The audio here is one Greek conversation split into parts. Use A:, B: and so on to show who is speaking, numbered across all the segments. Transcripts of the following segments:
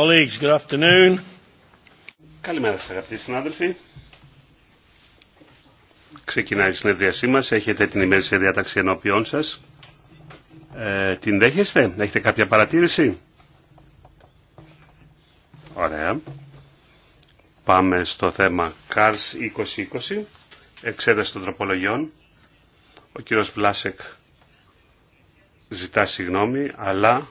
A: Colleagues, good afternoon.
B: Καλημέρα σας αγαπητοί συνάδελφοι. Ξεκινάει η συνεδρίασή μας. Έχετε την ημέρη σε διάταξη ενώπιόν σας. Ε, την δέχεστε, έχετε κάποια παρατήρηση. Ωραία. Πάμε στο θέμα CARS 2020, εξέταση των τροπολογιών. Ο κύριος Βλάσεκ ζητά συγγνώμη, αλλά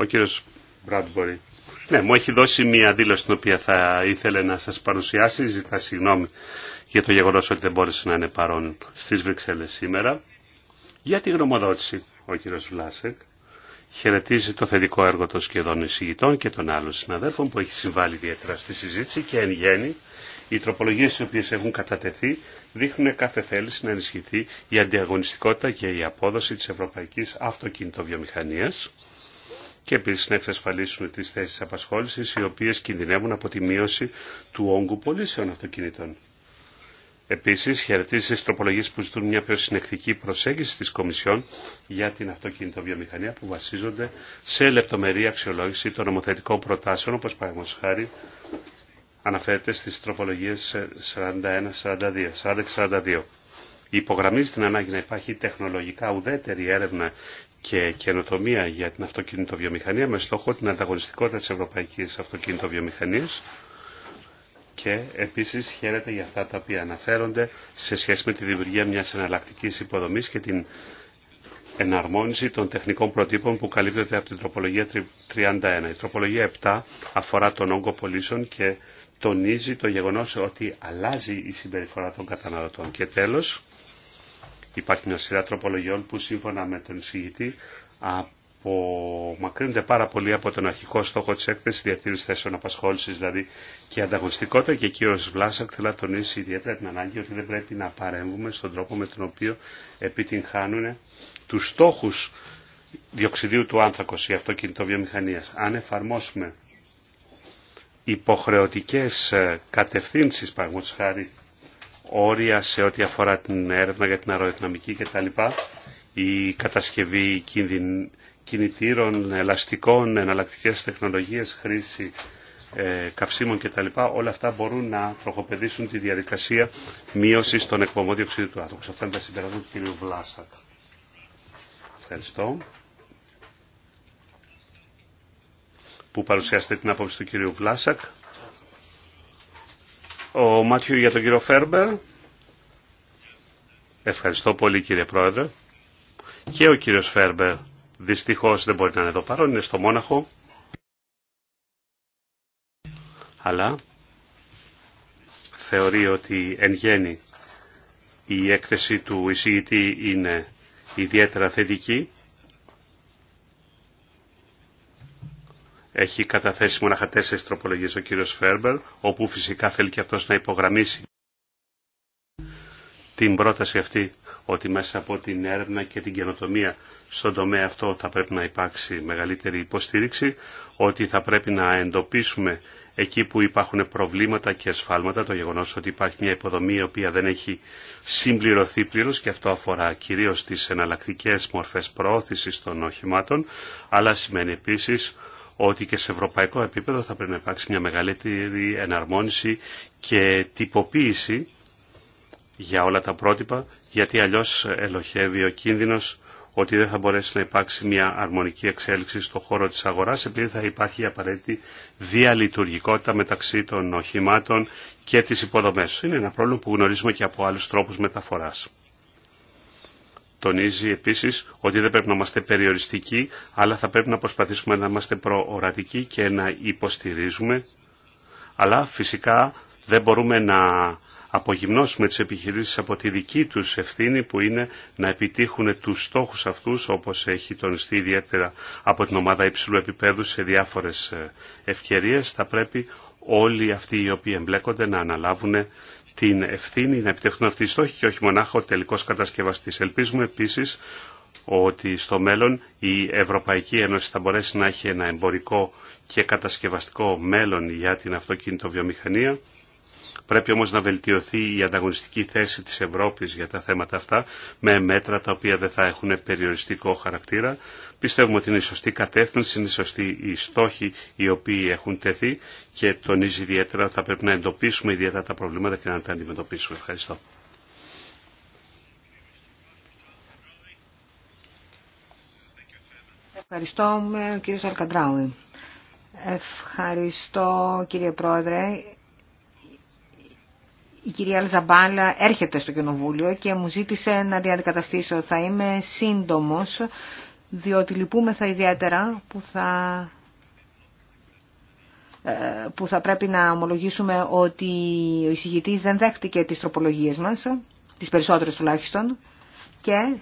B: Ο κύριος Μπραντμπορη. Ναι, μου έχει δώσει μία δήλωση την οποία θα ήθελε να σας παρουσιάσει. Ζητά συγγνώμη για το γεγονός ότι δεν μπόρεσε να είναι παρόν στις Βρυξέλλες σήμερα. Για τη γνωμοδότηση, ο κύριος Βλάσεκ χαιρετίζει το θετικό έργο των σχεδόν εισηγητών και των άλλων συναδέλφων που έχει συμβάλει ιδιαίτερα στη συζήτηση και εν γέννη οι τροπολογίες οι οποίες έχουν κατατεθεί δείχνουν κάθε θέληση να ενισχυθεί η αντιαγωνιστικότητα και η απόδοση τη ευρωπαϊκής Αυτοκινητοβιομηχανία και επίσης να εξασφαλίσουν τις θέσεις απασχόλησης οι οποίες κινδυνεύουν από τη μείωση του όγκου πωλήσεων αυτοκινήτων. Επίσης, χαιρετίζει τι τροπολογίες που ζητούν μια πιο συνεκτική προσέγγιση της Κομισιόν για την αυτοκινητοβιομηχανία που βασίζονται σε λεπτομερή αξιολόγηση των νομοθετικών προτάσεων, όπως παραδείγματος χάρη αναφέρεται στις τροπολογίες 41-42. 42 Υπογραμμίζει την ανάγκη να υπάρχει τεχνολογικά ουδέτερη έρευνα και καινοτομία για την αυτοκινητοβιομηχανία με στόχο την ανταγωνιστικότητα της ευρωπαϊκής αυτοκινητοβιομηχανίας και επίσης χαίρεται για αυτά τα οποία αναφέρονται σε σχέση με τη δημιουργία μιας εναλλακτική υποδομής και την εναρμόνιση των τεχνικών προτύπων που καλύπτεται από την τροπολογία 31. Η τροπολογία 7 αφορά τον όγκο πωλήσεων και τονίζει το γεγονός ότι αλλάζει η συμπεριφορά των καταναλωτών. Και τέλος, Υπάρχει μια σειρά τροπολογιών που σύμφωνα με τον εισηγητή απομακρύνονται πάρα πολύ από τον αρχικό στόχο της έκθεσης διατήρηση θέσεων απασχόλησης, δηλαδή και ανταγωνιστικότητα και κύριο Βλάσακ θέλει να τονίσει ιδιαίτερα την ανάγκη ότι δεν πρέπει να παρέμβουμε στον τρόπο με τον οποίο επιτυγχάνουν τους στόχους διοξιδίου του άνθρακος η αυτοκινητοβιομηχανίας. Αν εφαρμόσουμε υποχρεωτικές κατευθύνσεις, παραγωγός χάρη, όρια σε ό,τι αφορά την έρευνα για την αεροδυναμική κτλ. Η κατασκευή κινητήρων, ελαστικών, εναλλακτικές τεχνολογίες, χρήση ε, καυσίμων κτλ. Όλα αυτά μπορούν να τροχοπεδίσουν τη διαδικασία μείωσης των εκπομπών διοξιδίου του άτομου. Αυτά είναι τα συμπεράσματα του κ. Βλάσακ. Ευχαριστώ. Που παρουσιάσετε την άποψη του κ. Βλάσακ. Ο Μάτιου για τον κύριο Φέρμπερ. Ευχαριστώ πολύ κύριε Πρόεδρε. Και ο κύριος Φέρμπερ δυστυχώς δεν μπορεί να είναι εδώ παρόν, είναι στο Μόναχο. Αλλά θεωρεί ότι εν γέννη η έκθεση του εισηγητή είναι ιδιαίτερα θετική Έχει καταθέσει μονάχα τέσσερις τροπολογίες ο κύριος Φέρμπερ, όπου φυσικά θέλει και αυτός να υπογραμμίσει την πρόταση αυτή ότι μέσα από την έρευνα και την καινοτομία στον τομέα αυτό θα πρέπει να υπάρξει μεγαλύτερη υποστήριξη, ότι θα πρέπει να εντοπίσουμε εκεί που υπάρχουν προβλήματα και ασφάλματα, το γεγονός ότι υπάρχει μια υποδομή η οποία δεν έχει συμπληρωθεί πλήρως και αυτό αφορά κυρίως τις εναλλακτικέ μορφές προώθησης των οχημάτων, αλλά σημαίνει επίσης ότι και σε ευρωπαϊκό επίπεδο θα πρέπει να υπάρξει μια μεγαλύτερη εναρμόνιση και τυποποίηση για όλα τα πρότυπα, γιατί αλλιώς ελοχεύει ο κίνδυνος ότι δεν θα μπορέσει να υπάρξει μια αρμονική εξέλιξη στον χώρο της αγοράς, επειδή θα υπάρχει απαραίτητη διαλειτουργικότητα μεταξύ των οχημάτων και της υποδομές. Είναι ένα πρόβλημα που γνωρίζουμε και από άλλους τρόπους μεταφοράς. Τονίζει επίσης ότι δεν πρέπει να είμαστε περιοριστικοί, αλλά θα πρέπει να προσπαθήσουμε να είμαστε προορατικοί και να υποστηρίζουμε. Αλλά φυσικά δεν μπορούμε να απογυμνώσουμε τις επιχειρήσεις από τη δική τους ευθύνη που είναι να επιτύχουν τους στόχους αυτούς όπως έχει τονιστεί ιδιαίτερα από την ομάδα υψηλού επίπεδου σε διάφορες ε, ευκαιρίες. Θα πρέπει όλοι αυτοί οι οποίοι εμπλέκονται να αναλάβουν την ευθύνη να επιτευχθούν αυτοί οι στόχοι και όχι μονάχα ο τελικός κατασκευαστής. Ελπίζουμε επίσης ότι στο μέλλον η Ευρωπαϊκή Ένωση θα μπορέσει να έχει ένα εμπορικό και κατασκευαστικό μέλλον για την αυτοκίνητο βιομηχανία Πρέπει όμως να βελτιωθεί η ανταγωνιστική θέση της Ευρώπης για τα θέματα αυτά με μέτρα τα οποία δεν θα έχουν περιοριστικό χαρακτήρα. Πιστεύουμε ότι είναι η σωστή κατεύθυνση, είναι η σωστή οι στόχοι οι οποίοι έχουν τεθεί και τονίζει ιδιαίτερα ότι θα πρέπει να εντοπίσουμε ιδιαίτερα τα προβλήματα και να τα αντιμετωπίσουμε. Ευχαριστώ.
C: Ευχαριστώ, κύριε Ευχαριστώ, κύριε Πρόεδρε η κυρία Λζαμπάλα έρχεται στο Κοινοβούλιο και μου ζήτησε να την αντικαταστήσω. Θα είμαι σύντομος, διότι λυπούμεθα ιδιαίτερα που θα, ε, που θα πρέπει να ομολογήσουμε ότι ο εισηγητής δεν δέχτηκε τις τροπολογίες μας, τις περισσότερες τουλάχιστον, και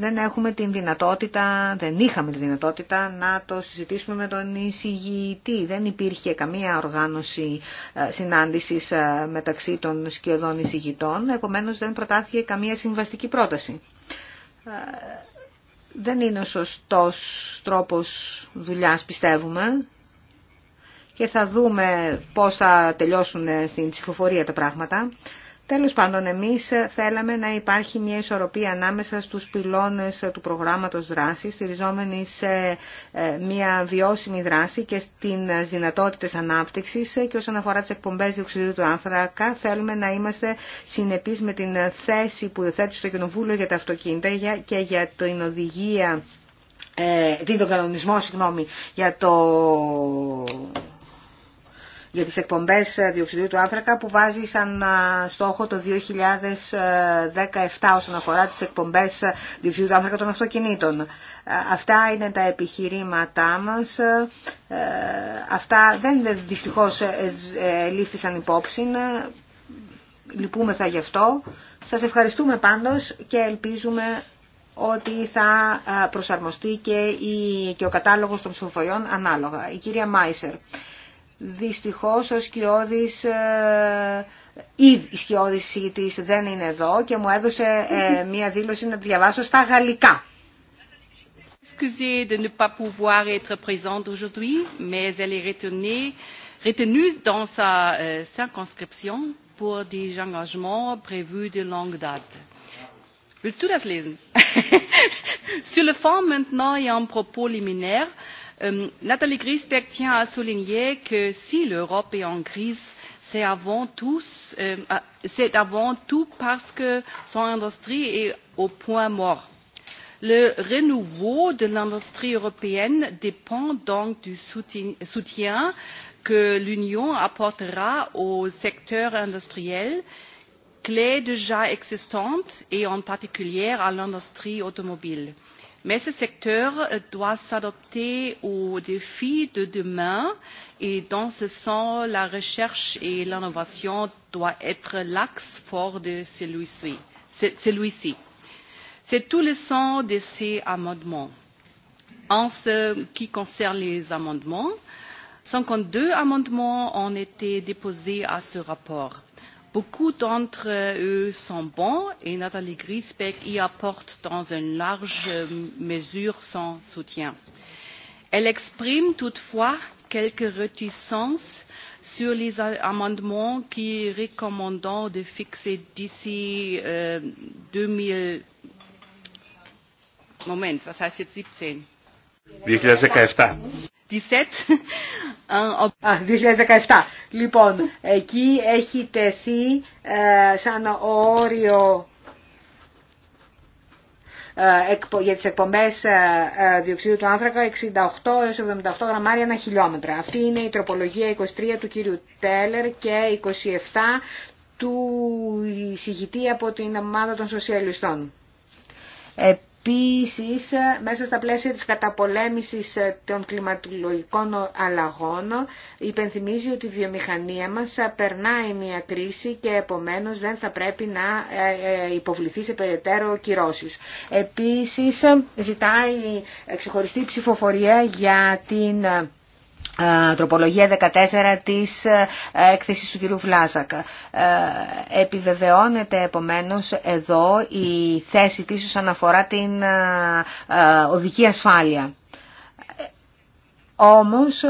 C: δεν έχουμε την δυνατότητα, δεν είχαμε τη δυνατότητα να το συζητήσουμε με τον εισηγητή. Δεν υπήρχε καμία οργάνωση ε, συνάντησης ε, μεταξύ των σκιωδών εισηγητών, επομένως δεν προτάθηκε καμία συμβαστική πρόταση. Ε, δεν είναι ο σωστός τρόπος δουλειάς, πιστεύουμε, και θα δούμε πώς θα τελειώσουν στην ψηφοφορία τα πράγματα. Τέλος πάντων, εμείς θέλαμε να υπάρχει μια ισορροπία ανάμεσα στους πυλώνες του προγράμματος δράσης, στηριζόμενη σε ε, μια βιώσιμη δράση και στις δυνατότητες ανάπτυξης και όσον αφορά τις εκπομπές διοξιδίου του άνθρακα, θέλουμε να είμαστε συνεπείς με την θέση που θέτει στο Κοινοβούλιο για τα αυτοκίνητα και για την οδηγία, ε, τον κανονισμό, συγγνώμη, για το για τις εκπομπές ε, διοξιδίου του άνθρακα που βάζει σαν ε, στόχο το 2017 όσον αφορά τις εκπομπές ε, διοξιδίου του άνθρακα των αυτοκινήτων. Αυτά είναι τα επιχειρήματά μας. Αυτά δεν δυστυχώς λήφθησαν υπόψη. Λυπούμεθα γι' αυτό. Σας ευχαριστούμε πάντως και ελπίζουμε ότι θα προσαρμοστεί και, η, και ο κατάλογος των ψηφοφοριών ανάλογα. Η κυρία Μάισερ. Δυστυχώς ο Σκιώδης, ή η Σκιώδης της δεν είναι εδώ και μου έδωσε ε, μία δήλωση να διαβάσω στα γαλλικά.
D: Excusez de ne pas pouvoir être présente aujourd'hui, mais elle est retenue, retenue dans sa euh, circonscription pour des engagements prévus de longue date. Willst du das lesen? Sur le fond maintenant et en propos liminaire, euh, Nathalie Griesbeck tient à souligner que si l'Europe est en crise, c'est avant tout parce que son industrie est au point mort. Le renouveau de l'industrie européenne dépend donc du soutien que l'Union apportera au secteur industriel, clé déjà existante, et en particulier à l'industrie automobile. Mais ce secteur doit s'adapter aux défis de demain et dans ce sens, la recherche et l'innovation doivent être l'axe fort de celui-ci. C'est tout le sens de ces amendements. En ce qui concerne les amendements, deux amendements ont été déposés à ce rapport. Beaucoup d'entre eux sont bons et Nathalie Griesbeck y apporte dans une large mesure son soutien. Elle exprime toutefois quelques réticences sur les amendements qui recommandent de fixer d'ici 2000. Moment, was heißt 2017 Ε,
C: Α, 2017. Λοιπόν, εκεί έχει τεθεί ε, σαν όριο ε, για τις εκπομπές διοξιδίου του άνθρακα 68 έως 78 γραμμάρια ένα χιλιόμετρο. Αυτή είναι η τροπολογία 23 του κύριου Τέλερ και 27 του εισηγητή από την ομάδα των σοσιαλιστών. Επίσης, ε, μέσα στα πλαίσια της καταπολέμησης ε, των κλιματολογικών αλλαγών, υπενθυμίζει ότι η βιομηχανία μας ε, περνάει μια κρίση και επομένως δεν θα πρέπει να υποβληθεί σε περαιτέρω κυρώσεις. Επίσης, ζητάει ξεχωριστή ψηφοφορία για την ε, τροπολογία 14 της ε, έκθεσης του κ. Βλάζακα. Ε, επιβεβαιώνεται επομένως εδώ η θέση της όσον αφορά την οδική ασφάλεια. Όμως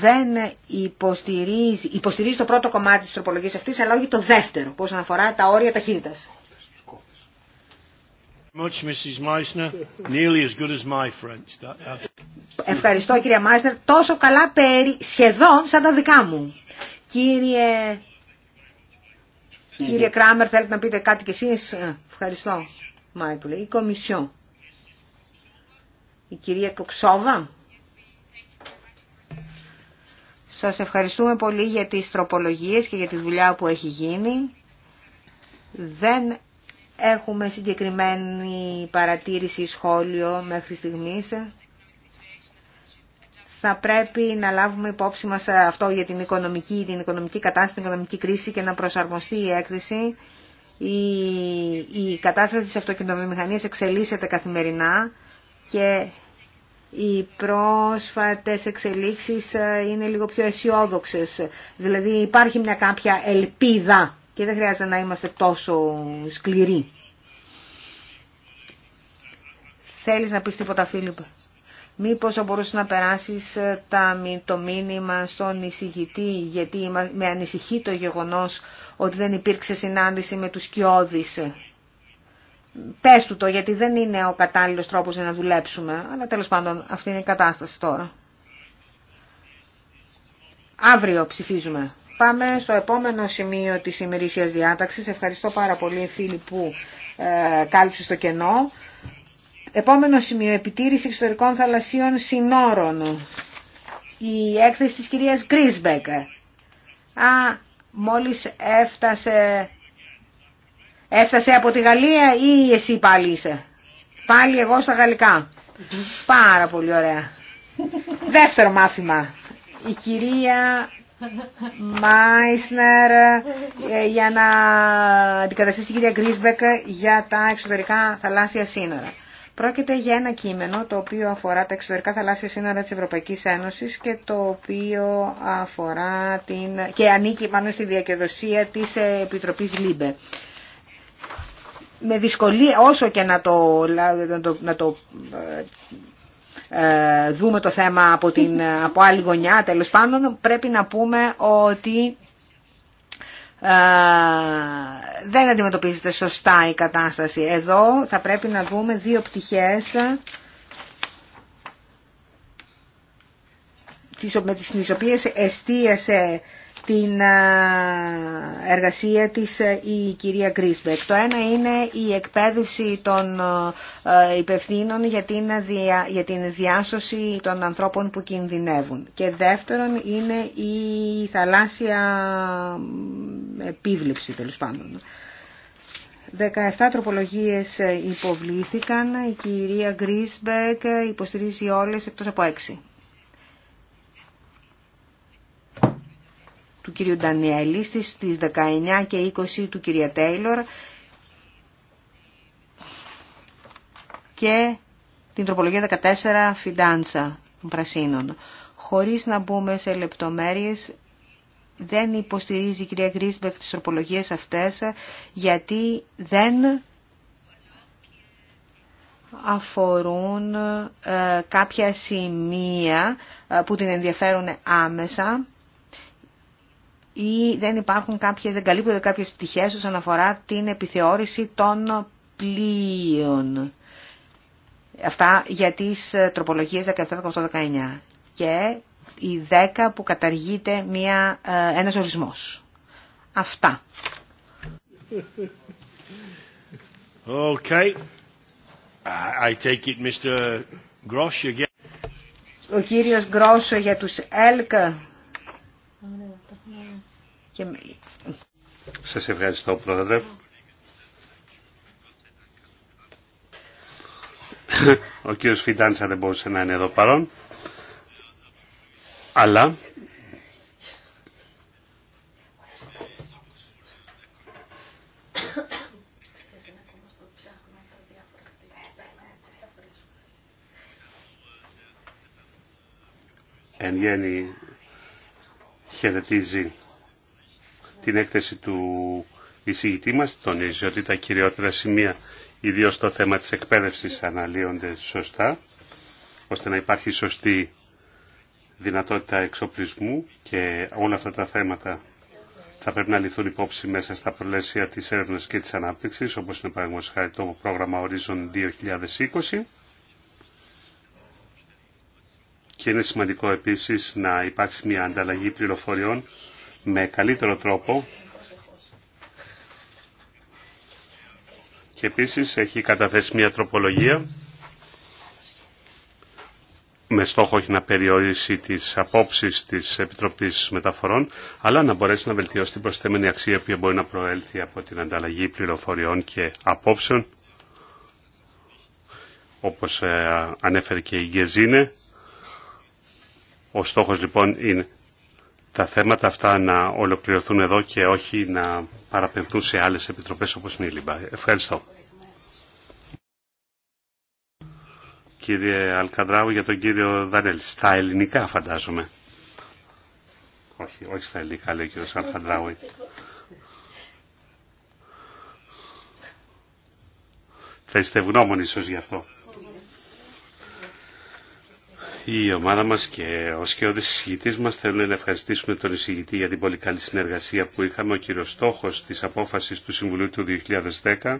C: δεν υποστηρίζει, υποστηρίζει το πρώτο κομμάτι της τροπολογίας αυτής, αλλά όχι το δεύτερο, που όσον αφορά τα όρια ταχύτητας. Ευχαριστώ κύριε Μάισνερ. Τόσο καλά περί... σχεδόν σαν τα δικά μου. Κύριε... Κράμερ, θέλετε να πείτε κάτι κι εσείς. Ε, ευχαριστώ, Μάικλ. Η Κομισιό. Η κυρία Κοξόβα. Σας ευχαριστούμε πολύ για τις τροπολογίες και για τη δουλειά που έχει γίνει. Δεν Έχουμε συγκεκριμένη παρατήρηση ή σχόλιο μέχρι στιγμής. Θα πρέπει να λάβουμε υπόψη μας αυτό για την οικονομική, την οικονομική κατάσταση, την οικονομική κρίση και να προσαρμοστεί η έκθεση. Η, η κατάσταση της αυτοκινητοβιομηχανίας εξελίσσεται καθημερινά και οι πρόσφατες εξελίξεις είναι λίγο πιο αισιόδοξε. Δηλαδή υπάρχει μια κάποια ελπίδα και δεν χρειάζεται να είμαστε τόσο σκληροί. Θέλεις να πεις τίποτα Φίλιππ. Μήπως θα μπορούσε να περάσεις ε, το μήνυμα στον εισηγητή, γιατί με ανησυχεί το γεγονός ότι δεν υπήρξε συνάντηση με τους κοιόδης. Πες του το, γιατί δεν είναι ο κατάλληλος τρόπος για να δουλέψουμε, αλλά τέλος πάντων αυτή είναι η κατάσταση τώρα. Αύριο ψηφίζουμε. Πάμε στο επόμενο σημείο της ημερήσιας διάταξης. Ευχαριστώ πάρα πολύ φίλοι που ε, κάλυψε το κενό. Επόμενο σημείο, επιτήρηση εξωτερικών θαλασσίων συνόρων. Η έκθεση της κυρίας Γκρίσμπεκ. Α, μόλις έφτασε... Έφτασε από τη Γαλλία ή εσύ πάλι είσαι. Πάλι εγώ στα γαλλικά. Πάρα πολύ ωραία. Δεύτερο μάθημα. Η κυρία Μάισνερ για να αντικαταστήσει την κυρία Γκρίσμπεκ για τα εξωτερικά θαλάσσια σύνορα. Πρόκειται για ένα κείμενο το οποίο αφορά τα εξωτερικά θαλάσσια σύνορα της Ευρωπαϊκής Ένωσης και το οποίο αφορά την... και ανήκει πάνω στη διακαιδοσία της Επιτροπής ΛΥΜΠΕ. Με δυσκολία όσο και να το, να το, να το ε, ε, δούμε το θέμα από, την, από άλλη γωνιά, τέλος πάντων πρέπει να πούμε ότι ε, δεν αντιμετωπίζεται σωστά η κατάσταση. Εδώ θα πρέπει να δούμε δύο πτυχές ε, με τις οποίες εστίασε την ε, εργασία της ε, η κυρία Γκρίσμπεκ. Το ένα είναι η εκπαίδευση των ε, υπευθύνων για την, για την διάσωση των ανθρώπων που κινδυνεύουν. Και δεύτερον είναι η θαλάσσια επίβλεψη τέλο πάντων. 17 τροπολογίες υποβλήθηκαν, η κυρία Γκρίσμπεκ υποστηρίζει όλες εκτός από 6. του κυρίου Ντανιέλη, στις 19 και 20 του κυρία Τέιλορ και την τροπολογία 14 Φιντάνσα των Πρασίνων. Χωρίς να μπούμε σε λεπτομέρειες, δεν υποστηρίζει η κυρία Γκρίσμπεκ τις τροπολογίες αυτές, γιατί δεν αφορούν ε, κάποια σημεία ε, που την ενδιαφέρουν άμεσα ή δεν υπάρχουν κάποιες, δεν καλύπτονται κάποιες πτυχές όσον αφορά την επιθεώρηση των πλοίων. Αυτά για τις ε, τροπολογίες 17-18-19 και η 10 που καταργείται μια, ε, ένας ορισμός. Αυτά.
A: Okay. I take it, Mr. Grosch, again.
C: Ο κύριος Γκρόσο για τους ΕΛΚΑ.
E: Και...
B: Σας ευχαριστώ Πρόεδρε. Ο κύριος Φιντάντσα δεν μπορούσε να είναι εδώ παρόν. Αλλά εν γέννη χαιρετίζει την έκθεση του εισηγητή μας, τονίζει ότι τα κυριότερα σημεία, ιδίως στο θέμα της εκπαίδευσης, αναλύονται σωστά, ώστε να υπάρχει σωστή δυνατότητα εξοπλισμού και όλα αυτά τα θέματα θα πρέπει να λυθούν υπόψη μέσα στα προλέσια της έρευνας και της ανάπτυξης, όπως είναι παραγωγός το πρόγραμμα Horizon 2020. Και είναι σημαντικό επίσης να υπάρξει μια ανταλλαγή πληροφοριών με καλύτερο τρόπο και επίσης έχει καταθέσει μια τροπολογία με στόχο όχι να περιορίσει τις απόψεις της Επιτροπής Μεταφορών, αλλά να μπορέσει να βελτιώσει την προσθέμενη αξία που μπορεί να προέλθει από την ανταλλαγή πληροφοριών και απόψεων, όπως ε, ανέφερε και η Γκεζίνε. Ο στόχος λοιπόν είναι τα θέματα αυτά να ολοκληρωθούν εδώ και όχι να παραπενθούν σε άλλες επιτροπές όπως είναι η ΛΥΜΠΑ. Ευχαριστώ. Κύριε Αλκαντράου, για τον κύριο Δανέλη. Στα ελληνικά φαντάζομαι. Όχι, όχι στα ελληνικά λέει ο κύριος Αλκαντράου. Θα είστε ευγνώμων ίσως γι' αυτό η ομάδα μας και ο σκιώδης εισηγητής μας θέλουν να ευχαριστήσουμε τον εισηγητή για την πολύ καλή συνεργασία που είχαμε. Ο κύριος στόχος της απόφασης του Συμβουλίου του 2010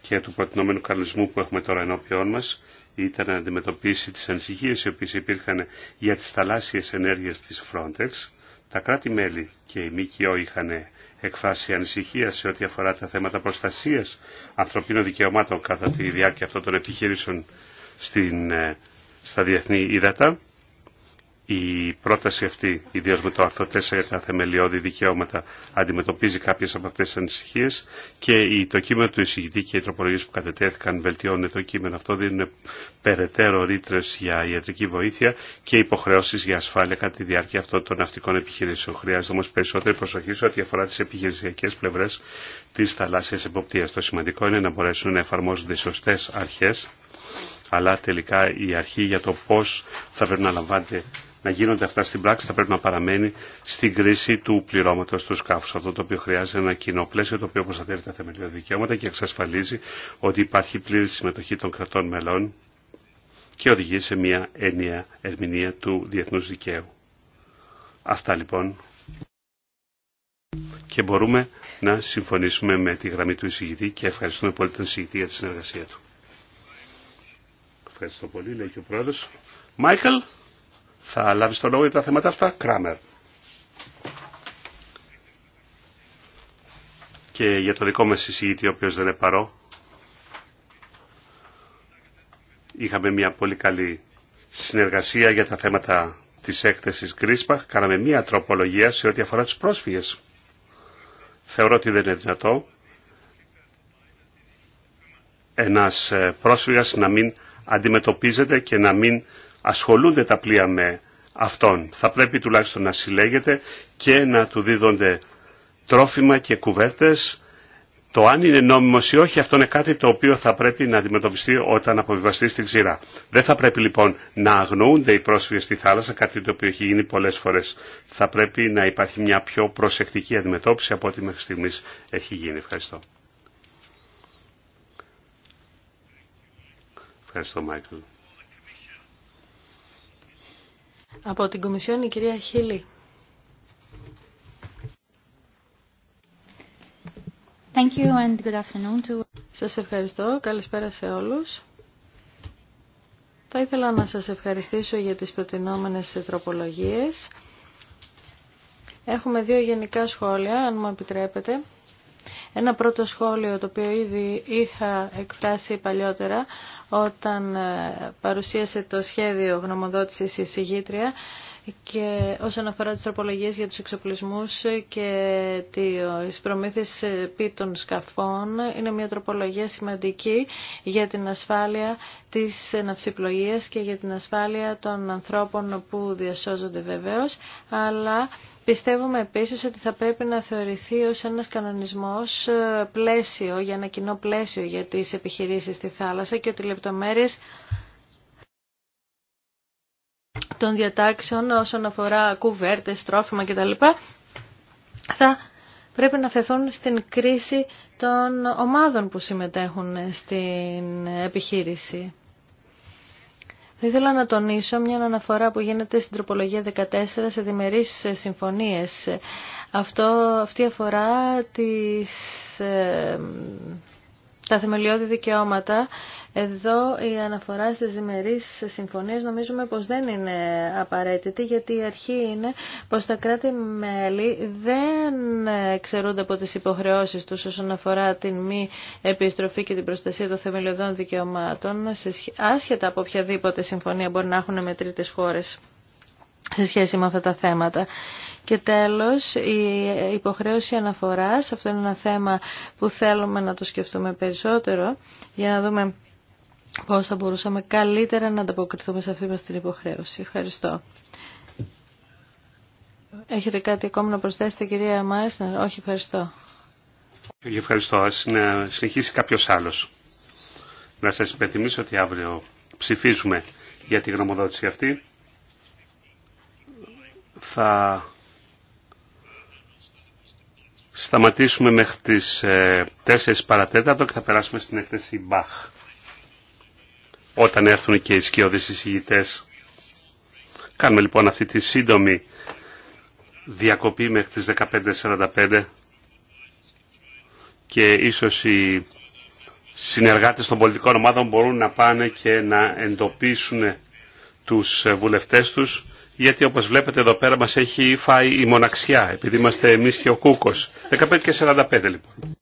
B: και του προτινόμενου κανονισμού που έχουμε τώρα ενώπιόν μας ήταν να αντιμετωπίσει τις ανησυχίες οι οποίες υπήρχαν για τις θαλάσσιες ενέργειες της Frontex. Τα κράτη-μέλη και η ΜΚΟ είχαν εκφράσει ανησυχία σε ό,τι αφορά τα θέματα προστασίας ανθρωπίνων δικαιωμάτων κατά τη διάρκεια αυτών των επιχειρήσεων στην ε, στα διεθνή ύδατα. Η πρόταση αυτή, ιδίω με το άρθρο 4 για τα θεμελιώδη δικαιώματα, αντιμετωπίζει κάποιε από αυτέ τι ανησυχίε και το κείμενο του εισηγητή και οι τροπολογίε που κατετέθηκαν βελτιώνουν το κείμενο αυτό, δίνουν περαιτέρω ρήτρε για ιατρική βοήθεια και υποχρεώσει για ασφάλεια κατά τη διάρκεια αυτών των ναυτικών επιχειρήσεων. Χρειάζεται όμω περισσότερη προσοχή σε ό,τι αφορά τι επιχειρησιακέ πλευρέ τη θαλάσσια εποπτεία. Το σημαντικό είναι να μπορέσουν να εφαρμόζονται σωστέ αρχέ αλλά τελικά η αρχή για το πώς θα πρέπει να λαμβάνεται να γίνονται αυτά στην πράξη θα πρέπει να παραμένει στην κρίση του πληρώματος του σκάφους. Αυτό το οποίο χρειάζεται ένα κοινό πλαίσιο το οποίο προστατεύει τα θεμελιώδη δικαιώματα και εξασφαλίζει ότι υπάρχει πλήρη συμμετοχή των κρατών μελών και οδηγεί σε μια ενιαία ερμηνεία του διεθνούς δικαίου. Αυτά λοιπόν και μπορούμε να συμφωνήσουμε με τη γραμμή του εισηγητή και ευχαριστούμε πολύ τον εισηγητή για τη συνεργασία του. Ευχαριστώ πολύ, λέει και ο πρόεδρος. Μάικλ, θα λάβει τον λόγο για τα θέματα αυτά. Κράμερ. Και για το δικό μα συζητή, ο οποίος δεν είναι παρό, είχαμε μια πολύ καλή συνεργασία για τα θέματα της έκθεσης Γκρίσπαχ. Κάναμε μια τροπολογία σε ό,τι αφορά τους πρόσφυγες. Θεωρώ ότι δεν είναι δυνατό ένας ε, πρόσφυγας να μην αντιμετωπίζεται και να μην ασχολούνται τα πλοία με αυτόν. Θα πρέπει τουλάχιστον να συλλέγεται και να του δίδονται τρόφιμα και κουβέρτες. Το αν είναι νόμιμο ή όχι, αυτό είναι κάτι το οποίο θα πρέπει να αντιμετωπιστεί όταν αποβιβαστεί στην ξηρά. Δεν θα πρέπει λοιπόν να αγνοούνται οι πρόσφυγε στη θάλασσα, κάτι το οποίο έχει γίνει πολλέ φορέ. Θα πρέπει να υπάρχει μια πιο προσεκτική αντιμετώπιση από ό,τι μέχρι στιγμή έχει γίνει. Ευχαριστώ. Ευχαριστώ,
F: Από την Κομισιόν η κυρία Χίλη. Thank you and good to... Σας ευχαριστώ. Καλησπέρα σε όλους. Θα ήθελα να σας ευχαριστήσω για τις προτινόμενες τροπολογίες. Έχουμε δύο γενικά σχόλια, αν μου επιτρέπετε. Ένα πρώτο σχόλιο το οποίο ήδη είχα εκφράσει παλιότερα όταν ε, παρουσίασε το σχέδιο γνωμοδότησης η και όσον αφορά τις τροπολογίες για τους εξοπλισμούς και τις προμήθειες πίτων σκαφών είναι μια τροπολογία σημαντική για την ασφάλεια της ναυσιπλοείας και για την ασφάλεια των ανθρώπων που διασώζονται βεβαίως αλλά Πιστεύουμε επίσης ότι θα πρέπει να θεωρηθεί ως ένας κανονισμός πλαίσιο, για ένα κοινό πλαίσιο για τις επιχειρήσεις στη θάλασσα και ότι λεπτομέρειες των διατάξεων όσον αφορά κουβέρτες, τρόφιμα κτλ. θα πρέπει να φεθούν στην κρίση των ομάδων που συμμετέχουν στην επιχείρηση. Θα ήθελα να τονίσω μια αναφορά που γίνεται στην τροπολογία 14 σε διμερείς συμφωνίες. Αυτό, αυτή αφορά τις, ε, τα θεμελιώδη δικαιώματα εδώ η αναφορά στις διμερείς συμφωνίες νομίζουμε πως δεν είναι απαραίτητη γιατί η αρχή είναι πως τα κράτη-μέλη δεν ξερούνται από τις υποχρεώσεις τους όσον αφορά την μη επιστροφή και την προστασία των θεμελιωδών δικαιωμάτων άσχετα από οποιαδήποτε συμφωνία μπορεί να έχουν με τρίτες χώρες σε σχέση με αυτά τα θέματα. Και τέλος, η υποχρέωση αναφοράς, αυτό είναι ένα θέμα που θέλουμε να το σκεφτούμε περισσότερο, για να δούμε πώς θα μπορούσαμε καλύτερα να ανταποκριθούμε σε αυτή μας την υποχρέωση. Ευχαριστώ. Έχετε κάτι ακόμη να προσθέσετε κυρία Μάισνερ. Όχι, ευχαριστώ.
B: Όχι, ευχαριστώ. Ας να συνεχίσει κάποιος άλλος. Να σας υπενθυμίσω ότι αύριο ψηφίζουμε για τη γνωμοδότηση αυτή. Θα σταματήσουμε μέχρι τις 4 ε, παρατέταρτο και θα περάσουμε στην έκθεση Μπαχ όταν έρθουν και οι σκιώδεις εισηγητές. Κάνουμε λοιπόν αυτή τη σύντομη διακοπή μέχρι τις 15.45 και ίσως οι συνεργάτες των πολιτικών ομάδων μπορούν να πάνε και να εντοπίσουν τους βουλευτές τους γιατί όπως βλέπετε εδώ πέρα μας έχει φάει η μοναξιά επειδή είμαστε εμείς και ο Κούκος. 15 λοιπόν.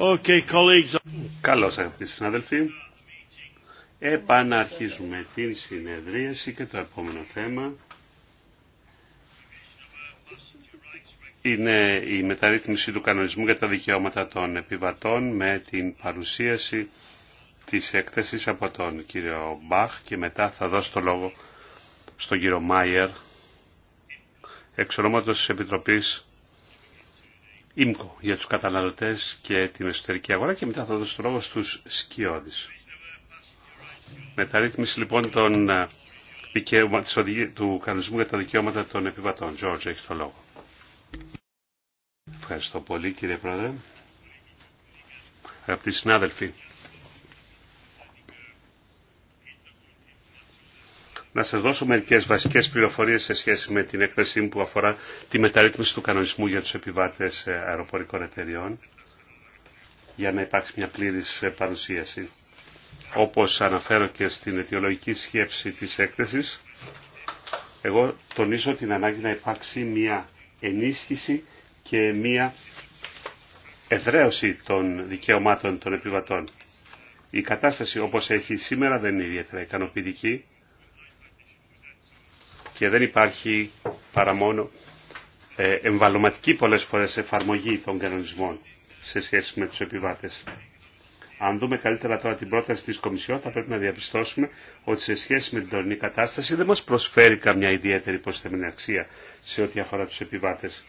B: Okay, colleagues. Καλώς αγαπητοί συναδελφοί. Επαναρχίζουμε την συνεδρίαση και το επόμενο θέμα είναι η μεταρρύθμιση του κανονισμού για τα δικαιώματα των επιβατών με την παρουσίαση της έκθεσης από τον κύριο Μπαχ και μετά θα δώσω το λόγο στον κύριο Μάιερ εξ ονόματος της Επιτροπής ΙΜΚΟ για τους καταναλωτές και την εσωτερική αγορά και μετά θα δώσω το λόγο στους σκιώδεις. Μεταρρύθμιση λοιπόν των ε, του κανονισμού για τα δικαιώματα των επιβατών. Τζόρτζ, έχει το λόγο. Ευχαριστώ πολύ κύριε Πρόεδρε. Αγαπητοί συνάδελφοι, να σας δώσω μερικές βασικές πληροφορίες σε σχέση με την έκθεσή μου που αφορά τη μεταρρύθμιση του κανονισμού για τους επιβάτες ε, αεροπορικών εταιριών για να υπάρξει μια πλήρης ε, παρουσίαση. Όπως αναφέρω και στην αιτιολογική σκέψη της έκθεσης, εγώ τονίζω την ανάγκη να υπάρξει μια ενίσχυση και μια εδραίωση των δικαιωμάτων των επιβατών. Η κατάσταση όπως έχει σήμερα δεν είναι ιδιαίτερα ικανοποιητική και δεν υπάρχει παρά μόνο ε, εμβαλωματική πολλές φορές εφαρμογή των κανονισμών σε σχέση με τους επιβάτες. Αν δούμε καλύτερα τώρα την πρόταση της Κομισιόν θα πρέπει να διαπιστώσουμε ότι σε σχέση με την τωρινή κατάσταση δεν μας προσφέρει καμιά ιδιαίτερη υποστημενή αξία σε ό,τι αφορά τους επιβάτες.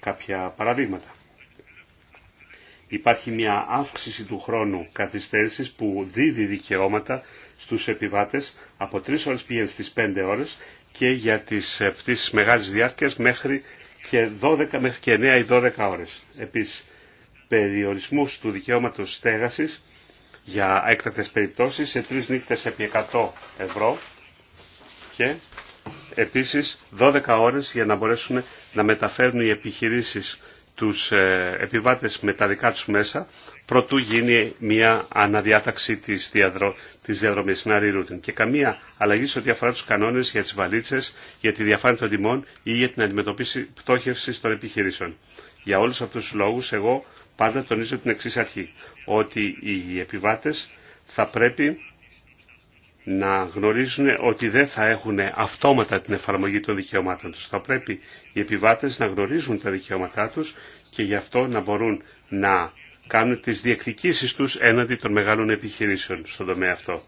B: Κάποια παραδείγματα. Υπάρχει μια αύξηση του χρόνου καθυστέρησης που δίδει δικαιώματα στους επιβάτες από 3 ώρες πηγαίνει στις 5 ώρες και για τις ε, πτήσεις μεγάλης διάρκειας μέχρι και, 12, μέχρι και 9 ή 12 ώρες. Επίσης, περιορισμούς του δικαιώματος στέγασης για έκτακτες περιπτώσεις σε 3 νύχτες επί 100 ευρώ και επίσης 12 ώρες για να μπορέσουν να μεταφέρουν οι επιχειρήσεις τους ε, επιβάτες με τα δικά τους μέσα προτού γίνει μια αναδιάταξη της, διαδρο... της διαδρομής και καμία αλλαγή σε ό,τι αφορά τους κανόνες για τις βαλίτσες, για τη διαφάνεια των τιμών ή για την αντιμετωπίση πτώχευσης των επιχειρήσεων. Για όλους αυτούς τους λόγους εγώ πάντα τονίζω την εξής αρχή, ότι οι επιβάτες θα πρέπει να γνωρίζουν ότι δεν θα έχουν αυτόματα την εφαρμογή των δικαιωμάτων τους. Θα πρέπει οι επιβάτες να γνωρίζουν τα δικαιώματά τους και γι' αυτό να μπορούν να κάνουν τις διεκδικήσεις τους έναντι των μεγάλων επιχειρήσεων στον τομέα αυτό.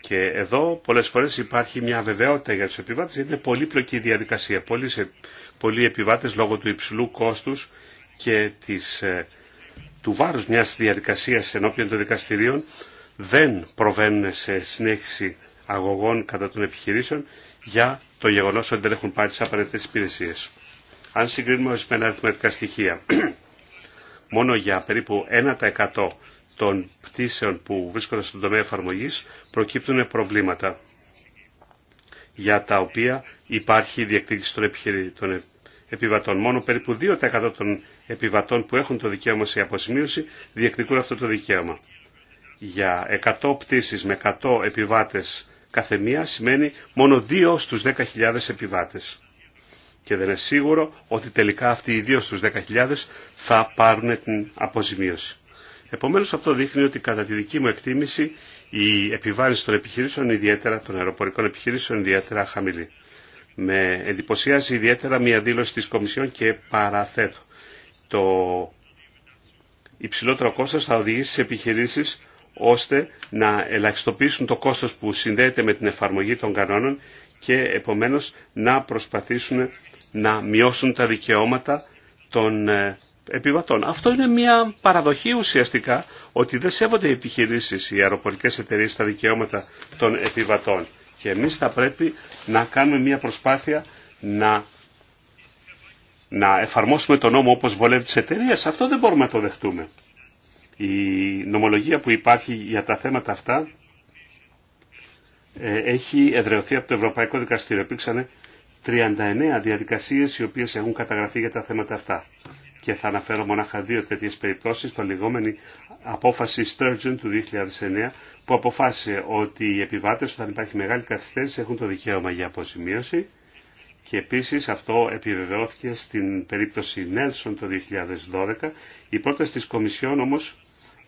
B: Και εδώ πολλές φορές υπάρχει μια βεβαιότητα για τους επιβάτες, γιατί είναι πολύπλοκη η διαδικασία. Πολλοί, πολλοί επιβάτες λόγω του υψηλού κόστους και της, ε, του βάρους μιας διαδικασίας ενώπιον των δικαστηρίων δεν προβαίνουν σε συνέχιση αγωγών κατά των επιχειρήσεων για το γεγονός ότι δεν έχουν πάρει τις απαραίτητες υπηρεσίες. Αν συγκρίνουμε ορισμένα αριθμητικά στοιχεία, μόνο για περίπου 1% των πτήσεων που βρίσκονται στον τομέα εφαρμογή προκύπτουν προβλήματα για τα οποία υπάρχει διεκδίκηση των, των επιβατών. Μόνο περίπου 2% των επιβατών που έχουν το δικαίωμα σε αποσημείωση διεκδικούν αυτό το δικαίωμα για 100 πτήσεις με 100 επιβάτες κάθε μία σημαίνει μόνο 2 στους 10.000 επιβάτες. Και δεν είναι σίγουρο ότι τελικά αυτοί οι 2 στους 10.000 θα πάρουν την αποζημίωση. Επομένως αυτό δείχνει ότι κατά τη δική μου εκτίμηση η επιβάρηση των επιχειρήσεων ιδιαίτερα, των αεροπορικών επιχειρήσεων ιδιαίτερα χαμηλή. Με εντυπωσιάζει ιδιαίτερα μια δήλωση της Κομισιόν και παραθέτω. Το υψηλότερο κόστος θα οδηγήσει σε επιχειρήσεις ώστε να ελαχιστοποιήσουν το κόστος που συνδέεται με την εφαρμογή των κανόνων και επομένως να προσπαθήσουν να μειώσουν τα δικαιώματα των ε, επιβατών. Αυτό είναι μια παραδοχή ουσιαστικά ότι δεν σέβονται οι επιχειρήσεις, οι αεροπορικές εταιρείες τα δικαιώματα των επιβατών. Και εμείς θα πρέπει να κάνουμε μια προσπάθεια να, να εφαρμόσουμε τον νόμο όπως βολεύει τις εταιρείες. Αυτό δεν μπορούμε να το δεχτούμε. Η νομολογία που υπάρχει για τα θέματα αυτά ε, έχει εδρεωθεί από το Ευρωπαϊκό Δικαστήριο. Υπήρξαν 39 διαδικασίες οι οποίες έχουν καταγραφεί για τα θέματα αυτά. Και θα αναφέρω μονάχα δύο τέτοιες περιπτώσεις, το λεγόμενη απόφαση Sturgeon του 2009, που αποφάσισε ότι οι επιβάτες όταν υπάρχει μεγάλη καθυστέρηση έχουν το δικαίωμα για αποζημίωση. Και επίσης αυτό επιβεβαιώθηκε στην περίπτωση Nelson το 2012. Η πρόταση της Κομισιόν όμως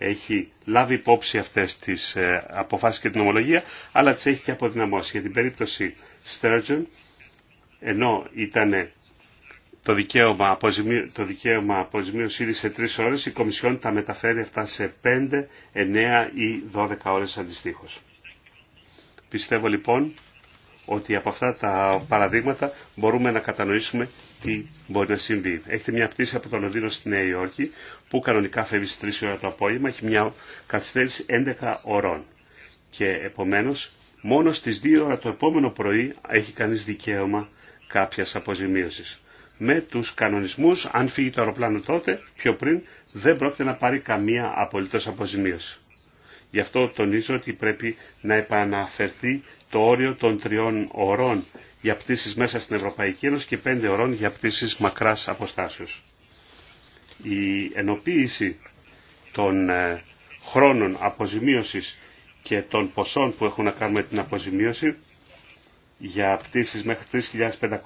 B: έχει λάβει υπόψη αυτές τις ε, αποφάσεις και την ομολογία, αλλά τις έχει και αποδυναμώσει. Για την περίπτωση Sturgeon, ενώ ήταν το δικαίωμα, το δικαίωμα αποζημίωση ήδη σε τρεις ώρες, η Κομισιόν τα μεταφέρει αυτά σε πέντε, 9 ή 12 ώρες αντιστοίχως. Πιστεύω λοιπόν ότι από αυτά τα παραδείγματα μπορούμε να κατανοήσουμε τι μπορεί να συμβεί. Έχετε μια πτήση από το Λονδίνο στη Νέα Υόρκη που κανονικά φεύγει στις 3 ώρα το απόγευμα, έχει μια καθυστέρηση 11 ωρών. Και επομένως μόνο στις 2 ώρα το επόμενο πρωί έχει κανείς δικαίωμα κάποιας αποζημίωσης. Με τους κανονισμούς, αν φύγει το αεροπλάνο τότε, πιο πριν, δεν πρόκειται να πάρει καμία απολύτως αποζημίωση. Γι' αυτό τονίζω ότι πρέπει να επαναφερθεί το όριο των τριών ωρών για πτήσεις μέσα στην Ευρωπαϊκή Ένωση και πέντε ωρών για πτήσεις μακράς αποστάσεως. Η ενοποίηση των ε, χρόνων αποζημίωσης και των ποσών που έχουν να κάνουν με την αποζημίωση για πτήσεις μέχρι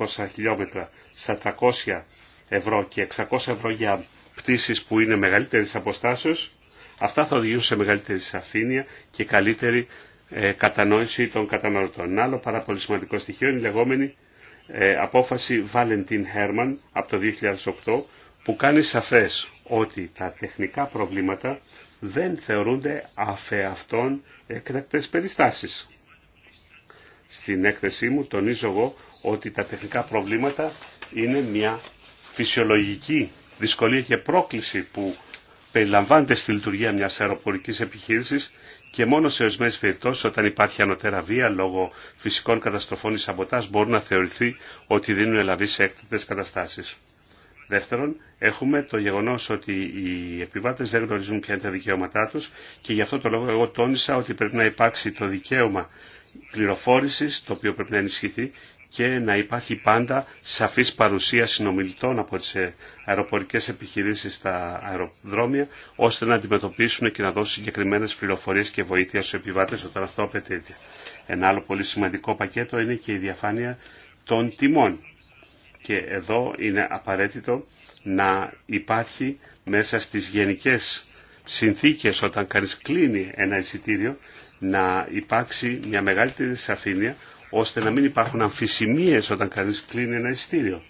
B: 3.500 χιλιόμετρα στα 300 ευρώ και 600 ευρώ για πτήσεις που είναι μεγαλύτερης αποστάσεως Αυτά θα οδηγούν σε μεγαλύτερη σαφήνεια και καλύτερη ε, κατανόηση των καταναλωτών. Ένα άλλο πάρα πολύ σημαντικό στοιχείο είναι η λεγόμενη ε, απόφαση Βαλεντίν Χέρμαν από το 2008 που κάνει σαφές ότι τα τεχνικά προβλήματα δεν θεωρούνται αφεαυτών έκτακτες περιστάσεις. Στην έκθεσή μου τονίζω εγώ ότι τα τεχνικά προβλήματα είναι μια φυσιολογική δυσκολία και πρόκληση που περιλαμβάνεται στη λειτουργία μια αεροπορική επιχείρηση και μόνο σε ορισμένε περιπτώσει, όταν υπάρχει ανωτέρα βία λόγω φυσικών καταστροφών ή σαμποτά, μπορούν να θεωρηθεί ότι δίνουν ελαβή σε έκτακτε καταστάσει. Δεύτερον, έχουμε το γεγονό ότι οι επιβάτε δεν γνωρίζουν ποια είναι τα δικαιώματά του και γι' αυτό το λόγο εγώ τόνισα ότι πρέπει να υπάρξει το δικαίωμα πληροφόρηση, το οποίο πρέπει να ενισχυθεί και να υπάρχει πάντα σαφής παρουσία συνομιλητών από τις ε, αεροπορικές επιχειρήσεις στα αεροδρόμια, ώστε να αντιμετωπίσουν και να δώσουν συγκεκριμένες πληροφορίες και βοήθεια στους επιβάτες όταν αυτό απαιτείται. Ένα άλλο πολύ σημαντικό πακέτο είναι και η διαφάνεια των τιμών. Και εδώ είναι απαραίτητο να υπάρχει μέσα στις γενικές συνθήκες όταν κανείς κλείνει ένα εισιτήριο να υπάρξει μια μεγαλύτερη σαφήνεια ώστε να μην υπάρχουν αμφισημίες όταν κανείς κλείνει ένα εισιτήριο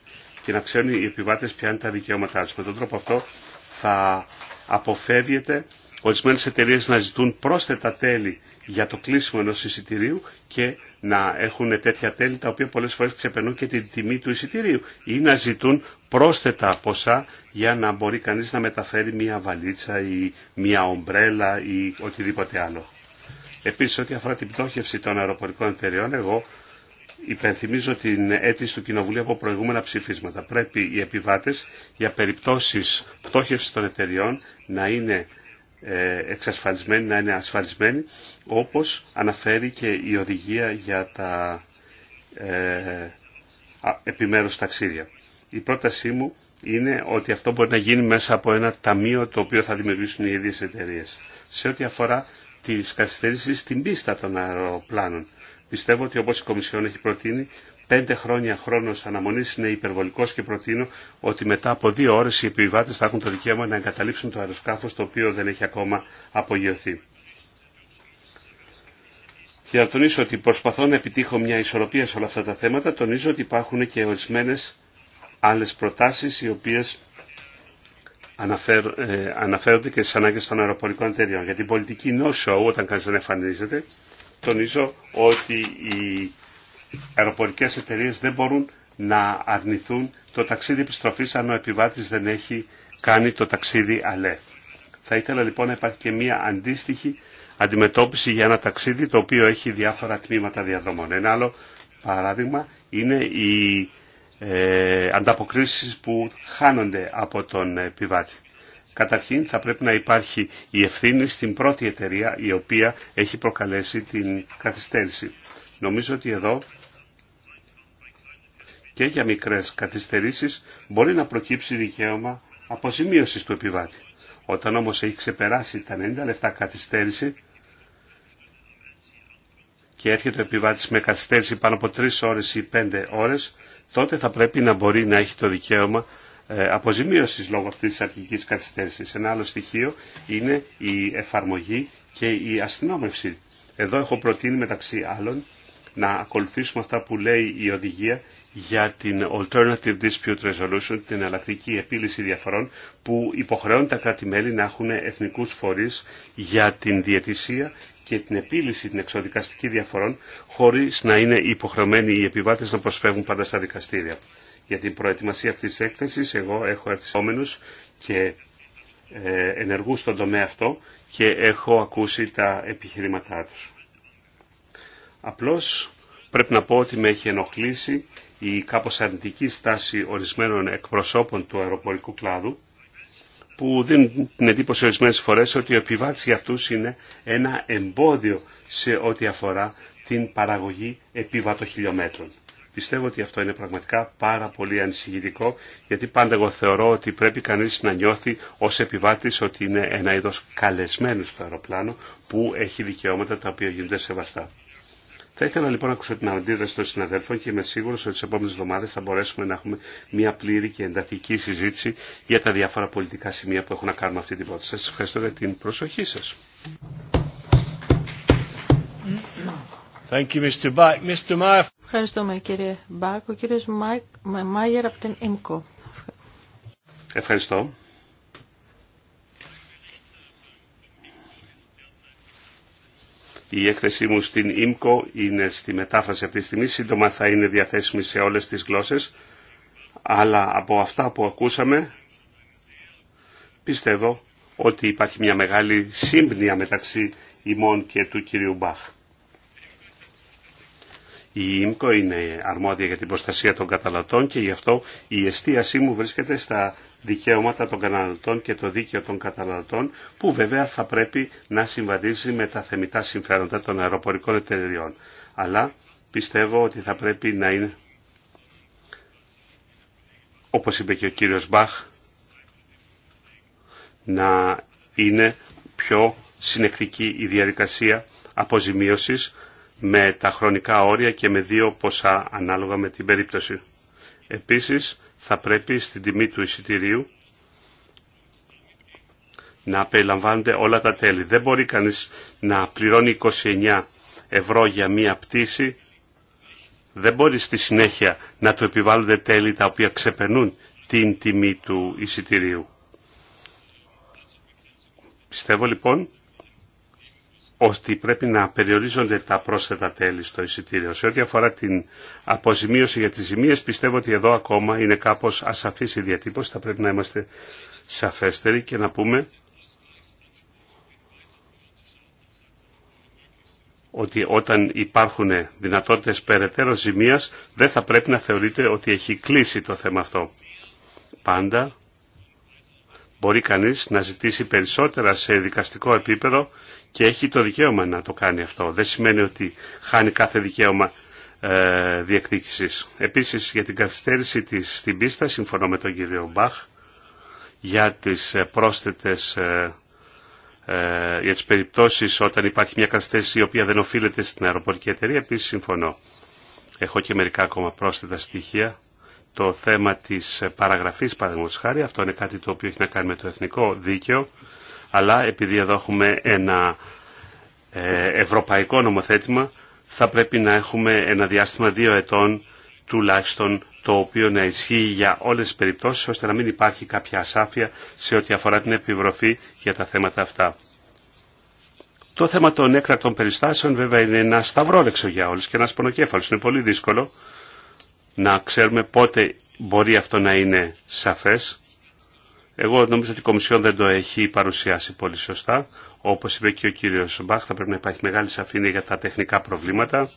B: και να ξέρουν οι επιβάτες ποια είναι τα δικαιώματά τους. Με τον τρόπο αυτό θα αποφεύγεται ορισμένε εταιρείε να ζητούν πρόσθετα τέλη για το κλείσιμο ενό εισιτηρίου και να έχουν τέτοια τέλη τα οποία πολλέ φορέ ξεπερνούν και την τιμή του εισιτηρίου ή να ζητούν πρόσθετα ποσά για να μπορεί κανεί να μεταφέρει μία βαλίτσα ή μία ομπρέλα ή οτιδήποτε άλλο. Επίσης, ό,τι αφορά την πτώχευση των αεροπορικών εταιριών, εγώ υπενθυμίζω την αίτηση του Κοινοβουλίου από προηγούμενα ψηφίσματα. Πρέπει οι επιβάτες για περιπτώσεις πτώχευσης των εταιριών να είναι ε, εξασφαλισμένοι, να είναι ασφαλισμένοι, όπως αναφέρει και η οδηγία για τα ε, επιμέρους ταξίδια. Η πρότασή μου είναι ότι αυτό μπορεί να γίνει μέσα από ένα ταμείο το οποίο θα δημιουργήσουν οι ίδιες εταιρείε. Σε ό,τι αφορά τις καθυστερήσεις στην πίστα των αεροπλάνων. Πιστεύω ότι όπως η Κομισιόν έχει προτείνει, πέντε χρόνια χρόνος αναμονής είναι υπερβολικός και προτείνω ότι μετά από δύο ώρες οι επιβάτες θα έχουν το δικαίωμα να εγκαταλείψουν το αεροσκάφος το οποίο δεν έχει ακόμα απογειωθεί. Και να τονίσω ότι προσπαθώ να επιτύχω μια ισορροπία σε όλα αυτά τα θέματα, τονίζω ότι υπάρχουν και ορισμένε άλλες προτάσεις οι οποίες ε, αναφέρονται και στι ανάγκε των αεροπορικών εταιριών. Για την πολιτική όταν κανεί δεν εμφανίζεται, τονίζω ότι οι αεροπορικέ εταιρείε δεν μπορούν να αρνηθούν το ταξίδι επιστροφή αν ο επιβάτη δεν έχει κάνει το ταξίδι αλέ. Θα ήθελα λοιπόν να υπάρχει και μια αντίστοιχη αντιμετώπιση για ένα ταξίδι το οποίο έχει διάφορα τμήματα διαδρομών. Ένα άλλο παράδειγμα είναι η ε, ανταποκρίσεις που χάνονται από τον επιβάτη. Καταρχήν θα πρέπει να υπάρχει η ευθύνη στην πρώτη εταιρεία η οποία έχει προκαλέσει την καθυστέρηση. Νομίζω ότι εδώ και για μικρές καθυστερήσεις μπορεί να προκύψει δικαίωμα αποζημίωσης του επιβάτη. Όταν όμως έχει ξεπεράσει τα 90 λεπτά καθυστέρηση και έρχεται ο επιβάτη με καθυστέρηση πάνω από 3 ώρε ή πέντε ώρε. Τότε θα πρέπει να μπορεί να έχει το δικαίωμα ε, αποζημίωση λόγω αυτή τη αρχική καρτιστέ. Ένα άλλο στοιχείο είναι η 5 ωρε τοτε θα πρεπει να μπορει να εχει το δικαιωμα αποζημιωση λογω αυτη τη αρχικη καθυστερησης ενα αλλο στοιχειο ειναι η εφαρμογη και η αστυνόμευση. Εδώ έχω προτείνει μεταξύ άλλων να ακολουθήσουμε αυτά που λέει η οδηγία για την Alternative Dispute Resolution, την εναλλακτική επίλυση διαφορών, που υποχρεώνει τα κράτη-μέλη να έχουν εθνικούς φορείς για την διαιτησία και την επίλυση την εξοδικαστική διαφορών χωρίς να είναι υποχρεωμένοι οι επιβάτες να προσφεύγουν πάντα στα δικαστήρια. Για την προετοιμασία αυτής της έκθεσης εγώ έχω ερθισόμενους και ε, ενεργούς στον τομέα αυτό και έχω ακούσει τα επιχειρήματά τους. Απλώς πρέπει να πω ότι με έχει ενοχλήσει η κάπως αρνητική στάση ορισμένων εκπροσώπων του αεροπορικού κλάδου που δίνουν την εντύπωση ορισμένε φορές ότι ο επιβάτης για αυτούς είναι ένα εμπόδιο σε ό,τι αφορά την παραγωγή επιβατοχιλιόμετρων. Πιστεύω ότι αυτό είναι πραγματικά πάρα πολύ ανησυχητικό, γιατί πάντα εγώ θεωρώ ότι πρέπει κανείς να νιώθει ως επιβάτης ότι είναι ένα είδος καλεσμένου στο αεροπλάνο που έχει δικαιώματα τα οποία γίνονται σεβαστά. Θα ήθελα λοιπόν να ακούσω την αντίδραση των συναδέλφων και είμαι σίγουρο ότι τι επόμενε εβδομάδε θα μπορέσουμε να έχουμε μια πλήρη και εντατική συζήτηση για τα διάφορα πολιτικά σημεία που έχουν να κάνουν αυτή την πρόταση. Σα ευχαριστώ για την προσοχή σα.
F: Ευχαριστούμε κύριε Μπάκ. Ο κύριο από την ΕΜΚΟ.
B: Ευχαριστώ. Η έκθεσή μου στην ΙΜΚΟ είναι στη μετάφραση αυτή τη στιγμή. Σύντομα θα είναι διαθέσιμη σε όλες τις γλώσσες. Αλλά από αυτά που ακούσαμε πιστεύω ότι υπάρχει μια μεγάλη σύμπνοια μεταξύ ημών και του κυρίου Μπαχ. Η ΙΜΚΟ είναι αρμόδια για την προστασία των καταλατών και γι' αυτό η εστίασή μου βρίσκεται στα δικαιώματα των καταναλωτών και το δίκαιο των καταναλωτών που βέβαια θα πρέπει να συμβαδίζει με τα θεμητά συμφέροντα των αεροπορικών εταιρεών. Αλλά πιστεύω ότι θα πρέπει να είναι, όπως είπε και ο κύριος Μπαχ, να είναι πιο συνεκτική η διαδικασία αποζημίωσης με τα χρονικά όρια και με δύο ποσά ανάλογα με την περίπτωση. Επίσης, θα πρέπει στην τιμή του εισιτηρίου να απελαμβάνονται όλα τα τέλη. Δεν μπορεί κανείς να πληρώνει 29 ευρώ για μία πτήση. Δεν μπορεί στη συνέχεια να του επιβάλλονται τέλη τα οποία ξεπερνούν την τιμή του εισιτηρίου. Πιστεύω λοιπόν ότι πρέπει να περιορίζονται τα πρόσθετα τέλη στο εισιτήριο. Σε ό,τι αφορά την αποζημίωση για τις ζημίες, πιστεύω ότι εδώ ακόμα είναι κάπως ασαφής η διατύπωση. Θα πρέπει να είμαστε σαφέστεροι και να πούμε ότι όταν υπάρχουν δυνατότητες περαιτέρω ζημίας, δεν θα πρέπει να θεωρείται ότι έχει κλείσει το θέμα αυτό. Πάντα Μπορεί κανείς να ζητήσει περισσότερα σε δικαστικό επίπεδο και έχει το δικαίωμα να το κάνει αυτό. Δεν σημαίνει ότι χάνει κάθε δικαίωμα ε, διεκδίκησης. Επίσης για την καθυστέρηση της στην πίστα, συμφωνώ με τον κύριο Μπαχ, για τις ε, πρόσθετες ε, ε, για τις περιπτώσεις όταν υπάρχει μια καθυστέρηση η οποία δεν οφείλεται στην αεροπορική εταιρεία, επίσης συμφωνώ. Έχω και μερικά ακόμα πρόσθετα στοιχεία το θέμα της παραγραφής παραδείγματος χάρη, αυτό είναι κάτι το οποίο έχει να κάνει με το εθνικό δίκαιο, αλλά επειδή εδώ έχουμε ένα ε, ευρωπαϊκό νομοθέτημα, θα πρέπει να έχουμε ένα διάστημα δύο ετών τουλάχιστον το οποίο να ισχύει για όλες τις περιπτώσεις, ώστε να μην υπάρχει κάποια ασάφεια σε ό,τι αφορά την επιβροφή για τα θέματα αυτά. Το θέμα των έκτακτων περιστάσεων βέβαια είναι ένα σταυρόλεξο για όλους και ένα πονοκέφαλος. Είναι πολύ δύσκολο να ξέρουμε πότε μπορεί αυτό να είναι σαφές. Εγώ νομίζω ότι η Κομισιόν δεν το έχει παρουσιάσει πολύ σωστά. Όπως είπε και ο κύριος Μπαχ, θα πρέπει να υπάρχει μεγάλη σαφήνεια για τα τεχνικά προβλήματα.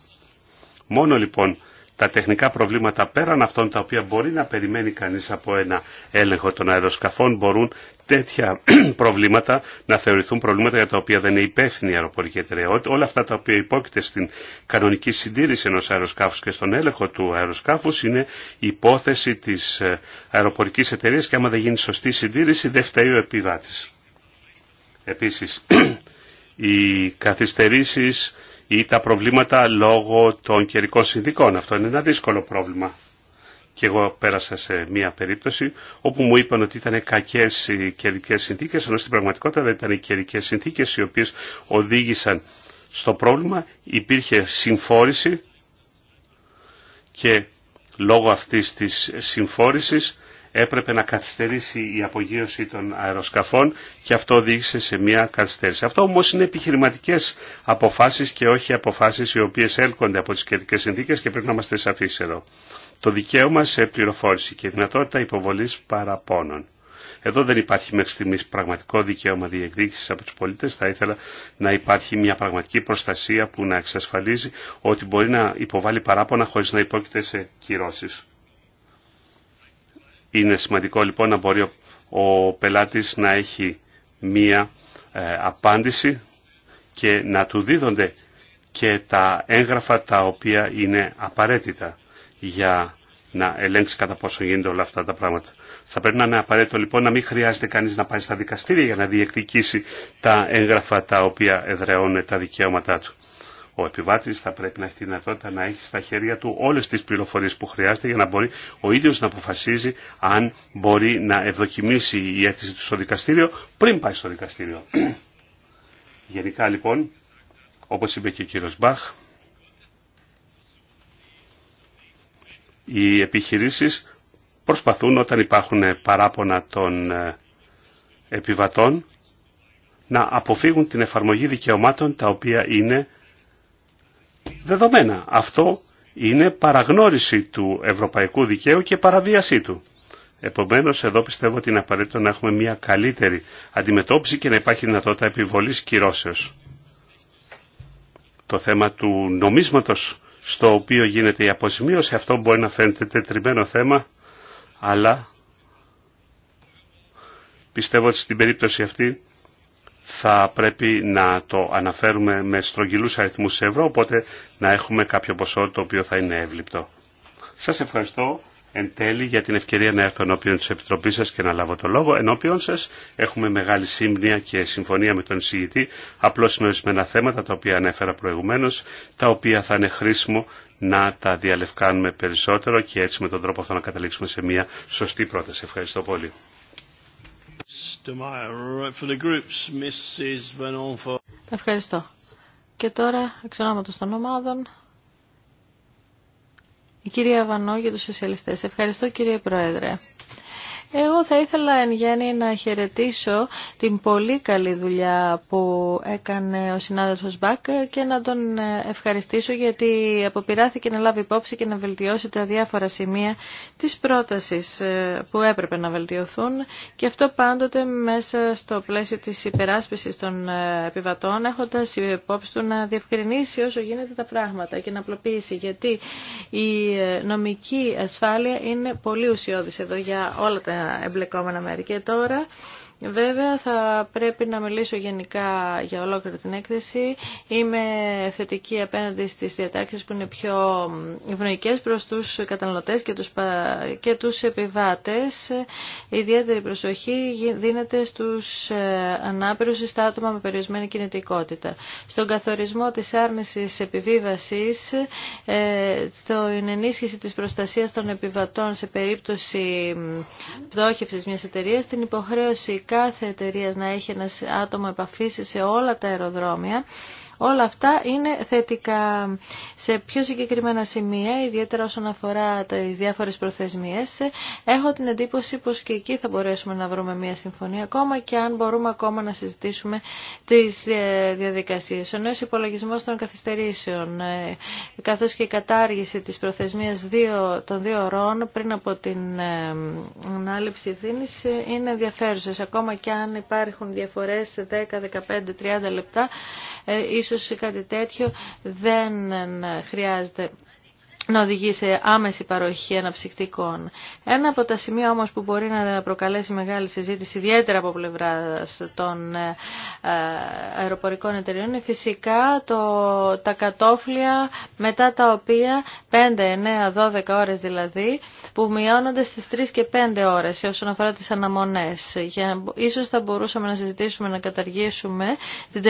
B: Μόνο λοιπόν τα τεχνικά προβλήματα πέραν αυτών τα οποία μπορεί να περιμένει κανείς από ένα έλεγχο των αεροσκαφών μπορούν τέτοια προβλήματα να θεωρηθούν προβλήματα για τα οποία δεν είναι υπεύθυνη η αεροπορική εταιρεία. Όλα αυτά τα οποία υπόκειται στην κανονική συντήρηση ενός αεροσκάφους και στον έλεγχο του αεροσκάφους είναι υπόθεση της ε, αεροπορικής εταιρεία και άμα δεν γίνει σωστή συντήρηση δεν φταίει ο επιβάτης. Επίσης, οι καθυστερήσει ή τα προβλήματα λόγω των καιρικών συνδικών. Αυτό είναι ένα δύσκολο πρόβλημα. Και εγώ πέρασα σε μία περίπτωση όπου μου είπαν ότι ήταν κακές οι καιρικέ συνθήκε, ενώ στην πραγματικότητα δεν ήταν οι καιρικέ συνθήκε οι οποίε οδήγησαν στο πρόβλημα. Υπήρχε συμφόρηση και λόγω αυτής της συμφόρησης έπρεπε να καθυστερήσει η απογείωση των αεροσκαφών και αυτό οδήγησε σε μια καθυστέρηση. Αυτό όμως είναι επιχειρηματικές αποφάσεις και όχι αποφάσεις οι οποίες έλκονται από τις κεντρικές συνθήκες και πρέπει να είμαστε σαφείς εδώ. Το δικαίωμα σε πληροφόρηση και δυνατότητα υποβολής παραπώνων. Εδώ δεν υπάρχει μέχρι στιγμής πραγματικό δικαίωμα διεκδίκησης από τους πολίτες. Θα ήθελα να υπάρχει μια πραγματική προστασία που να εξασφαλίζει ότι μπορεί να υποβάλει παράπονα χωρίς να υπόκειται σε κυρώσεις. Είναι σημαντικό λοιπόν να μπορεί ο πελάτης να έχει μία ε, απάντηση και να του δίδονται και τα έγγραφα τα οποία είναι απαραίτητα για να ελέγξει κατά πόσο γίνονται όλα αυτά τα πράγματα. Θα πρέπει να είναι απαραίτητο λοιπόν να μην χρειάζεται κανείς να πάει στα δικαστήρια για να διεκδικήσει τα έγγραφα τα οποία εδραιώνουν τα δικαιώματά του. Ο επιβάτης θα πρέπει να έχει τη δυνατότητα να έχει στα χέρια του όλες τις πληροφορίες που χρειάζεται για να μπορεί ο ίδιος να αποφασίζει αν μπορεί να ευδοκιμήσει η αίτηση του στο δικαστήριο πριν πάει στο δικαστήριο. Γενικά λοιπόν, όπως είπε και ο κύριος Μπαχ, οι επιχειρήσεις προσπαθούν όταν υπάρχουν παράπονα των ε, επιβατών να αποφύγουν την εφαρμογή δικαιωμάτων τα οποία είναι δεδομένα. Αυτό είναι παραγνώριση του ευρωπαϊκού δικαίου και παραβίασή του. Επομένως, εδώ πιστεύω ότι είναι απαραίτητο να έχουμε μια καλύτερη αντιμετώπιση και να υπάρχει δυνατότητα επιβολής κυρώσεως. Το θέμα του νομίσματος στο οποίο γίνεται η αποζημίωση, αυτό μπορεί να φαίνεται τετριμένο θέμα, αλλά πιστεύω ότι στην περίπτωση αυτή θα πρέπει να το αναφέρουμε με στρογγυλούς αριθμούς σε ευρώ, οπότε να έχουμε κάποιο ποσό το οποίο θα είναι εύληπτο. Σας ευχαριστώ εν τέλει για την ευκαιρία να έρθω ενώπιον της Επιτροπής σας και να λάβω το λόγο. Ενώπιον σας έχουμε μεγάλη σύμπνοια και συμφωνία με τον εισηγητή, απλώς με ορισμένα θέματα τα οποία ανέφερα προηγουμένως, τα οποία θα είναι χρήσιμο να τα διαλευκάνουμε περισσότερο και έτσι με τον τρόπο αυτό να καταλήξουμε σε μια σωστή πρόταση. Ευχαριστώ πολύ.
F: Ευχαριστώ. Και τώρα, εξ το των ομάδων, η κυρία Βανό για τους Σοσιαλιστέ. Ευχαριστώ κύριε Πρόεδρε. Εγώ θα ήθελα εν γέννη να χαιρετήσω την πολύ καλή δουλειά που έκανε ο συνάδελφος Μπακ και να τον ευχαριστήσω γιατί αποπειράθηκε να λάβει υπόψη και να βελτιώσει τα διάφορα σημεία της πρότασης ε, που έπρεπε να βελτιωθούν και αυτό πάντοτε μέσα στο πλαίσιο της υπεράσπισης των ε, επιβατών έχοντας υπόψη του να διευκρινίσει όσο γίνεται τα πράγματα και να απλοποιήσει γιατί η ε, νομική ασφάλεια είναι πολύ ουσιώδης εδώ για όλα τα εμπλεκόμενα μέρη. τώρα Βέβαια θα πρέπει να μιλήσω γενικά για ολόκληρη την έκθεση. Είμαι θετική απέναντι στις διατάξεις που είναι πιο ευνοϊκές προς τους καταναλωτές και τους, και τους επιβάτες. Η ιδιαίτερη προσοχή δίνεται στους ε, ανάπηρους στα άτομα με περιορισμένη κινητικότητα. Στον καθορισμό της άρνησης επιβίβασης, ε, στην ενίσχυση της προστασίας των επιβατών σε περίπτωση πτώχευσης μιας εταιρείας, την υποχρέωση κάθε εταιρεία να έχει ένα άτομο επαφή σε όλα τα αεροδρόμια Όλα αυτά είναι θετικά. Σε πιο συγκεκριμένα σημεία, ιδιαίτερα όσον αφορά τις διάφορες προθεσμίες, έχω την εντύπωση πως και εκεί θα μπορέσουμε να βρούμε μια συμφωνία, ακόμα και αν μπορούμε ακόμα να συζητήσουμε τις ε, διαδικασίες. Ο νέος υπολογισμός των καθυστερήσεων, ε, καθώς και η κατάργηση της προθεσμίας των δύο ωρών πριν από την ε, ανάληψη ευθύνη είναι ενδιαφέρουσες, ακόμα και αν υπάρχουν διαφορές 10, 15, 30 λεπτά ε, ίσως κάτι τέτοιο δεν χρειάζεται να οδηγεί σε άμεση παροχή αναψυκτικών. Ένα από τα σημεία όμως που μπορεί να προκαλέσει μεγάλη συζήτηση, ιδιαίτερα από πλευρά των ε, αεροπορικών εταιριών, είναι φυσικά το, τα κατόφλια μετά τα οποία 5, 9, 12 ώρες δηλαδή, που μειώνονται στις 3 και 5 ώρες όσον αφορά τις αναμονές. Για, ίσως θα μπορούσαμε να συζητήσουμε να καταργήσουμε την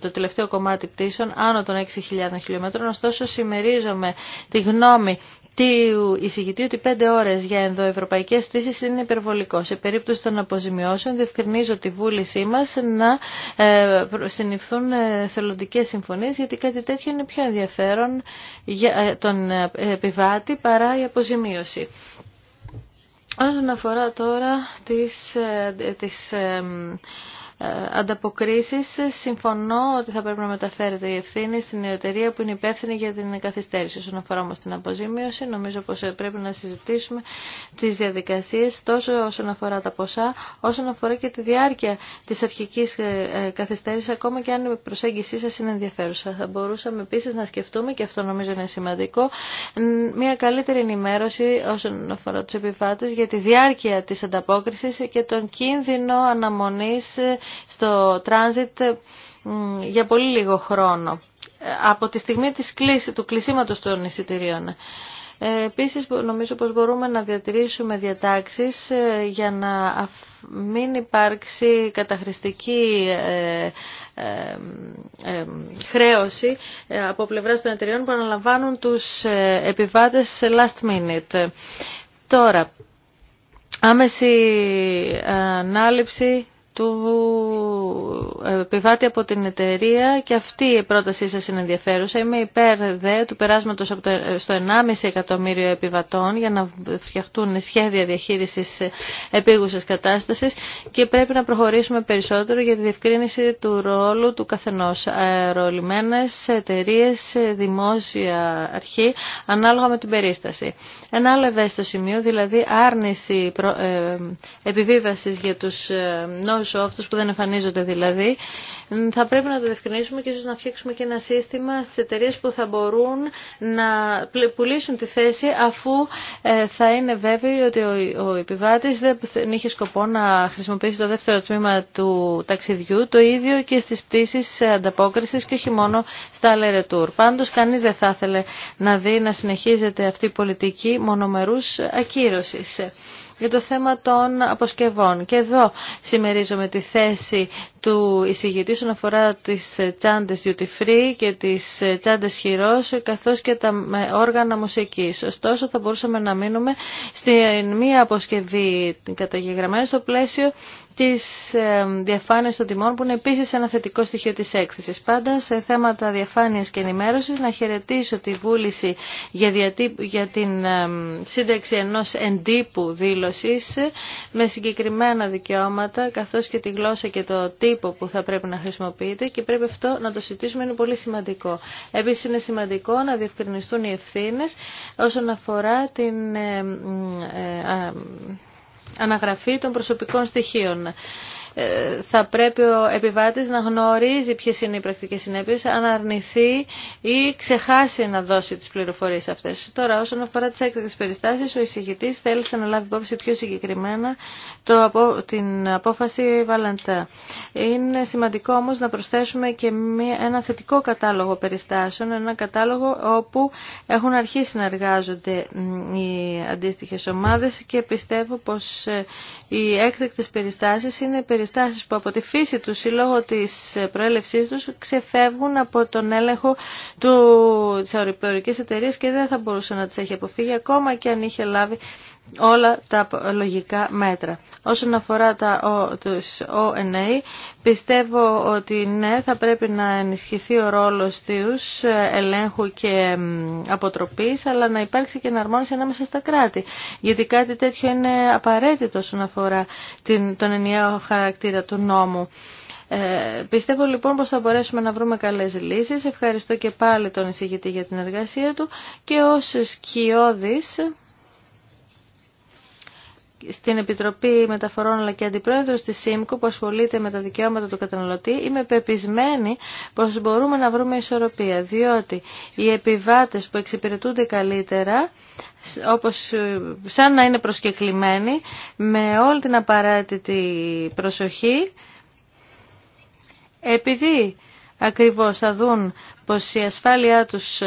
F: το τελευταίο κομμάτι πτήσεων άνω των 6.000 χιλιόμετρων, ωστόσο συμμερίζομαι τη γνώμη του εισηγητή ότι 5 ώρε για ενδοευρωπαϊκέ πτήσει είναι υπερβολικό. Σε περίπτωση των αποζημιώσεων, διευκρινίζω τη βούλησή μα να ε, συνηθούν ε, θελοντικέ συμφωνίε, γιατί κάτι τέτοιο είναι πιο ενδιαφέρον για ε, τον ε, επιβάτη παρά η αποζημίωση. Όσον αφορά τώρα τις, τις ε, ανταποκρίσει, συμφωνώ ότι θα πρέπει να μεταφέρεται η ευθύνη στην εταιρεία που είναι υπεύθυνη για την καθυστέρηση. Όσον αφορά όμω την αποζημίωση, νομίζω πω ε, πρέπει να συζητήσουμε τι διαδικασίε τόσο όσον αφορά τα ποσά, όσον αφορά και τη διάρκεια τη αρχική ε, καθυστερήση, ακόμα και αν η προσέγγισή σα είναι ενδιαφέρουσα. Θα μπορούσαμε επίση να σκεφτούμε, και αυτό νομίζω είναι σημαντικό, μια καλύτερη ενημέρωση όσον αφορά του επιβάτε για τη διάρκεια τη ανταπόκριση και τον κίνδυνο αναμονή στο τράνζιτ για πολύ λίγο χρόνο από τη στιγμή της κλίση, του κλεισίματος των εισιτηρίων. Ε, επίσης νομίζω πως μπορούμε να διατηρήσουμε διατάξεις ε, για να μην υπάρξει καταχρηστική ε, χρέωση από πλευράς των εταιριών που αναλαμβάνουν τους επιβάτες σε last minute. Τώρα, άμεση ανάληψη του ε, επιβάτη από την εταιρεία και αυτή η πρότασή σας είναι ενδιαφέρουσα. Είμαι υπέρ δε του περάσματος από το, στο 1,5 εκατομμύριο επιβατών για να φτιαχτούν σχέδια διαχείρισης επίγουσας κατάστασης και πρέπει να προχωρήσουμε περισσότερο για τη διευκρίνηση του ρόλου του καθενός. Αερολιμένες, εταιρείε, δημόσια αρχή, ανάλογα με την περίσταση. Ένα άλλο ευαίσθητο σημείο, δηλαδή άρνηση ε, επιβίβασης για τους ε, όσο αυτούς που δεν εμφανίζονται δηλαδή, θα πρέπει να το διευκρινίσουμε και ίσως να φτιάξουμε και ένα σύστημα στις εταιρείες που θα μπορούν να πουλήσουν τη θέση αφού ε, θα είναι βέβαιοι ότι ο επιβάτης δεν είχε σκοπό να χρησιμοποιήσει το δεύτερο τμήμα του ταξιδιού, το ίδιο και στις πτήσεις ανταπόκρισης και όχι μόνο στα Λερετούρ. Πάντως κανείς δεν θα ήθελε να δει να συνεχίζεται αυτή η πολιτική μονομερούς ακύρωσης για το θέμα των αποσκευών. Και εδώ συμμερίζομαι τη θέση του εισηγητή όσον αφορά τις ε, τσάντες duty free και τις ε, τσάντες χειρός καθώς και τα όργανα μουσικής. Ωστόσο θα μπορούσαμε να μείνουμε στην μία αποσκευή καταγεγραμμένη στο πλαίσιο της ε, διαφάνειας των τιμών που είναι επίσης ένα θετικό στοιχείο της έκθεσης. Πάντα σε θέματα διαφάνειας και ενημέρωσης να χαιρετήσω τη βούληση για, την σύνταξη ενός εντύπου δήλωσης με συγκεκριμένα δικαιώματα καθώς και τη γλώσσα και το τι τύπο που θα πρέπει να χρησιμοποιείται και πρέπει αυτό να το συζητήσουμε, είναι πολύ σημαντικό. Επίσης είναι σημαντικό να διευκρινιστούν οι ευθύνε όσον αφορά την ε, ε, ε, αναγραφή των προσωπικών στοιχείων. Ε, θα πρέπει ο επιβάτης να γνωρίζει ποιες είναι οι πρακτικές συνέπειες, αν αρνηθεί ή ξεχάσει να δώσει τις πληροφορίες αυτές. Τώρα, όσον αφορά τις έκτακτες περιστάσεις, ο εισηγητής θέλησε να λάβει υπόψη πιο συγκεκριμένα το, την απόφαση Βαλαντά. Είναι σημαντικό όμως να προσθέσουμε και ένα θετικό κατάλογο περιστάσεων, ένα κατάλογο όπου έχουν αρχίσει να εργάζονται οι αντίστοιχες ομάδες και πιστεύω πως ε, οι έκτακτες περιστάσεις είναι περιστάσεις που από τη φύση τους ή λόγω της προέλευσής τους ξεφεύγουν από τον έλεγχο του, της αεροπορικής εταιρείας και δεν θα μπορούσε να τις έχει αποφύγει ακόμα και αν είχε λάβει όλα τα λογικά μέτρα. Όσον αφορά τα τους ONA, πιστεύω ότι ναι, θα πρέπει να ενισχυθεί ο ρόλος τους ε, ελέγχου και αποτροπής, αλλά να υπάρξει και εναρμόνιση ανάμεσα στα κράτη. Γιατί κάτι τέτοιο είναι απαραίτητο όσον αφορά την, τον ενιαίο χαρακτήρα του νόμου. Ε, πιστεύω λοιπόν πως θα μπορέσουμε να βρούμε καλές λύσεις. Ευχαριστώ και πάλι τον εισηγητή για την εργασία του και ως σκιώδης στην Επιτροπή Μεταφορών αλλά και Αντιπρόεδρο τη ΣΥΜΚΟ που ασχολείται με τα δικαιώματα του καταναλωτή, είμαι πεπισμένη πω μπορούμε να βρούμε ισορροπία. Διότι οι επιβάτε που εξυπηρετούνται καλύτερα, όπως, ε, σαν να είναι προσκεκλημένοι, με όλη την απαραίτητη προσοχή, επειδή ακριβώς θα δουν πως η ασφάλειά τους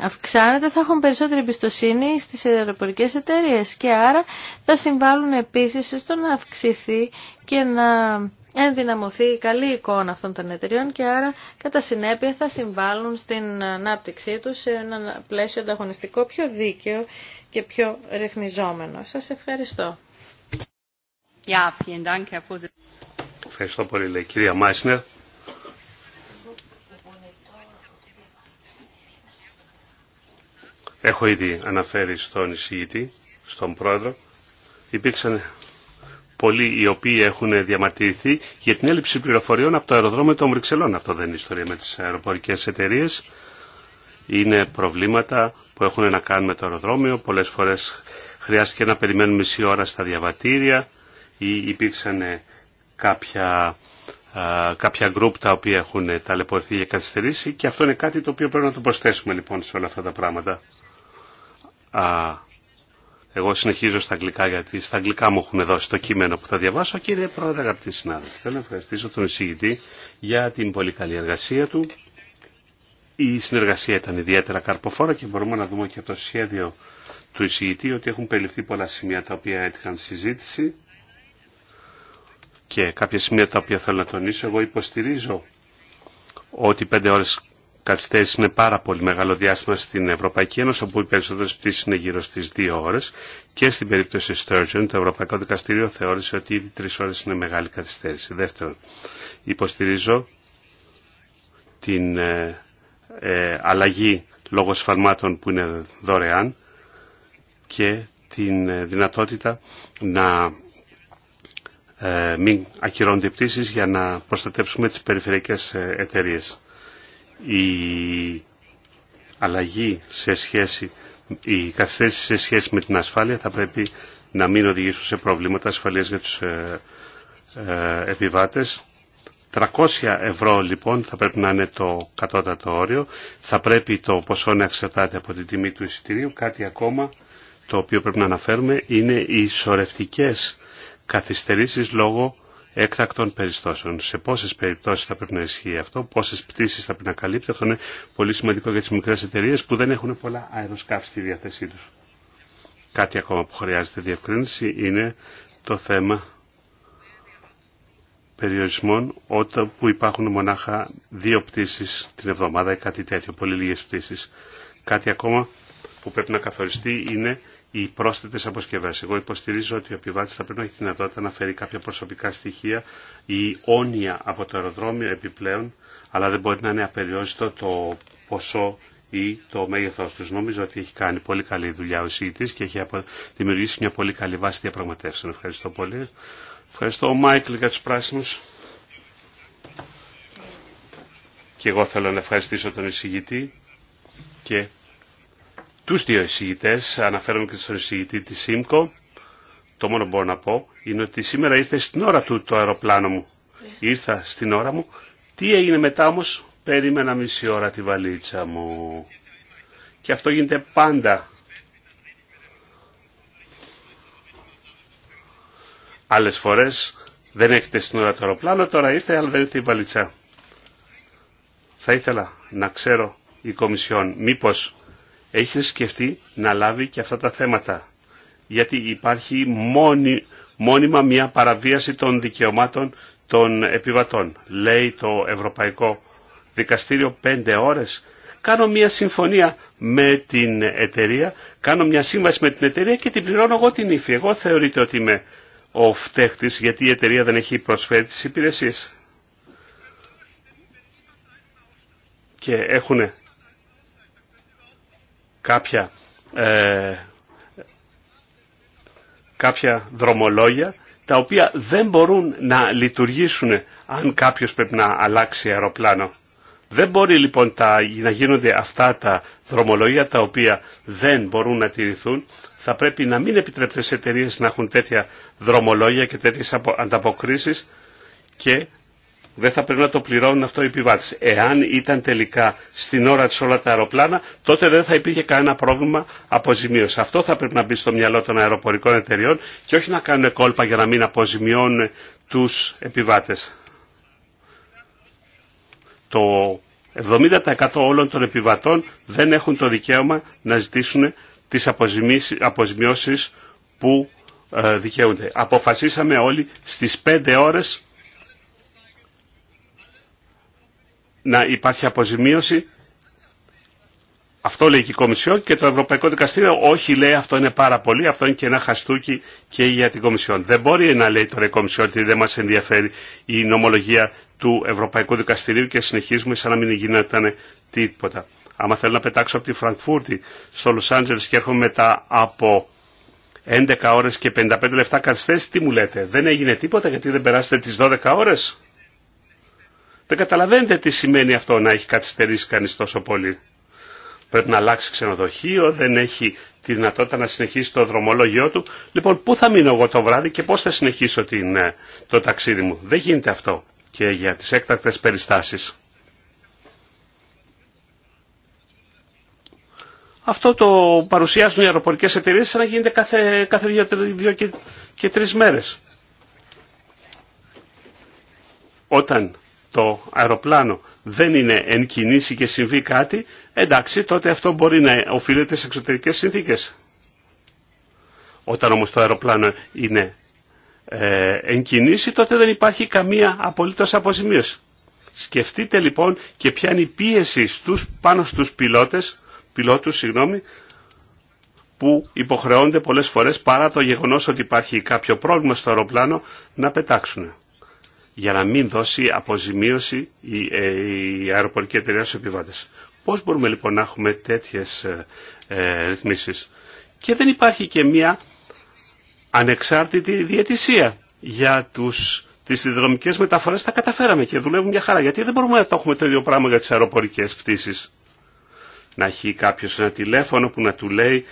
F: αυξάνεται θα έχουν περισσότερη εμπιστοσύνη στις αεροπορικές εταιρείες και άρα θα συμβάλλουν επίσης στο να αυξηθεί και να ενδυναμωθεί η καλή εικόνα αυτών των εταιρείων και άρα κατά συνέπεια θα συμβάλλουν στην ανάπτυξή τους σε ένα πλαίσιο ανταγωνιστικό πιο δίκαιο και πιο ρυθμιζόμενο. Σας ευχαριστώ.
B: Ευχαριστώ πολύ, λέει. κυρία Μάισνερ. Έχω ήδη αναφέρει στον εισηγητή, στον πρόεδρο, υπήρξαν πολλοί οι οποίοι έχουν διαμαρτυρηθεί για την έλλειψη πληροφοριών από το αεροδρόμιο των Βρυξελών. Αυτό δεν είναι ιστορία με τις αεροπορικές εταιρείε. Είναι προβλήματα που έχουν να κάνουν με το αεροδρόμιο. Πολλές φορές χρειάστηκε να περιμένουμε μισή ώρα στα διαβατήρια ή υπήρξαν ε, κάποια, κάποια γκρουπ τα οποία έχουν ταλαιπωρηθεί για καθυστερήσει και αυτό είναι κάτι το οποίο πρέπει να το προσθέσουμε λοιπόν σε όλα αυτά τα πράγματα. Α, εγώ συνεχίζω στα αγγλικά γιατί στα αγγλικά μου έχουν δώσει το κείμενο που θα διαβάσω. Κύριε Πρόεδρε, αγαπητοί συνάδελφοι, θέλω να ευχαριστήσω τον εισηγητή για την πολύ καλή εργασία του. Η συνεργασία ήταν ιδιαίτερα καρποφόρα και μπορούμε να δούμε και από το σχέδιο του εισηγητή ότι έχουν περιληφθεί πολλά σημεία τα οποία έτυχαν συζήτηση και κάποια σημεία τα οποία θέλω να τονίσω. Εγώ υποστηρίζω ότι πέντε ώρες καθυστέρηση είναι πάρα πολύ μεγάλο διάστημα στην Ευρωπαϊκή Ένωση, όπου οι περισσότερε πτήσει είναι γύρω στι δύο ώρε. Και στην περίπτωση Sturgeon, το Ευρωπαϊκό Δικαστήριο θεώρησε ότι ήδη τρει ώρε είναι μεγάλη καθυστέρηση. Δεύτερον, υποστηρίζω την ε, ε, αλλαγή λόγω σφαλμάτων που είναι δωρεάν και την ε, δυνατότητα να ε, μην ακυρώνται πτήσεις για να προστατεύσουμε τις περιφερειακές ε, εταιρείες η αλλαγή σε σχέση, η καθυστέρηση σε σχέση με την ασφάλεια θα πρέπει να μην οδηγήσουν σε προβλήματα ασφαλείας για τους ε, ε επιβάτες. 300 ευρώ λοιπόν θα πρέπει να είναι το κατώτατο όριο. Θα πρέπει το ποσό να εξαρτάται από την τιμή του εισιτηρίου. Κάτι ακόμα το οποίο πρέπει να αναφέρουμε είναι οι σωρευτικές καθυστερήσεις λόγω έκτακτων περιστώσεων. Σε πόσες περιπτώσεις θα πρέπει να ισχύει αυτό, πόσες πτήσεις θα πρέπει να καλύπτει. Αυτό είναι πολύ σημαντικό για τις μικρές εταιρείες που δεν έχουν πολλά αεροσκάφη στη διάθεσή τους. Κάτι ακόμα που χρειάζεται διευκρίνηση είναι το θέμα περιορισμών όταν που υπάρχουν μονάχα δύο πτήσεις την εβδομάδα ή κάτι τέτοιο, πολύ λίγες πτήσεις. Κάτι ακόμα που πρέπει να καθοριστεί είναι οι πρόσθετε αποσκευέ. Εγώ υποστηρίζω ότι ο επιβάτη θα πρέπει να έχει τη δυνατότητα να φέρει κάποια προσωπικά στοιχεία ή όνια από το αεροδρόμιο επιπλέον, αλλά δεν μπορεί να είναι απεριόριστο το ποσό ή το μέγεθό του. Νομίζω ότι έχει κάνει πολύ καλή δουλειά ο εισηγητή και έχει δημιουργήσει μια πολύ καλή βάση διαπραγματεύσεων. Ευχαριστώ πολύ. Ευχαριστώ, Μάικλ, για του πράσινου. Και εγώ θέλω να ευχαριστήσω τον εισηγητή και τους δύο εισηγητές, αναφέρομαι και στον εισηγητή της ΣΥΜΚΟ, το μόνο που μπορώ να πω είναι ότι σήμερα ήρθε στην ώρα του το αεροπλάνο μου. Ήρθα στην ώρα μου. Τι έγινε μετά όμως, περίμενα μισή ώρα τη βαλίτσα μου. Και αυτό γίνεται πάντα. Άλλες φορές δεν έχετε στην ώρα το αεροπλάνο, τώρα ήρθε αλλά δεν ήρθε η βαλίτσα. Θα ήθελα να ξέρω η Κομισιόν μήπως έχει σκεφτεί να λάβει και αυτά τα θέματα. Γιατί υπάρχει μόνιμα μια παραβίαση των δικαιωμάτων των επιβατών. Λέει το Ευρωπαϊκό Δικαστήριο πέντε ώρες. Κάνω μια συμφωνία με την εταιρεία, κάνω μια σύμβαση με την εταιρεία και την πληρώνω εγώ την ύφη. Εγώ θεωρείται ότι είμαι ο φταίχτης γιατί η εταιρεία δεν έχει προσφέρει τις υπηρεσίες. Και έχουν κάποια, ε, κάποια δρομολόγια τα οποία δεν μπορούν να λειτουργήσουν αν κάποιος πρέπει να αλλάξει αεροπλάνο. Δεν μπορεί λοιπόν τα, να γίνονται αυτά τα δρομολόγια τα οποία δεν μπορούν να τηρηθούν. Θα πρέπει να μην επιτρέπεται σε εταιρείε να έχουν τέτοια δρομολόγια και τέτοιες ανταποκρίσεις και δεν θα πρέπει να το πληρώνουν αυτό οι επιβάτες. Εάν ήταν τελικά στην ώρα της όλα τα αεροπλάνα, τότε δεν θα υπήρχε κανένα πρόβλημα αποζημίωση. Αυτό θα πρέπει να μπει στο μυαλό των αεροπορικών εταιριών και όχι να κάνουν κόλπα για να μην αποζημιώνουν τους επιβάτες. Το 70% όλων των επιβατών δεν έχουν το δικαίωμα να ζητήσουν τις αποζημιώσεις που ε, δικαιούνται. Αποφασίσαμε όλοι στις 5 ώρες να υπάρχει αποζημίωση. Αυτό λέει και η Κομισιό και το Ευρωπαϊκό Δικαστήριο όχι λέει αυτό είναι πάρα πολύ, αυτό είναι και ένα χαστούκι και για την Κομισιό. Δεν μπορεί να λέει τώρα η Κομισιόν ότι δεν μας ενδιαφέρει η νομολογία του Ευρωπαϊκού Δικαστηρίου και συνεχίζουμε σαν να μην γίνεται τίποτα. Άμα θέλω να πετάξω από τη Φραγκφούρτη στο Λος Άντζελες και έρχομαι μετά από 11 ώρες και 55 λεπτά καθυστέρηση, τι μου λέτε, δεν έγινε τίποτα γιατί δεν περάσετε τις 12 ώρες. Δεν καταλαβαίνετε τι σημαίνει αυτό να έχει καθυστερήσει κανείς τόσο πολύ. Πρέπει να αλλάξει ξενοδοχείο, δεν έχει τη δυνατότητα να συνεχίσει το δρομολόγιο του. Λοιπόν, πού θα μείνω εγώ το βράδυ και πώς θα συνεχίσω την, ε, το ταξίδι μου. Δεν γίνεται αυτό και για τις έκτακτες περιστάσεις. Αυτό το παρουσιάζουν οι αεροπορικές εταιρείες σαν να γίνεται κάθε, δύο, και, και τρεις μέρες. Όταν το αεροπλάνο δεν είναι εν κινήσει και συμβεί κάτι, εντάξει τότε αυτό μπορεί να οφείλεται σε εξωτερικές συνθήκες. Όταν όμως το αεροπλάνο είναι ε, εν κινήσει τότε δεν υπάρχει καμία απολύτως αποζημίωση. Σκεφτείτε λοιπόν και ποια είναι η πίεση στους, πάνω στους πιλότες, πιλότους συγγνώμη, που υποχρεώνται πολλές φορές παρά το γεγονός ότι υπάρχει κάποιο πρόβλημα στο αεροπλάνο να πετάξουν για να μην δώσει αποζημίωση ε, η αεροπορική εταιρεία στους επιβάτες. Πώς μπορούμε λοιπόν να έχουμε τέτοιες ε, ε, ρυθμίσεις. Και δεν υπάρχει και μία ανεξάρτητη διαιτησία για τους, τις συνδρομικές μεταφορές. Τα καταφέραμε και δουλεύουν μια χαρά. Γιατί δεν μπορούμε να το έχουμε το ίδιο πράγμα για τις αεροπορικές πτήσεις. Να έχει κάποιος ένα τηλέφωνο που να του λέει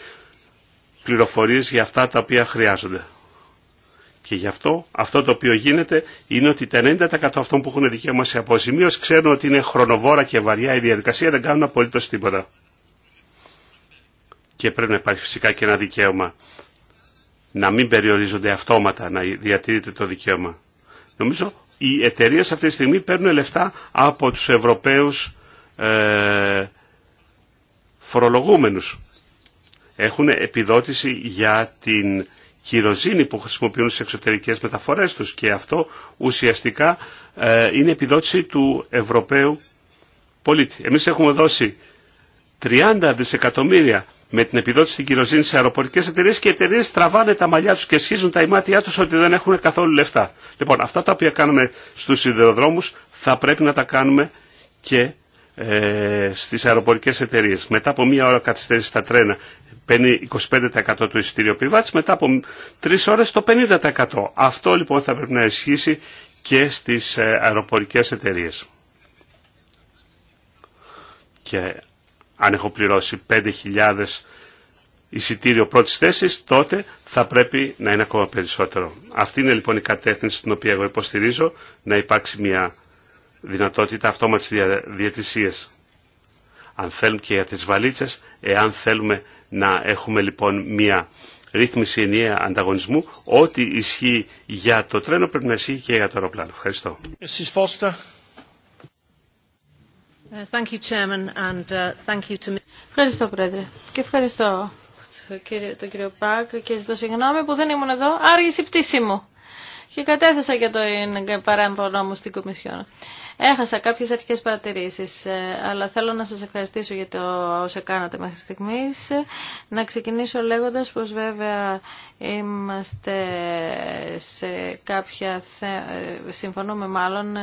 B: πληροφορίες για αυτά τα οποία χρειάζονται. Και γι' αυτό αυτό το οποίο γίνεται είναι ότι τα 90% αυτών που έχουν δικαίωμα σε αποζημίωση ξέρουν ότι είναι χρονοβόρα και βαριά η διαδικασία, δεν κάνουν απολύτω τίποτα. Και πρέπει να υπάρχει φυσικά και ένα δικαίωμα να μην περιορίζονται αυτόματα, να διατηρείται το δικαίωμα. Νομίζω οι εταιρείε αυτή τη στιγμή παίρνουν λεφτά από του Ευρωπαίου ε, φορολογούμενους. Έχουν επιδότηση για την κυροζήνη που χρησιμοποιούν στις εξωτερικές μεταφορές τους και αυτό ουσιαστικά ε, είναι επιδότηση του Ευρωπαίου πολίτη. Εμείς έχουμε δώσει 30 δισεκατομμύρια με την επιδότηση στην κυροζήνη σε αεροπορικέ εταιρείε και οι εταιρείε τραβάνε τα μαλλιά του και σχίζουν τα ημάτια του ότι δεν έχουν καθόλου λεφτά. Λοιπόν, αυτά τα οποία κάνουμε στου σιδηροδρόμου θα πρέπει να τα κάνουμε και ε, στι αεροπορικέ εταιρείε. Μετά από μία ώρα καθυστέρηση στα τρένα 25% του εισιτήριου πιβάτης μετά από τρεις ώρες το 50%. Αυτό λοιπόν θα πρέπει να ισχύσει και στις ε, αεροπορικές εταιρείες. Και αν έχω πληρώσει 5.000 εισιτήριο πρώτης θέσης, τότε θα πρέπει να είναι ακόμα περισσότερο. Αυτή είναι λοιπόν η κατεύθυνση την οποία εγώ υποστηρίζω, να υπάρξει μια δυνατότητα αυτόματης διατησίας. Αν θέλουμε και για τις βαλίτσες, εάν θέλουμε να έχουμε λοιπόν μια ρύθμιση ενιαία ανταγωνισμού. Ό,τι ισχύει για το τρένο πρέπει να ισχύει και για το αεροπλάνο. Ευχαριστώ.
F: Ευχαριστώ Πρόεδρε και ευχαριστώ τον κύριο Πάκ και ζητώ συγγνώμη που δεν ήμουν εδώ. Άργησε η πτήση μου και κατέθεσα για το ε, παρέμπονο μου στην Κομισιόν. Έχασα κάποιες αρχικές παρατηρήσεις, ε, αλλά θέλω να σας ευχαριστήσω για το όσα κάνατε μέχρι στιγμής. Να ξεκινήσω λέγοντας πως βέβαια είμαστε σε κάποια... Θε... Ε, συμφωνούμε μάλλον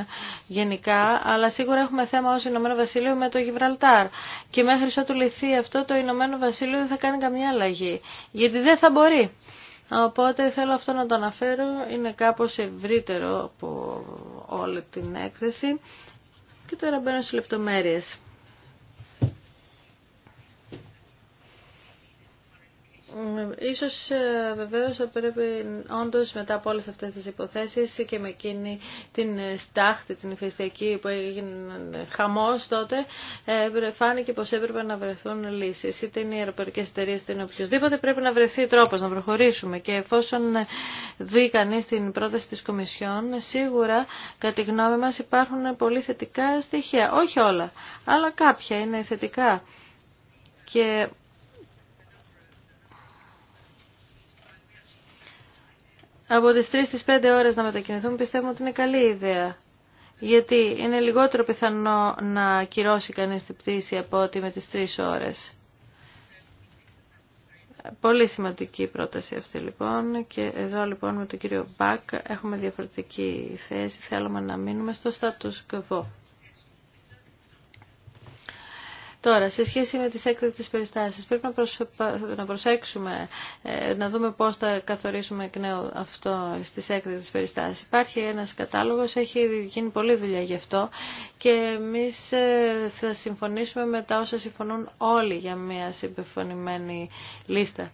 F: γενικά, αλλά σίγουρα έχουμε θέμα ως Ηνωμένο Βασίλειο με το Γιβραλτάρ. Και μέχρι ότου λυθεί αυτό το Ηνωμένο Βασίλειο δεν θα κάνει καμιά αλλαγή, γιατί δεν θα μπορεί. Οπότε θέλω αυτό να το αναφέρω, είναι κάπως ευρύτερο από όλη την έκθεση. Και τώρα μπαίνω σε λεπτομέρειες. Ίσως ε, βεβαίως θα πρέπει όντως μετά από όλες αυτές τις υποθέσεις και με εκείνη την ε, στάχτη, την ηφαιστιακή που έγινε χαμός τότε, ε, φάνηκε πως έπρεπε να βρεθούν λύσεις. Είτε είναι οι αεροπορικές εταιρείε είτε είναι οποιοδήποτε, πρέπει να βρεθεί τρόπος να προχωρήσουμε. Και εφόσον δει κανεί την πρόταση της Κομισιόν, σίγουρα κατά τη γνώμη μας υπάρχουν πολύ θετικά στοιχεία. Όχι όλα, αλλά κάποια είναι θετικά. Και από τις 3 στις 5 ώρες να μετακινηθούμε πιστεύουμε ότι είναι καλή ιδέα. Γιατί είναι λιγότερο πιθανό να κυρώσει κανείς την πτήση από ότι με τις 3 ώρες. Πολύ σημαντική πρόταση αυτή λοιπόν και εδώ λοιπόν με τον κύριο Μπακ έχουμε διαφορετική θέση, θέλουμε να μείνουμε στο status quo. Τώρα, σε σχέση με τις έκτακτες περιστάσεις, πρέπει να, να προσέξουμε, ε, να δούμε πώς θα καθορίσουμε εκ νέου αυτό στις έκτακτες περιστάσεις. Υπάρχει ένας κατάλογος, έχει γίνει πολλή δουλειά γι' αυτό και εμείς ε, θα συμφωνήσουμε με τα όσα συμφωνούν όλοι για μια συμπεφωνημένη λίστα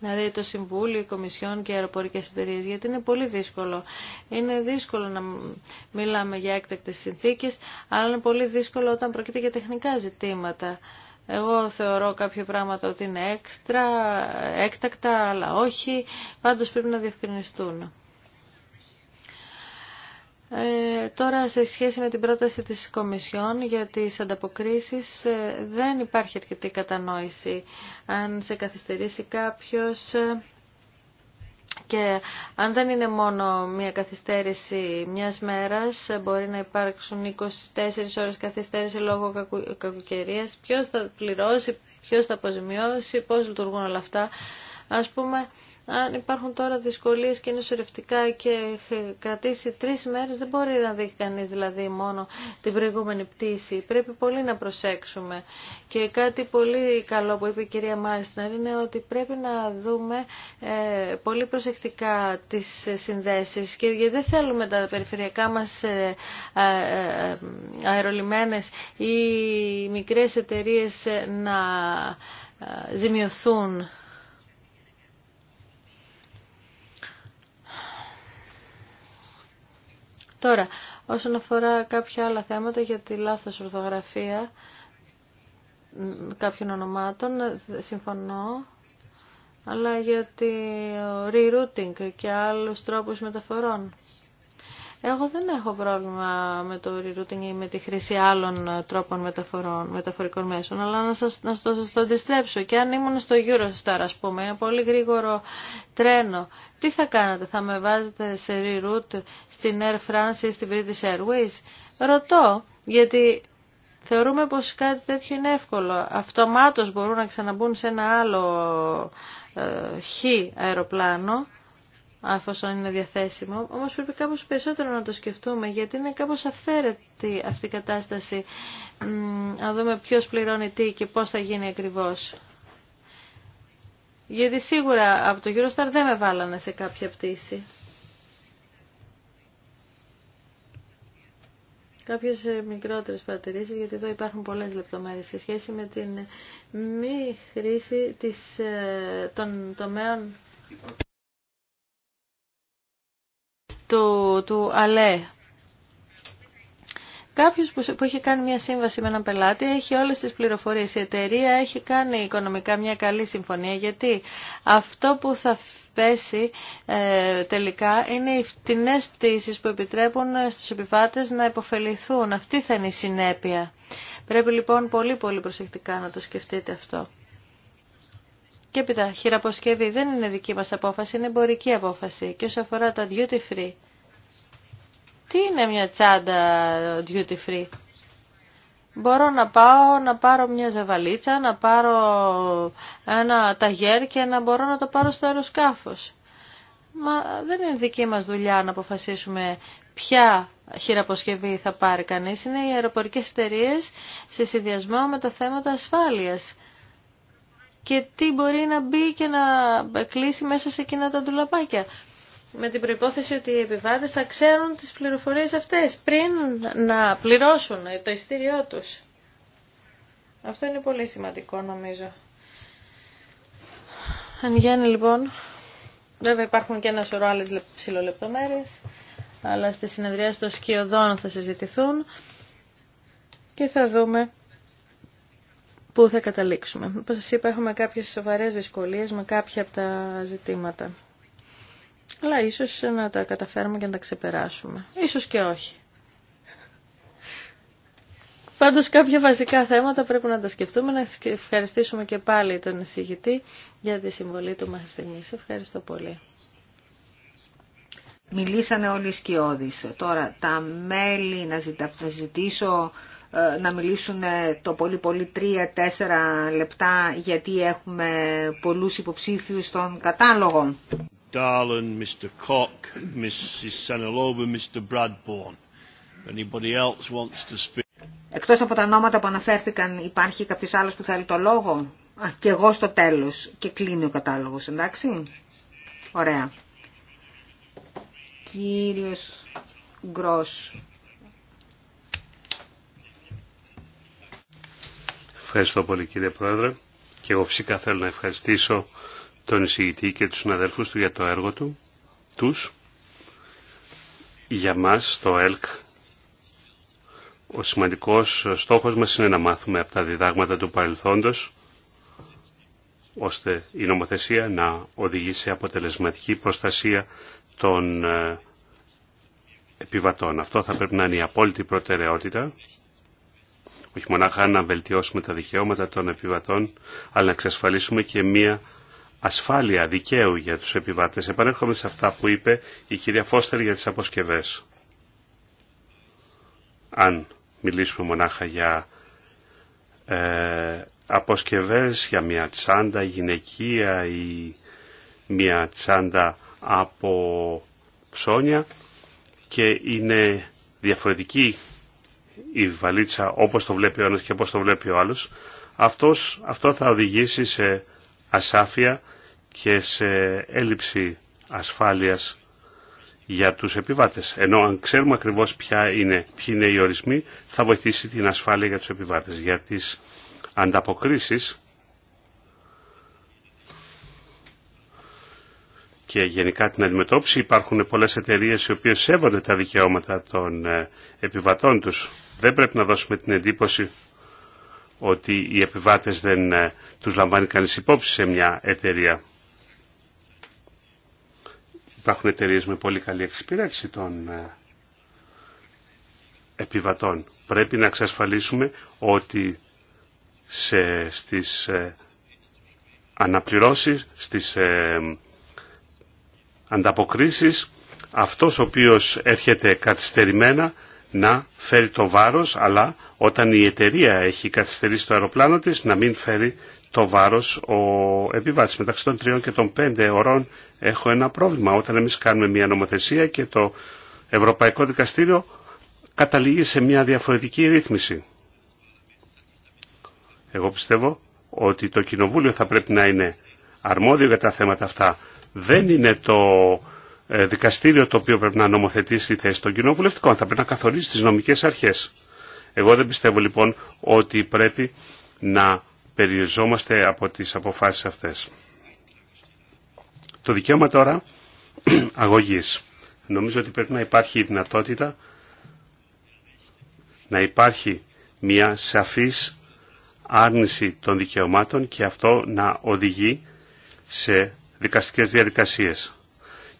F: Δηλαδή το Συμβούλιο, η Κομισιόν και οι αεροπορικέ εταιρείε, γιατί είναι πολύ δύσκολο. Είναι δύσκολο να μιλάμε για έκτακτε συνθήκε, αλλά είναι πολύ δύσκολο όταν πρόκειται για τεχνικά ζητήματα. Εγώ θεωρώ κάποια πράγματα ότι είναι έξτρα, έκτακτα, αλλά όχι. Πάντως πρέπει να διευκρινιστούν. Ε, τώρα σε σχέση με την πρόταση της Κομισιόν για τις ανταποκρίσεις ε, δεν υπάρχει αρκετή κατανόηση. Αν σε καθυστερήσει κάποιος ε, και αν δεν είναι μόνο μια καθυστέρηση μιας μέρας, ε, μπορεί να υπάρξουν 24 ώρες καθυστέρηση λόγω κακου, κακοκαιρίας. Ποιος θα πληρώσει, ποιος θα αποζημιώσει, πώς λειτουργούν όλα αυτά. Ας πούμε, αν υπάρχουν τώρα δυσκολίε και είναι σωρευτικά και κρατήσει τρει μέρες, δεν μπορεί να δει κανεί δηλαδή μόνο την προηγούμενη πτήση. Πρέπει πολύ να προσέξουμε. Και κάτι πολύ καλό που είπε η κυρία Μάλιστερ είναι ότι πρέπει να δούμε ε, πολύ προσεκτικά τις συνδέσεις και γιατί δεν θέλουμε τα περιφερειακά μας ε, ε, αερολιμένε ή μικρέ εταιρείε να ζημιωθούν Τώρα, όσον αφορά κάποια άλλα θέματα για τη λάθος ορθογραφία κάποιων ονομάτων, συμφωνώ, αλλά για re rerouting και άλλους τρόπους μεταφορών. Εγώ δεν έχω πρόβλημα με το rerouting ή με τη χρήση άλλων ε, τρόπων μεταφορών, μεταφορικών μέσων, αλλά να σας, να το, σας το αντιστρέψω. Και αν ήμουν στο Eurostar, ας πούμε, ένα πολύ γρήγορο τρένο, τι θα κάνατε, θα με βάζετε σε reroute στην Air France ή στην British Airways. Ρωτώ, γιατί θεωρούμε πως κάτι τέτοιο είναι εύκολο. Αυτομάτως μπορούν να ξαναμπούν σε ένα άλλο ε, χ αεροπλάνο αφόσον είναι διαθέσιμο. Όμως πρέπει κάπως περισσότερο να το σκεφτούμε, γιατί είναι κάπως αυθαίρετη αυτή η κατάσταση. Να δούμε ποιος πληρώνει τι και πώς θα γίνει ακριβώς. Γιατί σίγουρα από το Eurostar δεν με βάλανε σε κάποια πτήση. Κάποιες ε, μικρότερες παρατηρήσεις, γιατί εδώ υπάρχουν πολλές λεπτομέρειες σε σχέση με την μη χρήση ε, των τομέων του, του ΑΛΕ. Κάποιος που, έχει κάνει μια σύμβαση με έναν πελάτη έχει όλες τις πληροφορίες. Η εταιρεία έχει κάνει οικονομικά μια καλή συμφωνία γιατί αυτό που θα πέσει ε, τελικά είναι οι φτηνές πτήσεις που επιτρέπουν ε, στους επιβάτες να υποφεληθούν. Αυτή θα είναι η συνέπεια. Πρέπει λοιπόν πολύ πολύ προσεκτικά να το σκεφτείτε αυτό. Και έπειτα, χειραποσκευή δεν είναι δική μας απόφαση, είναι εμπορική απόφαση. Και όσο αφορά τα duty free, τι είναι μια τσάντα duty free. Μπορώ να πάω να πάρω μια ζαβαλίτσα, να πάρω ένα ταγέρ και να μπορώ να το πάρω στο αεροσκάφος. Μα δεν είναι δική μας δουλειά να αποφασίσουμε ποια χειραποσκευή θα πάρει κανείς. Είναι οι αεροπορικές εταιρείε σε συνδυασμό με τα θέματα ασφάλειας και τι μπορεί να μπει και να κλείσει μέσα σε εκείνα τα ντουλαπάκια. Με την προϋπόθεση ότι οι επιβάτες θα ξέρουν τις πληροφορίες αυτές πριν να πληρώσουν το ειστήριό τους. Αυτό είναι πολύ σημαντικό νομίζω. Αν γίνει λοιπόν, βέβαια υπάρχουν και ένα σωρό άλλες ψηλολεπτομέρειες, αλλά στη συνεδρία των σκιωδών θα συζητηθούν και θα δούμε πού θα καταλήξουμε. Όπως σας είπα, έχουμε κάποιες σοβαρές δυσκολίες με κάποια από τα ζητήματα. Αλλά ίσως να τα καταφέρουμε και να τα ξεπεράσουμε. Ίσως και όχι. Πάντως κάποια βασικά θέματα πρέπει να τα σκεφτούμε. Να ευχαριστήσουμε και πάλι τον εισηγητή για τη συμβολή του μέχρι στιγμής. Ευχαριστώ πολύ.
C: Μιλήσανε όλοι οι σκιώδεις. Τώρα τα μέλη να ζητήσω ε, να μιλήσουν το πολύ τρία-τέσσερα λεπτά λεπτά γιατί έχουμε πολλούς υποψήφιους στον κατάλογο.
A: Darlin, Mr. Cock, Mrs. Mr. Bradbourne. Anybody else wants to speak?
C: Εκτός από τα ονόματα που αναφέρθηκαν υπάρχει κάποιος άλλος που θέλει το λόγο. Α, και εγώ στο τέλος και κλείνει ο κατάλογος, εντάξει. Ωραία. Κύριος Γκρός.
B: Ευχαριστώ πολύ κύριε Πρόεδρε και εγώ φυσικά θέλω να ευχαριστήσω τον εισηγητή και τους συναδέλφους του για το έργο του, τους. Για μας το ΕΛΚ ο σημαντικός στόχος μας είναι να μάθουμε από τα διδάγματα του παρελθόντος ώστε η νομοθεσία να οδηγεί σε αποτελεσματική προστασία των ε, επιβατών. Αυτό θα πρέπει να είναι η απόλυτη προτεραιότητα όχι μονάχα να βελτιώσουμε τα δικαιώματα των επιβατών, αλλά να εξασφαλίσουμε και μία ασφάλεια δικαίου για τους επιβάτες. Επανέρχομαι σε αυτά που είπε η κυρία Φώστερ για τις αποσκευές. Αν μιλήσουμε μονάχα για ε, αποσκευές, για μια τσάντα γυναικεία ή μια τσάντα από ψώνια και είναι διαφορετική η βαλίτσα όπως το βλέπει ο ένας και όπως το βλέπει ο άλλος, αυτός, αυτό θα οδηγήσει σε ασάφεια και σε έλλειψη ασφάλειας για τους επιβάτες. Ενώ αν ξέρουμε ακριβώς ποια είναι, ποιοι είναι οι ορισμοί, θα βοηθήσει την ασφάλεια για τους επιβάτες. Για τις ανταποκρίσεις και γενικά την αντιμετώπιση υπάρχουν πολλές εταιρείες οι οποίες σέβονται τα δικαιώματα των ε, επιβατών τους δεν πρέπει να δώσουμε την εντύπωση ότι οι επιβάτες δεν ε, τους λαμβάνει κανείς υπόψη σε μια εταιρεία. Υπάρχουν εταιρείε με πολύ καλή εξυπηρέτηση των ε, επιβατών. Πρέπει να εξασφαλίσουμε ότι σε, στις ε, αναπληρώσεις, στις ανταποκρίσεις, αυτός ο οποίος έρχεται καθυστερημένα να φέρει το βάρος, αλλά όταν η εταιρεία έχει καθυστερήσει το αεροπλάνο της, να μην φέρει το βάρος ο επιβάτης. Μεταξύ των τριών και των πέντε ωρών έχω ένα πρόβλημα. Όταν εμείς κάνουμε μια νομοθεσία και το Ευρωπαϊκό Δικαστήριο καταλήγει σε μια διαφορετική ρύθμιση. Εγώ πιστεύω ότι το Κοινοβούλιο θα πρέπει να είναι αρμόδιο για τα θέματα αυτά. Δεν είναι το ε, δικαστήριο το οποίο πρέπει να νομοθετήσει τη θέση των κοινοβουλευτικών. Θα πρέπει να καθορίσει τις νομικές αρχές. Εγώ δεν πιστεύω λοιπόν ότι πρέπει να περιοριζόμαστε από τις αποφάσεις αυτές. Το δικαίωμα τώρα αγωγής. Νομίζω ότι πρέπει να υπάρχει η δυνατότητα να υπάρχει μια σαφής άρνηση των δικαιωμάτων και αυτό να οδηγεί σε δικαστικές διαδικασίες.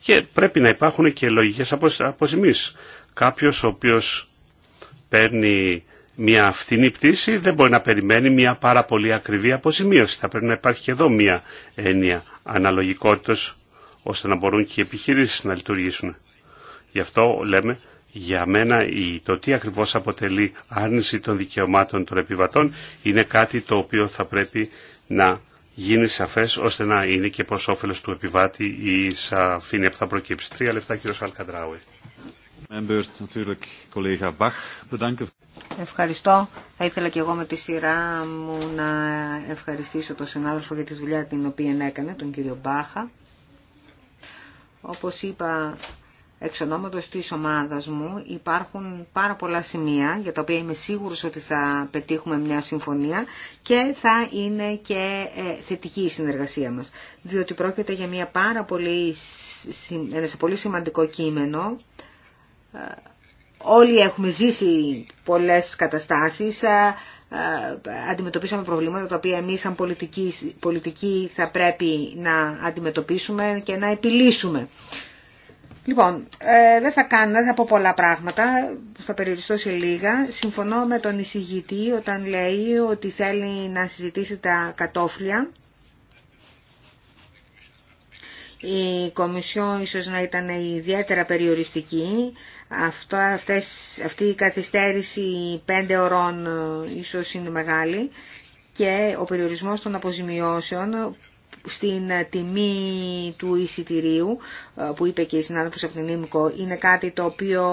B: Και πρέπει να υπάρχουν και λογικές αποζημίσει. Κάποιος ο οποίος παίρνει μια φθηνή πτήση δεν μπορεί να περιμένει μια πάρα πολύ ακριβή αποζημίωση. Θα πρέπει να υπάρχει και εδώ μια έννοια αναλογικότητα ώστε να μπορούν και οι επιχειρήσεις να λειτουργήσουν. Γι' αυτό λέμε για μένα το τι ακριβώς αποτελεί άρνηση των δικαιωμάτων των επιβατών είναι κάτι το οποίο θα πρέπει να γίνει σαφέ ώστε να είναι και προ όφελο του επιβάτη η σαφήνεια που θα προκύψει. Τρία λεπτά κύριο Αλκαντράουι.
C: Ευχαριστώ. Θα ήθελα και εγώ με τη σειρά μου να ευχαριστήσω τον συνάδελφο για τη δουλειά την οποία έκανε, τον κύριο Μπάχα. Όπως είπα εξ ονόματος της ομάδας μου υπάρχουν πάρα πολλά σημεία για τα οποία είμαι σίγουρος ότι θα πετύχουμε μια συμφωνία και θα είναι και ε, θετική η συνεργασία μας. Διότι πρόκειται για μια πάρα πολύ, ένα πολύ σημαντικό κείμενο. Ε, όλοι έχουμε ζήσει πολλές καταστάσεις, ε, αντιμετωπίσαμε προβλήματα τα οποία εμείς σαν πολιτικοί, πολιτικοί θα πρέπει να αντιμετωπίσουμε και να επιλύσουμε. Λοιπόν, ε, δεν θα κάνω, δεν θα πω πολλά πράγματα, θα περιοριστώ σε λίγα. Συμφωνώ με τον εισηγητή όταν λέει ότι θέλει να συζητήσει τα κατόφλια. Η Κομισιό ίσως να ήταν ιδιαίτερα περιοριστική. Αυτό, αυτή η καθυστέρηση πέντε ωρών ε, ίσως είναι μεγάλη και ο περιορισμός των αποζημιώσεων στην τιμή του εισιτηρίου ε, που είπε και η συνάδελφος από την είναι κάτι το οποίο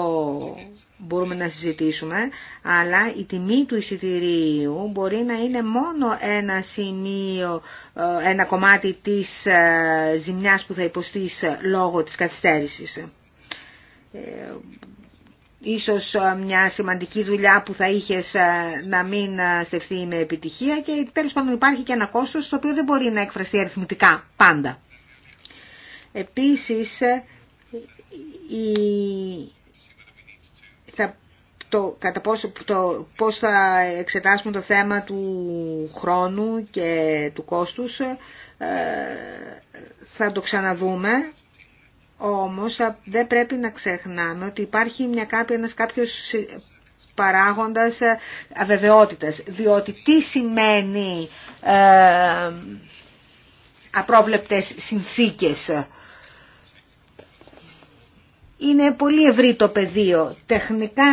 C: μπορούμε να συζητήσουμε αλλά η τιμή του εισιτηρίου μπορεί να είναι μόνο ένα σημείο, ε, ένα κομμάτι της ε, ζημιάς που θα υποστείς λόγω της καθυστέρησης ίσως ε, μια σημαντική δουλειά που θα είχες ε, να μην ε, στεφθεί με επιτυχία και τέλος πάντων υπάρχει και ένα κόστος το οποίο δεν μπορεί να εκφραστεί αριθμητικά πάντα. Επίσης, η... θα... το, κατά πόσο, το, πώς θα εξετάσουμε το θέμα του χρόνου και του κόστους θα το ξαναδούμε όμως δεν πρέπει να ξεχνάμε ότι υπάρχει μια κάποια, ένας κάποιος παράγοντας ε, αβεβαιότητας. Διότι τι σημαίνει ε, απρόβλεπτες συνθήκες. Είναι πολύ ευρύ το πεδίο. Τεχνικά,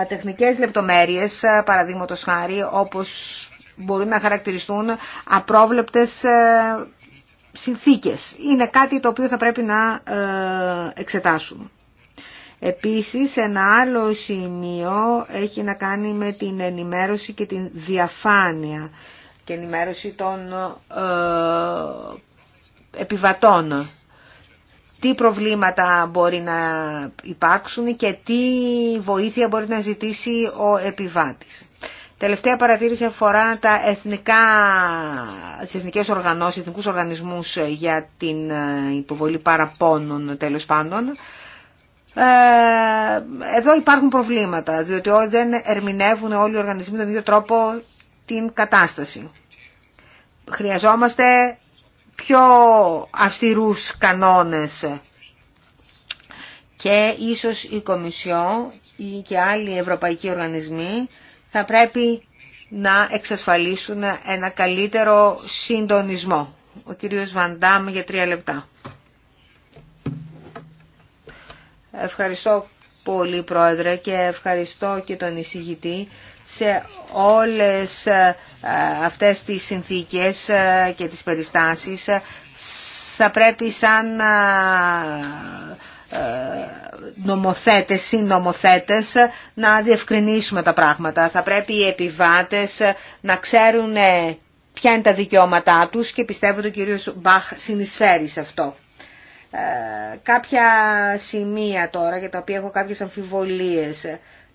C: ε, τεχνικές λεπτομέρειες, παραδείγματος χάρη, όπως μπορεί να χαρακτηριστούν απρόβλεπτες ε, συνθήκες. Είναι κάτι το οποίο θα πρέπει να ε, εξετάσουμε. Επίσης, ένα άλλο σημείο έχει να κάνει με την ενημέρωση και την διαφάνεια και ενημέρωση των ε, επιβατών. Τι προβλήματα μπορεί να υπάρξουν και τι βοήθεια μπορεί να ζητήσει ο επιβάτης. Τελευταία παρατήρηση αφορά τα εθνικά, τις εθνικές οργανώσεις, εθνικούς οργανισμούς για την ε, υποβολή παραπώνων τέλος πάντων. Ε, εδώ υπάρχουν προβλήματα, διότι δεν ερμηνεύουν όλοι οι οργανισμοί με τον ίδιο τρόπο την κατάσταση. Χρειαζόμαστε πιο αυστηρούς κανόνες και ίσως η Κομισιό ή και άλλοι ευρωπαϊκοί οργανισμοί θα πρέπει να εξασφαλίσουν ένα καλύτερο συντονισμό. Ο κύριος Βαντάμ για τρία λεπτά. Ευχαριστώ πολύ Πρόεδρε και ευχαριστώ και τον εισηγητή σε όλες ε, αυτές τις συνθήκες ε, και τις περιστάσεις θα πρέπει σαν ε, ε, νομοθέτες, συνομοθέτες, να διευκρινίσουμε τα πράγματα. Θα πρέπει οι επιβάτες να ξέρουν ε, ποια είναι τα δικαιώματά τους και πιστεύω ότι ο κύριος Μπαχ συνεισφέρει σε αυτό. Ε, κάποια σημεία τώρα για τα οποία έχω κάποιες αμφιβολίες.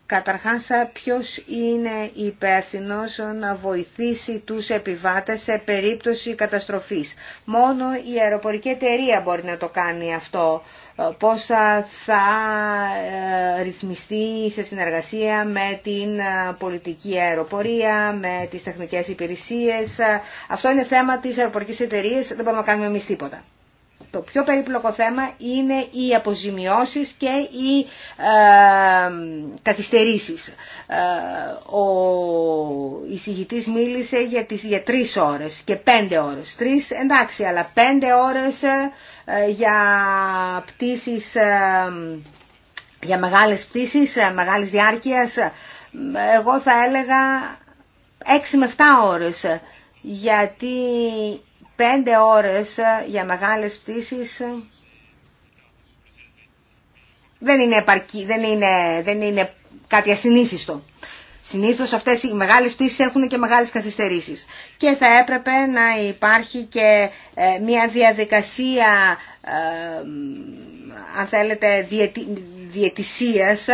C: Καταρχάς, ποιος είναι υπεύθυνο να βοηθήσει τους επιβάτες σε περίπτωση καταστροφής. Μόνο η αεροπορική εταιρεία μπορεί να το κάνει αυτό πώς θα ε, ρυθμιστεί σε συνεργασία με την ε, πολιτική αεροπορία, με τις τεχνικές υπηρεσίες. Αυτό είναι θέμα της αεροπορικής εταιρεία δεν μπορούμε να κάνουμε εμείς τίποτα. Το πιο περίπλοκο θέμα είναι οι αποζημιώσεις και οι ε, καθυστερήσεις. Ε, ο εισηγητής μίλησε για, τις, για τρεις ώρες και πέντε ώρες. Τρεις εντάξει, αλλά πέντε ώρες ε, για πτήσεις, ε, για μεγάλες πτήσεις, ε, μεγάλες διάρκειας, εγώ θα έλεγα 6 με 7 ώρες, γιατί 5 ώρες για μεγάλες πτήσεις δεν είναι, δεν είναι, δεν είναι κάτι ασυνήθιστο. Συνήθως αυτές οι μεγάλες πτήσεις έχουν και μεγάλες καθυστερήσεις. Και θα έπρεπε να υπάρχει και ε, μια διαδικασία, ε, αν θέλετε, διαιτησίας ε,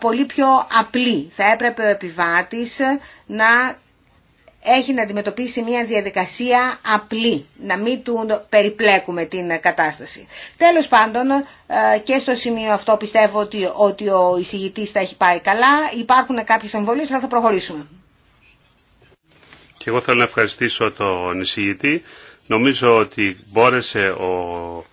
C: πολύ πιο απλή. Θα έπρεπε ο επιβάτης να έχει να αντιμετωπίσει μια διαδικασία απλή, να μην του περιπλέκουμε την κατάσταση. Τέλος πάντων, ε, και στο σημείο αυτό πιστεύω ότι, ότι ο εισηγητής τα έχει πάει καλά, υπάρχουν κάποιες εμβολίες, αλλά θα προχωρήσουμε.
B: Και εγώ θέλω να ευχαριστήσω τον εισηγητή. Νομίζω ότι μπόρεσε ο,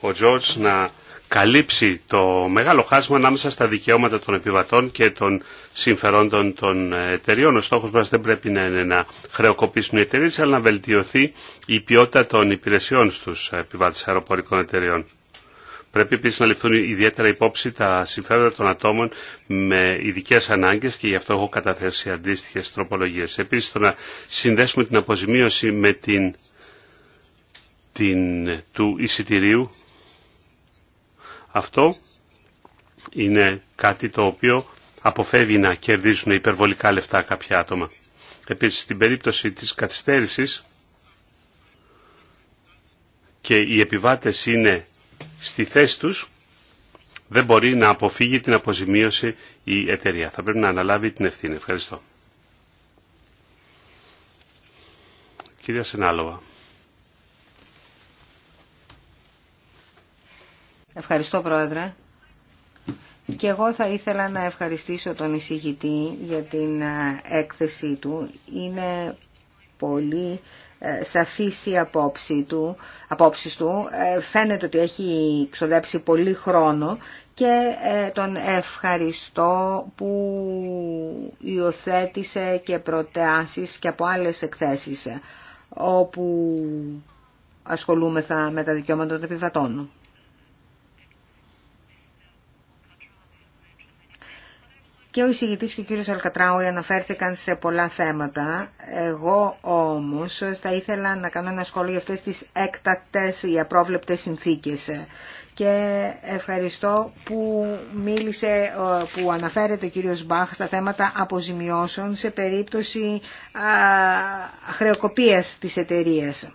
B: ο να καλύψει το μεγάλο χάσμα ανάμεσα στα δικαιώματα των επιβατών και των συμφερόντων των εταιριών. Ο στόχος μας δεν πρέπει να είναι να χρεοκοπήσουν οι εταιρείες αλλά να βελτιωθεί η ποιότητα των υπηρεσιών στους επιβάτες αεροπορικών εταιριών. Πρέπει επίσης να ληφθούν ιδιαίτερα υπόψη τα συμφέροντα των ατόμων με ειδικέ ανάγκες και γι' αυτό έχω καταθέσει αντίστοιχες τροπολογίες. Επίσης το να συνδέσουμε την αποζημίωση με την, την του εισιτηρίου αυτό είναι κάτι το οποίο αποφεύγει να κερδίσουν υπερβολικά λεφτά κάποια άτομα. Επίσης, στην περίπτωση της καθυστέρησης και οι επιβάτες είναι στη θέση τους, δεν μπορεί να αποφύγει την αποζημίωση η εταιρεία. Θα πρέπει να αναλάβει την ευθύνη. Ευχαριστώ. Κυρία Σενάλοβα.
C: Ευχαριστώ Πρόεδρε. Και εγώ θα ήθελα να ευχαριστήσω τον εισηγητή για την ε, έκθεσή του. Είναι πολύ ε, σαφής η απόψη του, του. Ε, φαίνεται ότι έχει ξοδέψει πολύ χρόνο και τον ευχαριστώ που υιοθέτησε και προτεάσεις και από άλλες εκθέσεις όπου ασχολούμεθα με τα δικαιώματα των επιβατών. και ο εισηγητής και ο κύριος Αλκατράουι αναφέρθηκαν σε πολλά θέματα. Εγώ όμως θα ήθελα να κάνω ένα σχόλιο για αυτές τις έκτακτες ή απρόβλεπτες συνθήκες. Και ευχαριστώ που μίλησε, που αναφέρεται ο κύριος Μπαχ στα θέματα αποζημιώσεων σε περίπτωση χρεοκοπίας της εταιρείας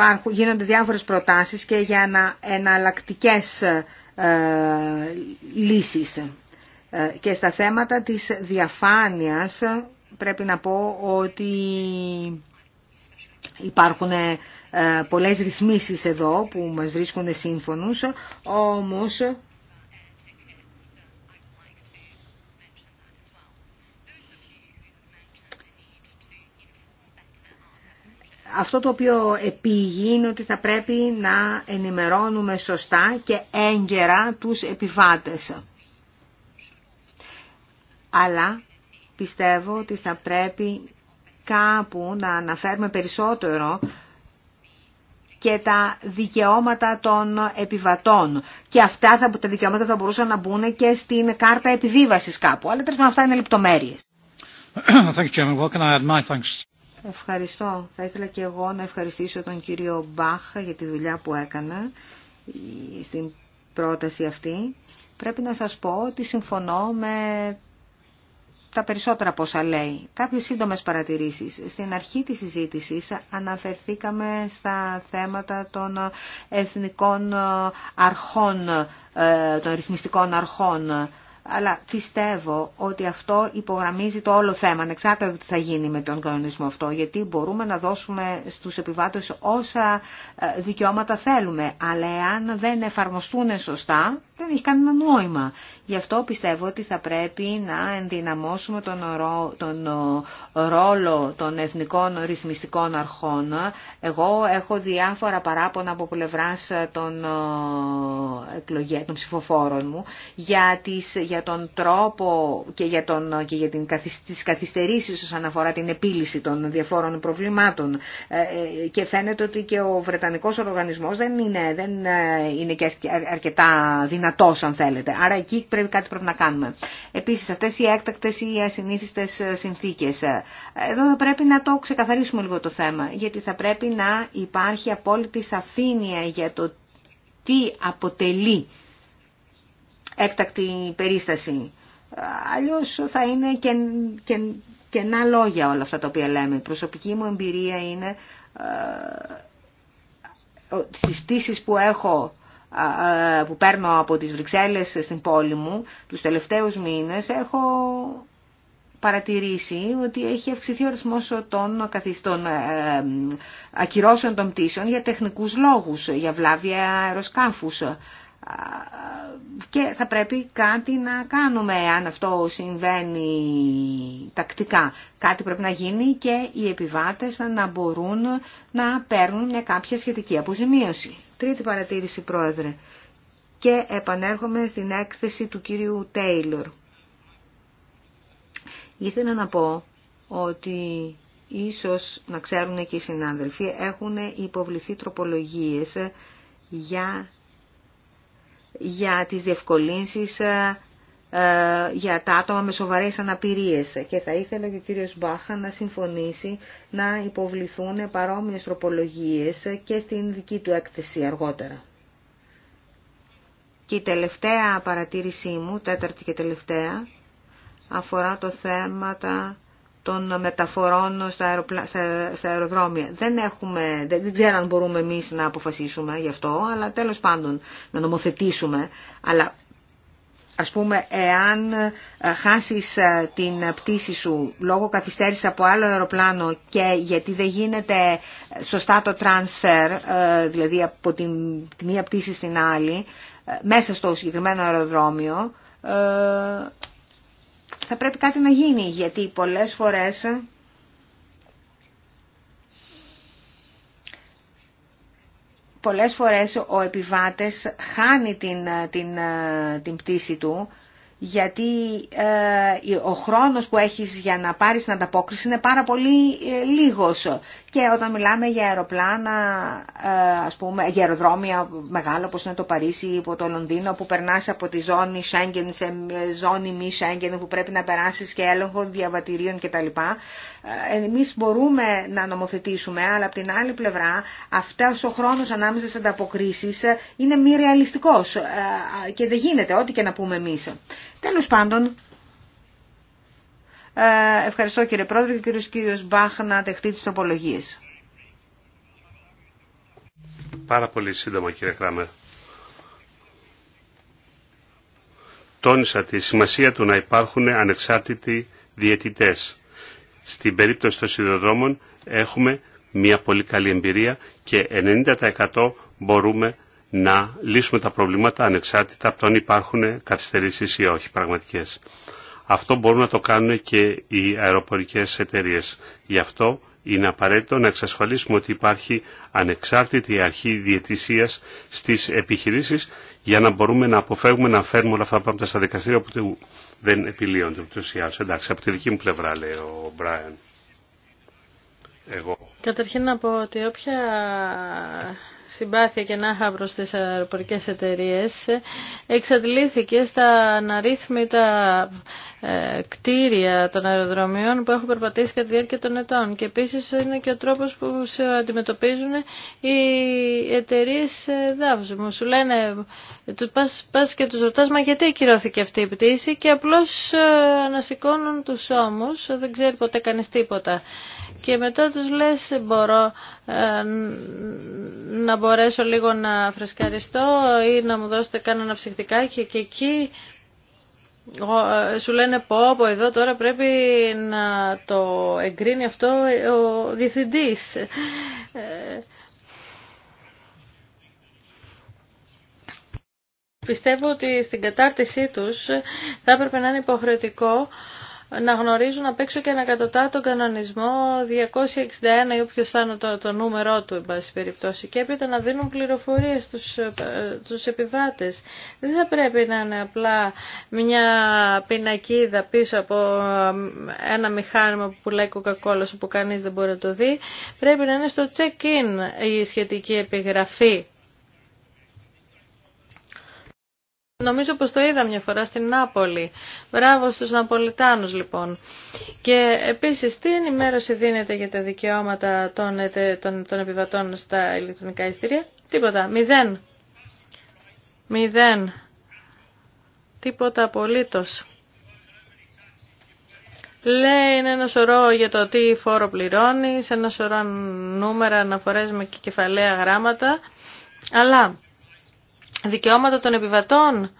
C: υπάρχουν, γίνονται διάφορες προτάσεις και για εναλλακτικέ ε, λύσεις. Ε, και στα θέματα της διαφάνειας ε, πρέπει να πω ότι υπάρχουν ε, πολλές ρυθμίσεις εδώ που μας βρίσκονται σύμφωνους, όμως αυτό το οποίο επίγει είναι ότι θα πρέπει να ενημερώνουμε σωστά και έγκαιρα τους επιβάτες. Αλλά πιστεύω ότι θα πρέπει κάπου να αναφέρουμε περισσότερο και τα δικαιώματα των επιβατών. Και αυτά θα, τα δικαιώματα θα μπορούσαν να μπουν και στην κάρτα επιβίβασης κάπου. Αλλά τέλος αυτά είναι λεπτομέρειες. Ευχαριστώ. Θα ήθελα και εγώ να ευχαριστήσω τον κύριο Μπάχ για τη δουλειά που έκανα στην πρόταση αυτή. Πρέπει να σας πω ότι συμφωνώ με τα περισσότερα πόσα λέει. Κάποιες σύντομες παρατηρήσεις. Στην αρχή της συζήτησης αναφερθήκαμε στα θέματα των εθνικών αρχών, ε, των ρυθμιστικών αρχών αλλά πιστεύω ότι αυτό υπογραμμίζει το όλο θέμα, ανεξάρτητα τι θα γίνει με τον κανονισμό αυτό, γιατί μπορούμε να δώσουμε στους επιβάτες όσα ε, δικαιώματα θέλουμε, αλλά εάν δεν εφαρμοστούν σωστά, δεν έχει κανένα νόημα. Γι' αυτό πιστεύω ότι θα πρέπει να ενδυναμώσουμε τον, τον ε, ρόλο των εθνικών ρυθμιστικών αρχών. Εγώ έχω διάφορα παράπονα από πλευρά ε, των, ψηφοφόρων μου για, τις, για τον τρόπο και για, τον, και για την, τις καθυστερήσεις όσον αφορά την επίλυση των διαφόρων προβλημάτων ε, ε, και φαίνεται ότι και ο Βρετανικός οργανισμός δεν είναι, δεν ε, είναι και αρκετά δυνατός αν θέλετε. Άρα εκεί πρέπει, κάτι πρέπει να κάνουμε. Επίσης αυτές οι έκτακτες ή οι ασυνήθιστες συνθήκες. Εδώ θα πρέπει να το ξεκαθαρίσουμε λίγο το θέμα γιατί θα πρέπει να υπάρχει απόλυτη σαφήνεια για το τι αποτελεί έκτακτη περίσταση. Αλλιώς θα είναι και, και, λόγια όλα αυτά τα οποία λέμε. Η προσωπική μου εμπειρία είναι ε, στις που έχω ε, που παίρνω από τις Βρυξέλλες στην πόλη μου, τους τελευταίους μήνες έχω παρατηρήσει ότι έχει αυξηθεί ο ρυθμός των καθιστών ε, ακυρώσεων των πτήσεων για τεχνικούς λόγους, για βλάβια αεροσκάφους και θα πρέπει κάτι να κάνουμε αν αυτό συμβαίνει τακτικά. Κάτι πρέπει να γίνει και οι επιβάτες να μπορούν να παίρνουν μια κάποια σχετική αποζημίωση. Τρίτη παρατήρηση, Πρόεδρε. Και επανέρχομαι στην έκθεση του κύριου Τέιλορ. Ήθελα να πω ότι ίσως να ξέρουν και οι συνάδελφοι έχουν υποβληθεί τροπολογίες για για τις διευκολύνσεις ε, ε, για τα άτομα με σοβαρές αναπηρίες και θα ήθελα και ο κύριος Μπάχα να συμφωνήσει να υποβληθούν παρόμοιες τροπολογίες και στην δική του έκθεση αργότερα. Και η τελευταία παρατήρησή μου, τέταρτη και τελευταία, αφορά το θέμα των μεταφορών στα, αεροπλα... αεροδρόμια. Δεν, έχουμε... δεν ξέρω αν μπορούμε εμείς να αποφασίσουμε γι' αυτό, αλλά τέλος πάντων να νομοθετήσουμε. Αλλά ας πούμε εάν ε, χάσεις ε, την πτήση σου λόγω καθυστέρησης από άλλο αεροπλάνο και γιατί δεν γίνεται σωστά το transfer, ε, δηλαδή από τη μία πτήση στην άλλη, μέσα στο συγκεκριμένο αεροδρόμιο, θα πρέπει κάτι να γίνει, γιατί πολλές φορές πολλές φορές ο επιβάτης χάνει την, την, την πτήση του γιατί ε, ο χρόνος που έχεις για να πάρεις την ανταπόκριση είναι πάρα πολύ ε, λίγος και όταν μιλάμε για αεροπλάνα, ε, ας πούμε, για αεροδρόμια μεγάλα όπως είναι το Παρίσι ή το Λονδίνο που περνάς από τη ζώνη Schengen σε ζώνη μη Schengen που πρέπει να περάσεις και έλεγχο διαβατηρίων κτλ εμείς μπορούμε να νομοθετήσουμε, αλλά από την άλλη πλευρά αυτός ο χρόνος ανάμεσα στις ανταποκρίσεις είναι μη ρεαλιστικός ε, και δεν γίνεται ό,τι και να πούμε εμείς. Τέλος πάντων, ε, ευχαριστώ κύριε Πρόεδρε και κύριος κύριος Μπάχ να δεχτεί τις τοπολογίες.
B: Πάρα πολύ σύντομα κύριε Κράμερ. Τόνισα τη σημασία του να υπάρχουν ανεξάρτητοι διαιτητές στην περίπτωση των σιδηροδρόμων έχουμε μια πολύ καλή εμπειρία και 90% μπορούμε να λύσουμε τα προβλήματα ανεξάρτητα από το αν υπάρχουν καθυστερήσεις ή όχι πραγματικές. Αυτό μπορούν να το κάνουν και οι αεροπορικές εταιρείες. Γι' αυτό είναι απαραίτητο να εξασφαλίσουμε ότι υπάρχει ανεξάρτητη αρχή διαιτησίας στις επιχειρήσεις για να μπορούμε να αποφεύγουμε να φέρουμε όλα αυτά τα πράγματα στα δικαστήρια δεν επιλύονται ούτω ή άλλω. Εντάξει, από τη δική μου πλευρά λέει ο Μπράιν. Εγώ.
F: Καταρχήν να πω ότι όποια συμπάθεια και να προ τι αεροπορικές εταιρείες εξαντλήθηκε στα αναρρύθμιτα ε, κτίρια των αεροδρομίων που έχουν περπατήσει κατά τη διάρκεια των ετών και επίσης είναι και ο τρόπος που σε αντιμετωπίζουν οι εταιρείε ε, δάυζου μου. Σου λένε, πά και τους ρωτάς μα γιατί ακυρώθηκε αυτή η πτήση και απλώς ε, ανασηκώνουν τους ώμους, δεν ξέρει ποτέ κάνει τίποτα. Και μετά τους λες μπορώ να μπορέσω λίγο να φρεσκαριστώ ή να μου δώσετε κάνα ψυχτικάκι και εκεί ε, σου λένε πω εδώ τώρα πρέπει να το εγκρίνει αυτό ο διευθυντής. Ε, πιστεύω ότι στην κατάρτισή τους θα έπρεπε να είναι υποχρεωτικό να γνωρίζουν απ' έξω και ανακατοτά τον κανονισμό 261 ή όποιο θα είναι το, το νούμερό του, εν πάση περιπτώσει, και έπειτα να δίνουν πληροφορίες στους, επιβάτε. επιβάτες. Δεν θα πρέπει να είναι απλά μια πινακίδα πίσω από ε, ένα μηχάνημα που πουλάει κοκακόλα που κανείς δεν μπορεί να το δει. Πρέπει να είναι στο check-in η σχετική επιγραφή Νομίζω πως το είδα μια φορά στην Νάπολη. Μπράβο στους Ναπολιτάνους λοιπόν. Και επίσης τι ενημέρωση δίνεται για τα δικαιώματα των, των, των επιβατών στα ηλεκτρονικά ειστήρια. Τίποτα. Μηδέν. Μηδέν. Τίποτα απολύτως. Λέει είναι ένα σωρό για το τι φόρο πληρώνεις, ένα σωρό νούμερα αναφορές με κεφαλαία γράμματα. Αλλά δικαιώματα των επιβατών.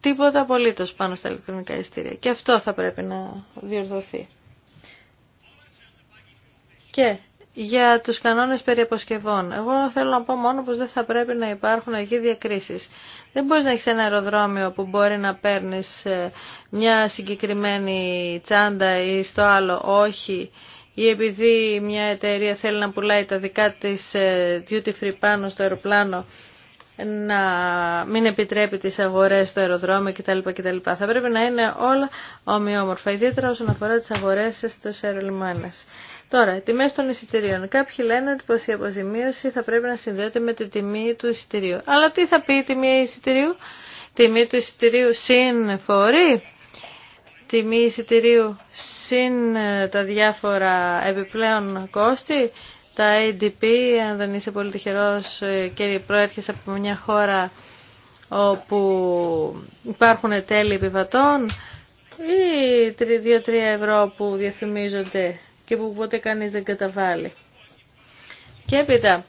F: Τίποτα απολύτως πάνω στα ηλεκτρονικά ειστήρια. Και αυτό θα πρέπει να διορθωθεί. Και για τους κανόνες περί αποσκευών. Εγώ θέλω να πω μόνο πως δεν θα πρέπει να υπάρχουν εκεί διακρίσεις. Δεν μπορείς να έχεις ένα αεροδρόμιο που μπορεί να παίρνεις ε, μια συγκεκριμένη τσάντα ή στο άλλο όχι ή επειδή μια εταιρεία θέλει να πουλάει τα δικά της ε, duty free πάνω στο αεροπλάνο να μην επιτρέπει τις αγορές στο αεροδρόμιο κτλ. κτλ. Θα πρέπει να είναι όλα ομοιόμορφα, ιδιαίτερα όσον αφορά τις αγορές στους αερολιμάνες. Τώρα, τιμές των εισιτηρίων. Κάποιοι λένε ότι η αποζημίωση θα πρέπει να συνδέεται με τη τιμή του εισιτηρίου. Αλλά τι θα πει η τιμή εισιτηρίου? Τιμή του εισιτηρίου συν φορεί. Τιμή εισιτηρίου συν τα διάφορα επιπλέον κόστη τα ADP, αν δεν είσαι πολύ τυχερός ε, και προέρχεσαι από μια χώρα όπου υπάρχουν τέλη επιβατών ή 2-3 ευρώ που διαφημίζονται και που ποτέ κανείς δεν καταβάλει. Και έπειτα,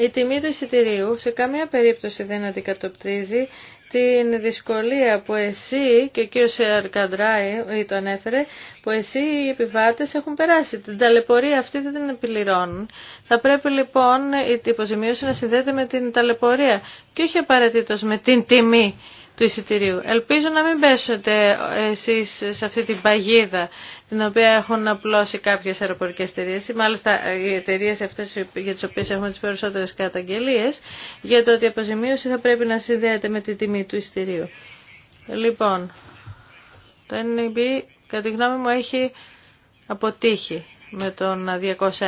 F: η τιμή του εισιτηρίου σε καμία περίπτωση δεν αντικατοπτρίζει την δυσκολία που εσύ και ο κ. Αρκαντράη το ανέφερε, που εσύ οι επιβάτες έχουν περάσει. Την ταλαιπωρία αυτή δεν την επιληρώνουν. Θα πρέπει λοιπόν η υποζημίωση να συνδέεται με την ταλαιπωρία και όχι απαραίτητο με την τιμή του εισιτηρίου. Ελπίζω να μην πέσετε εσείς σε αυτή την παγίδα την οποία έχουν απλώσει κάποιες αεροπορικές εταιρείε ή μάλιστα οι εταιρείε αυτές για τις οποίες έχουμε τις περισσότερες καταγγελίες για το ότι η αποζημίωση θα πρέπει να συνδέεται με τη τιμή του ειστηρίου. Λοιπόν, το NB, e κατά τη γνώμη μου έχει αποτύχει με τον 201.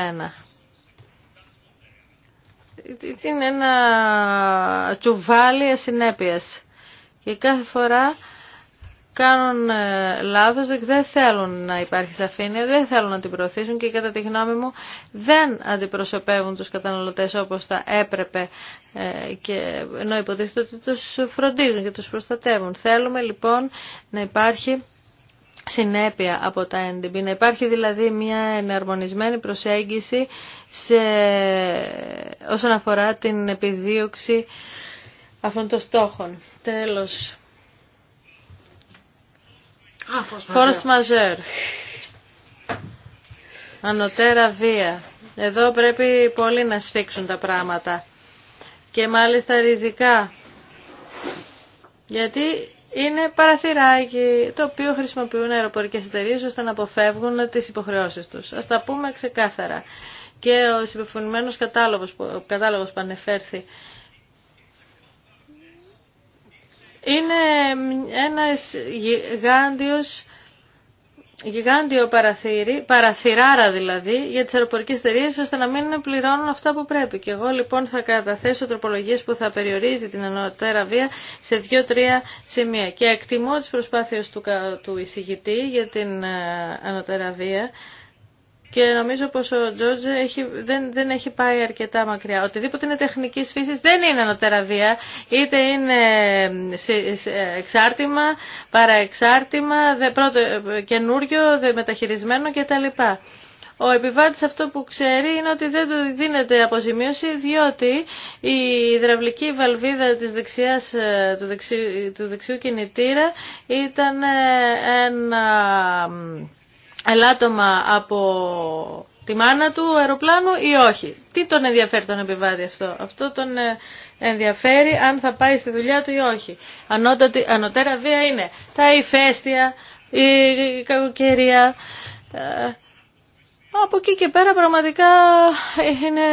F: Είναι ένα τσουβάλι ασυνέπειας. Και κάθε φορά κάνουν ε, λάθος, δεν θέλουν να υπάρχει σαφήνεια, δεν θέλουν να την προωθήσουν και κατά τη γνώμη μου δεν αντιπροσωπεύουν τους καταναλωτές όπως θα έπρεπε ε, και ενώ υποτίθεται ότι τους φροντίζουν και τους προστατεύουν. Θέλουμε λοιπόν να υπάρχει συνέπεια από τα NDB, να υπάρχει δηλαδή μια εναρμονισμένη προσέγγιση όσον αφορά την επιδίωξη αυτών των στόχων. Τέλος. Φόρος μαζέρ. Ανωτέρα βία. Εδώ πρέπει πολύ να σφίξουν τα πράγματα. Και μάλιστα ριζικά. Γιατί είναι παραθυράκι το οποίο χρησιμοποιούν αεροπορικές εταιρείε ώστε να αποφεύγουν τις υποχρεώσεις τους. Ας τα πούμε ξεκάθαρα. Και ο συμπεφωνημένος κατάλογος, κατάλογος που ανεφέρθη είναι ένας γιγάντιος γιγάντιο παραθύρι, παραθυράρα δηλαδή, για τις αεροπορικές εταιρείε ώστε να μην πληρώνουν αυτά που πρέπει. Και εγώ λοιπόν θα καταθέσω τροπολογίες που θα περιορίζει την ανωτέρα βία σε δύο-τρία σημεία. Και εκτιμώ τις προσπάθειες του, του εισηγητή για την ε, ανωτέρα βία και νομίζω πως ο Τζόρτζ δεν, δεν έχει πάει αρκετά μακριά. Οτιδήποτε είναι τεχνική φύσης δεν είναι ανωτεραβία, είτε είναι ε, εξάρτημα, παραεξάρτημα, πρώτο, ε, καινούριο, μεταχειρισμένο κτλ. Ο επιβάτης αυτό που ξέρει είναι ότι δεν του δίνεται αποζημίωση διότι η υδραυλική βαλβίδα της δεξιάς, ε, του, του δεξιού κινητήρα ήταν ένα ελάττωμα από τη μάνα του αεροπλάνου ή όχι. Τι τον ενδιαφέρει τον επιβάτη αυτό. Αυτό τον ε, ενδιαφέρει αν θα πάει στη δουλειά του ή όχι. Ανώτατη, ανωτέρα βία είναι τα ηφαίστεια, η κακοκαιρία. Ε, από εκεί και πέρα πραγματικά είναι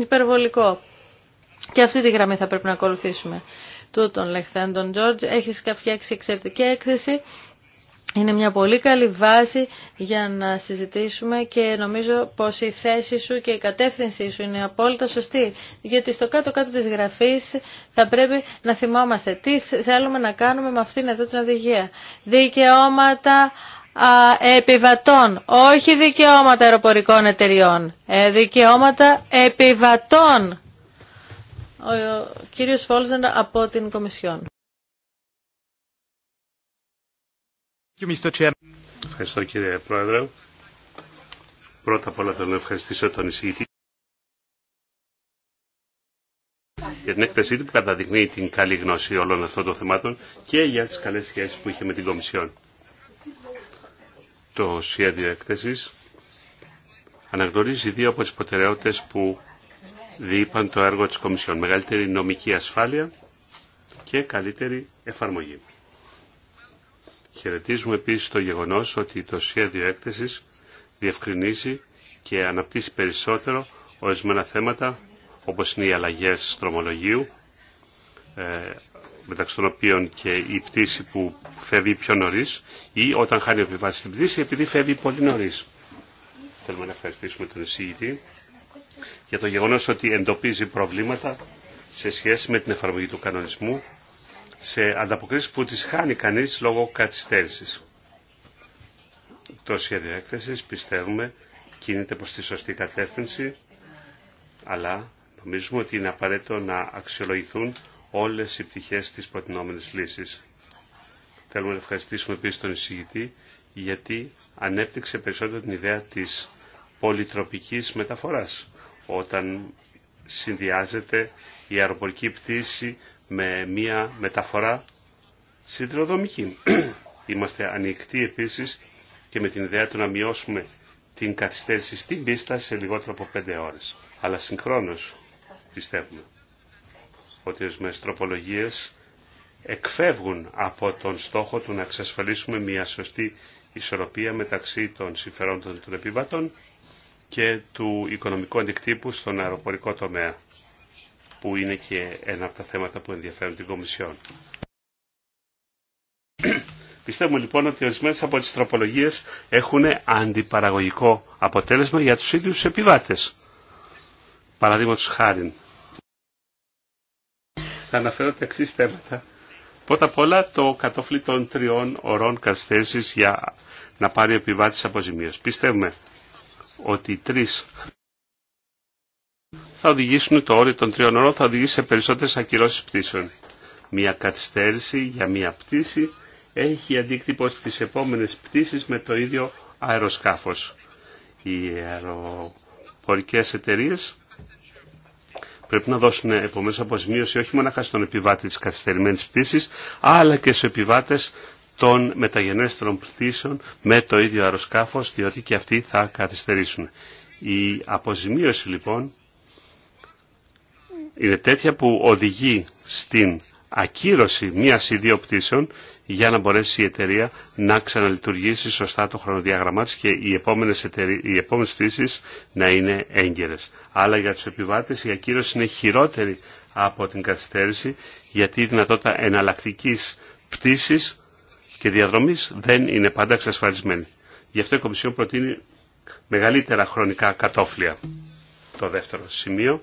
F: υπερβολικό. Και αυτή τη γραμμή θα πρέπει να ακολουθήσουμε. Τούτον τον Τζόρτζ έχει φτιάξει εξαιρετική έκθεση είναι μια πολύ καλή βάση για να συζητήσουμε και νομίζω πως η θέση σου και η κατεύθυνσή σου είναι απόλυτα σωστή. Γιατί στο κάτω-κάτω της γραφής θα πρέπει να θυμόμαστε τι θέλουμε να κάνουμε με αυτήν εδώ την οδηγία. Δικαιώματα επιβατών, όχι δικαιώματα αεροπορικών εταιριών, ε, δικαιώματα επιβατών. Ο κύριος Φόλζεν από την Κομισιόν.
B: Ευχαριστώ κύριε Πρόεδρε. Πρώτα απ' όλα θέλω να ευχαριστήσω τον εισηγητή για την έκθεσή του που καταδεικνύει την καλή γνώση όλων αυτών των θεμάτων και για τις καλές σχέσεις που είχε με την Κομισιόν. Το σχέδιο έκθεσης αναγνωρίζει δύο από τις προτεραιότητες που διείπαν το έργο της Κομισιόν. Μεγαλύτερη νομική ασφάλεια και καλύτερη εφαρμογή. Χαιρετίζουμε επίσης το γεγονός ότι το σχέδιο έκθεσης διευκρινίζει και αναπτύσσει περισσότερο ορισμένα θέματα όπως είναι οι αλλαγές τρομολογίου ε, μεταξύ των οποίων και η πτήση που φεύγει πιο νωρί ή όταν χάνει επιβάτης την πτήση επειδή φεύγει πολύ νωρί. Θέλουμε να ευχαριστήσουμε τον εισηγητή για το γεγονός ότι εντοπίζει προβλήματα σε σχέση με την εφαρμογή του κανονισμού σε ανταποκρίσεις που τις χάνει κανείς λόγω καθυστέρησης. Το σχέδιο έκθεσης πιστεύουμε κινείται προς τη σωστή κατεύθυνση, αλλά νομίζουμε ότι είναι απαραίτητο να αξιολογηθούν όλες οι πτυχές της προτινόμενης λύσης. Θέλουμε να ευχαριστήσουμε επίσης τον εισηγητή γιατί ανέπτυξε περισσότερο την ιδέα της πολυτροπικής μεταφοράς όταν συνδυάζεται η αεροπορική πτήση με μια μεταφορά συντροδομική. Είμαστε ανοιχτοί επίσης και με την ιδέα του να μειώσουμε την καθυστέρηση στην πίστα σε λιγότερο από πέντε ώρες. Αλλά συγχρόνως πιστεύουμε ότι οι τροπολογίες εκφεύγουν από τον στόχο του να εξασφαλίσουμε μια σωστή ισορροπία μεταξύ των συμφερόντων των επιβατών και του οικονομικού αντικτύπου στον αεροπορικό τομέα που είναι και ένα από τα θέματα που ενδιαφέρουν την Κομισιόν. Πιστεύουμε λοιπόν ότι ορισμένε από τις τροπολογίε έχουν αντιπαραγωγικό αποτέλεσμα για τους ίδιους επιβάτες. Παραδείγματο χάρη. Θα αναφέρω τα εξή θέματα. Πρώτα απ' όλα το κατόφλι των τριών ωρών καθυστέρηση για να πάρει ο επιβάτης αποζημίωση. Πιστεύουμε ότι τρει θα οδηγήσουν το όριο των τριών ώρων, θα οδηγήσει σε περισσότερε ακυρώσει πτήσεων. Μια καθυστέρηση για μια πτήση έχει αντίκτυπο στις επόμενε πτήσει με το ίδιο αεροσκάφο. Οι αεροπορικέ εταιρείε πρέπει να δώσουν επομένω αποζημίωση όχι μόνο στον επιβάτη τη καθυστερημένης πτήση, αλλά και στου επιβάτε των μεταγενέστερων πτήσεων με το ίδιο αεροσκάφο, διότι και αυτοί θα καθυστερήσουν. Η αποζημίωση λοιπόν είναι τέτοια που οδηγεί στην ακύρωση μια ή δύο πτήσεων για να μπορέσει η εταιρεία να ξαναλειτουργήσει σωστά το χρονοδιάγραμμά της και οι επόμενες, εταιρεί... πτήσεις να είναι έγκαιρες. Αλλά για τους επιβάτες η ακύρωση είναι χειρότερη από την καθυστέρηση γιατί η δυνατότητα εναλλακτική πτήσης και διαδρομής δεν είναι πάντα εξασφαλισμένη. Γι' αυτό η Κομισιόν προτείνει μεγαλύτερα χρονικά κατόφλια. Το δεύτερο σημείο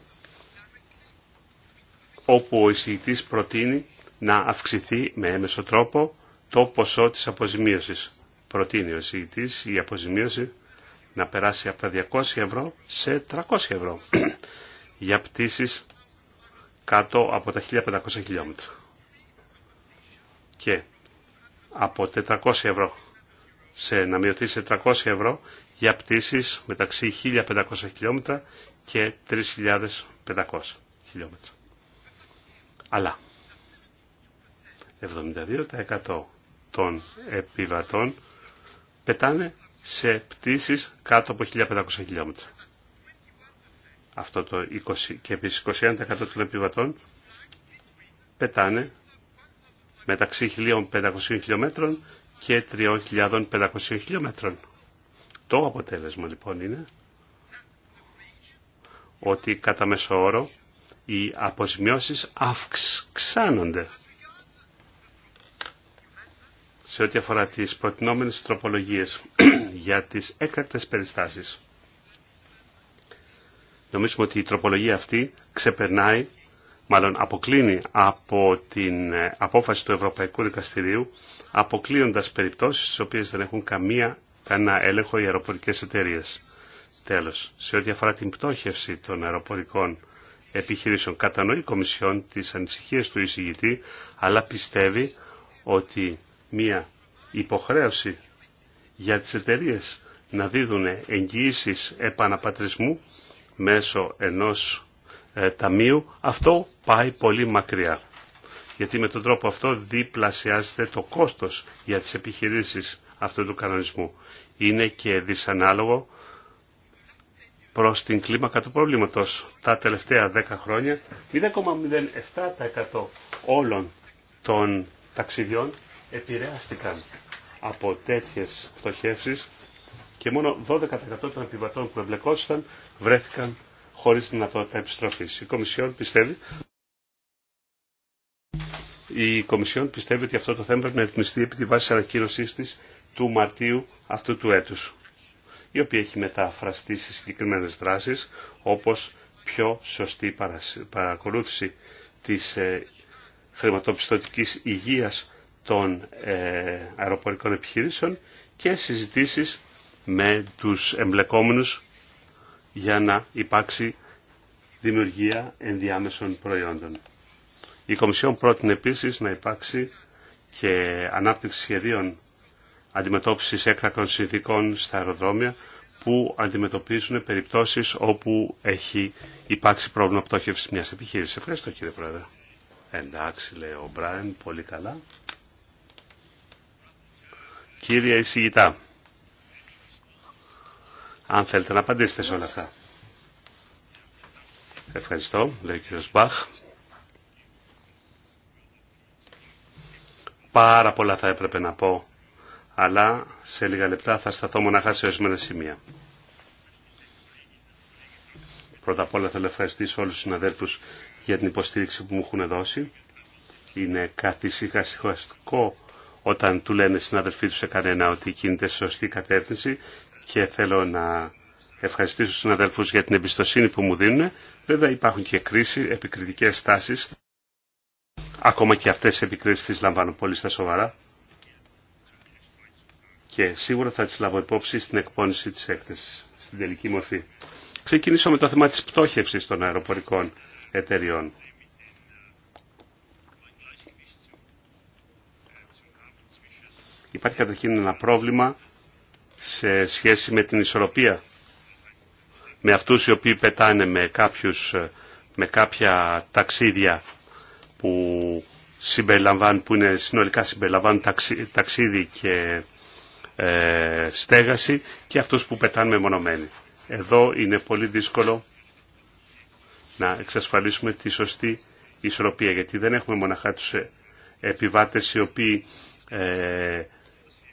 B: όπου ο εισηγητής προτείνει να αυξηθεί με έμεσο τρόπο το ποσό της αποζημίωσης. Προτείνει ο εισηγητής η αποζημίωση να περάσει από τα 200 ευρώ σε 300 ευρώ για πτήσεις κάτω από τα 1500 χιλιόμετρα. Και από 400 ευρώ σε, να μειωθεί σε 300 ευρώ για πτήσεις μεταξύ 1500 χιλιόμετρα και 3500 χιλιόμετρα. Αλλά 72% των επιβατών πετάνε σε πτήσεις κάτω από 1500 χιλιόμετρα. Αυτό το 20 και επίσης 21% των επιβατών πετάνε μεταξύ 1500 χιλιόμετρων και 3.500 χιλιόμετρων. Το αποτέλεσμα λοιπόν είναι ότι κατά μέσο όρο οι αποζημιώσεις αυξάνονται. Σε ό,τι αφορά τις προτινόμενες τροπολογίες για τις έκτακτες περιστάσεις. Νομίζουμε ότι η τροπολογία αυτή ξεπερνάει, μάλλον αποκλίνει από την ε, απόφαση του Ευρωπαϊκού Δικαστηρίου, αποκλείοντας περιπτώσεις στις οποίες δεν έχουν καμία, κανένα έλεγχο οι αεροπορικές εταιρείες. Τέλος, σε ό,τι αφορά την πτώχευση των αεροπορικών επιχειρήσεων. Κατανοεί η Κομισιόν τις ανησυχίες του εισηγητή, αλλά πιστεύει ότι μια υποχρέωση για τις εταιρείε να δίδουν εγγυήσει επαναπατρισμού μέσω ενός ε, ταμείου, αυτό πάει πολύ μακριά. Γιατί με τον τρόπο αυτό διπλασιάζεται το κόστος για τις επιχειρήσεις αυτού του κανονισμού. Είναι και δυσανάλογο προς την κλίμακα του προβλήματος τα τελευταία 10 χρόνια 0,07% όλων των ταξιδιών επηρεάστηκαν από τέτοιες φτωχεύσεις και μόνο 12% των επιβατών που εμπλεκόταν βρέθηκαν χωρίς δυνατότητα επιστροφής. Η Κομισιόν πιστεύει η Κομισιόν πιστεύει ότι αυτό το θέμα πρέπει να ρυθμιστεί επί τη βάση ανακοίνωσή τη του Μαρτίου αυτού του έτους η οποία έχει μεταφραστεί σε συγκεκριμένες δράσεις, όπως πιο σωστή παρακολούθηση της ε, χρηματοπιστωτικής υγείας των ε, αεροπορικών επιχειρήσεων και συζητήσεις με τους εμπλεκόμενους για να υπάρξει δημιουργία ενδιάμεσων προϊόντων. Η Κομισιόν πρότεινε επίσης να υπάρξει και ανάπτυξη σχεδίων Αντιμετώπιση έκτακτων συνθηκών στα αεροδρόμια που αντιμετωπίζουν περιπτώσεις όπου έχει υπάρξει πρόβλημα πτώχευσης μιας επιχείρησης. Ευχαριστώ κύριε Πρόεδρε. Εντάξει λέει ο Μπράιν, πολύ καλά. Κύριε Ισηγητά, αν θέλετε να απαντήσετε σε όλα αυτά. Ευχαριστώ, λέει ο κύριος Μπαχ. Πάρα πολλά θα έπρεπε να πω αλλά σε λίγα λεπτά θα σταθώ μοναχά σε ορισμένα σημεία. Πρώτα απ' όλα θέλω να ευχαριστήσω όλους τους συναδέλφους για την υποστήριξη που μου έχουν δώσει. Είναι καθυσυχαστικό όταν του λένε συναδελφοί του σε κανένα ότι κινείται σε σωστή κατεύθυνση και θέλω να ευχαριστήσω τους συναδέλφους για την εμπιστοσύνη που μου δίνουν. Βέβαια υπάρχουν και κρίση, επικριτικές στάσεις. Ακόμα και αυτές οι επικρίσεις τις λαμβάνω πολύ στα σοβαρά και σίγουρα θα τις λάβω υπόψη στην εκπόνηση της έκθεσης, στην τελική μορφή. Ξεκινήσω με το θέμα της πτώχευσης των αεροπορικών εταιριών. Υπάρχει καταρχήν ένα πρόβλημα σε σχέση με την ισορροπία. Με αυτούς οι οποίοι πετάνε με, κάποιους, με κάποια ταξίδια που, συμπεριλαμβάνουν, που είναι συνολικά συμπεριλαμβάνουν ταξίδι και ε, στέγαση και αυτούς που πετάνε μεμονωμένοι. Εδώ είναι πολύ δύσκολο να εξασφαλίσουμε τη σωστή ισορροπία γιατί δεν έχουμε μοναχά τους ε, επιβάτες οι οποίοι ε,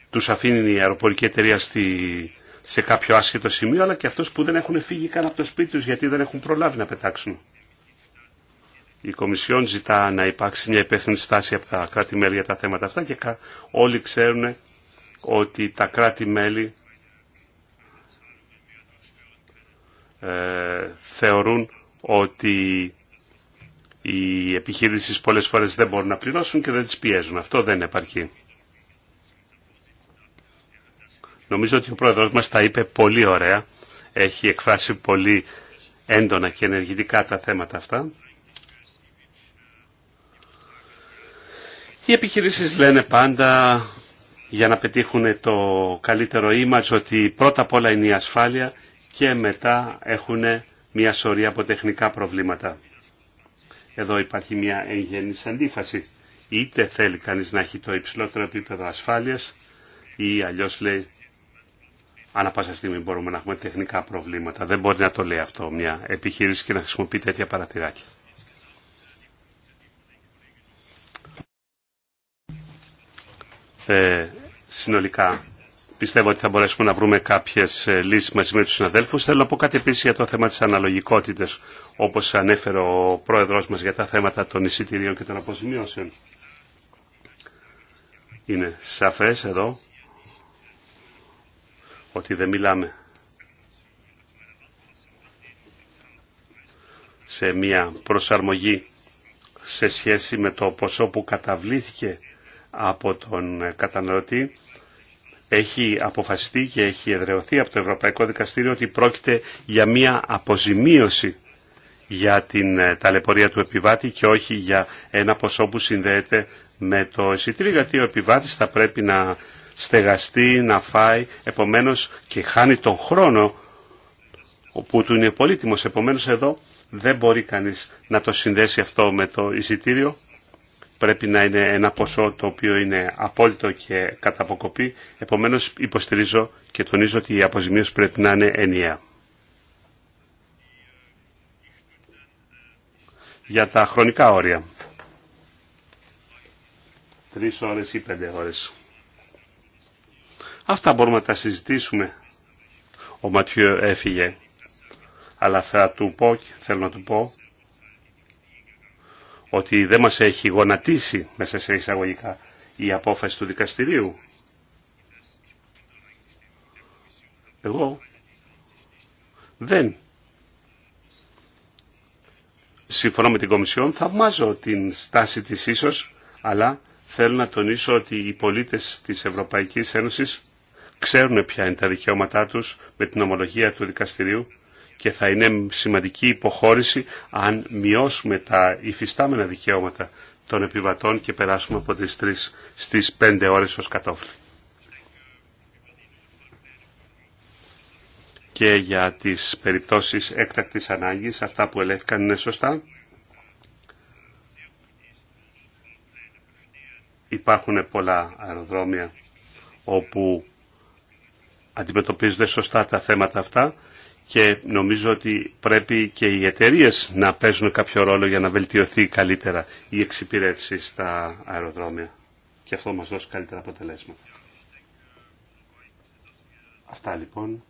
B: τους αφήνει η αεροπορική εταιρεία στη, σε κάποιο άσχετο σημείο αλλά και αυτούς που δεν έχουν φύγει καν από το σπίτι τους γιατί δεν έχουν προλάβει να πετάξουν. Η Κομισιόν ζητά να υπάρξει μια υπεύθυνη στάση από τα κράτη-μέλη για τα θέματα αυτά και όλοι ξέρουν ότι τα κράτη-μέλη ε, θεωρούν ότι οι επιχειρήσεις πολλές φορές δεν μπορούν να πληρώσουν και δεν τις πιέζουν. Αυτό δεν επαρκεί. Νομίζω ότι ο πρόεδρος μας τα είπε πολύ ωραία. Έχει εκφράσει πολύ έντονα και ενεργητικά τα θέματα αυτά. Οι επιχειρήσεις λένε πάντα για να πετύχουν το καλύτερο image ότι πρώτα απ' όλα είναι η ασφάλεια και μετά έχουν μια σωρία από τεχνικά προβλήματα. Εδώ υπάρχει μια εγγενής αντίφαση. Είτε θέλει κανείς να έχει το υψηλότερο επίπεδο ασφάλειας ή αλλιώς λέει ανά πάσα στιγμή μπορούμε να έχουμε τεχνικά προβλήματα. Δεν μπορεί να το λέει αυτό μια επιχείρηση και να χρησιμοποιεί τέτοια παρατηράκια. Ε, συνολικά πιστεύω ότι θα μπορέσουμε να βρούμε κάποιε λύσει μαζί με του συναδέλφου. Θέλω να πω κάτι επίση για το θέμα τη αναλογικότητα, όπω ανέφερε ο πρόεδρο μα για τα θέματα των εισιτηρίων και των αποζημιώσεων. Είναι σαφές εδώ ότι δεν μιλάμε σε μια προσαρμογή σε σχέση με το ποσό που καταβλήθηκε από τον ε, καταναλωτή έχει αποφασιστεί και έχει εδρεωθεί από το Ευρωπαϊκό Δικαστήριο ότι πρόκειται για μία αποζημίωση για την ε, ταλαιπωρία του επιβάτη και όχι για ένα ποσό που συνδέεται με το εισιτήριο γιατί ο επιβάτης θα πρέπει να στεγαστεί, να φάει επομένως και χάνει τον χρόνο που του είναι πολύτιμος επομένως εδώ δεν μπορεί κανείς να το συνδέσει αυτό με το εισιτήριο πρέπει να είναι ένα ποσό το οποίο είναι απόλυτο και κατά αποκοπή. Επομένως υποστηρίζω και τονίζω ότι η αποζημίωση πρέπει να είναι ενιαία. Για τα χρονικά όρια. Τρεις ώρες ή πέντε ώρες. Αυτά μπορούμε να τα συζητήσουμε. Ο Ματιού έφυγε. Αλλά θα του πω, θέλω να του πω ότι δεν μας έχει γονατίσει μέσα σε εισαγωγικά η απόφαση του δικαστηρίου. Εγώ δεν συμφωνώ με την Κομισιόν, θαυμάζω την στάση της ίσως, αλλά θέλω να τονίσω ότι οι πολίτες της Ευρωπαϊκής Ένωσης ξέρουν ποια είναι τα δικαιώματά τους με την ομολογία του δικαστηρίου και θα είναι σημαντική υποχώρηση αν μειώσουμε τα υφιστάμενα δικαιώματα των επιβατών και περάσουμε από τις 3 στις 5 ώρες ως κατόφλι. Και για τις περιπτώσεις έκτακτης ανάγκης, αυτά που ελέγχθηκαν είναι σωστά. Υπάρχουν πολλά αεροδρόμια όπου αντιμετωπίζονται σωστά τα θέματα αυτά και νομίζω ότι πρέπει και οι εταιρείε να παίζουν κάποιο ρόλο για να βελτιωθεί καλύτερα η εξυπηρέτηση στα αεροδρόμια. Και αυτό μας δώσει καλύτερα αποτελέσματα. Αυτά λοιπόν.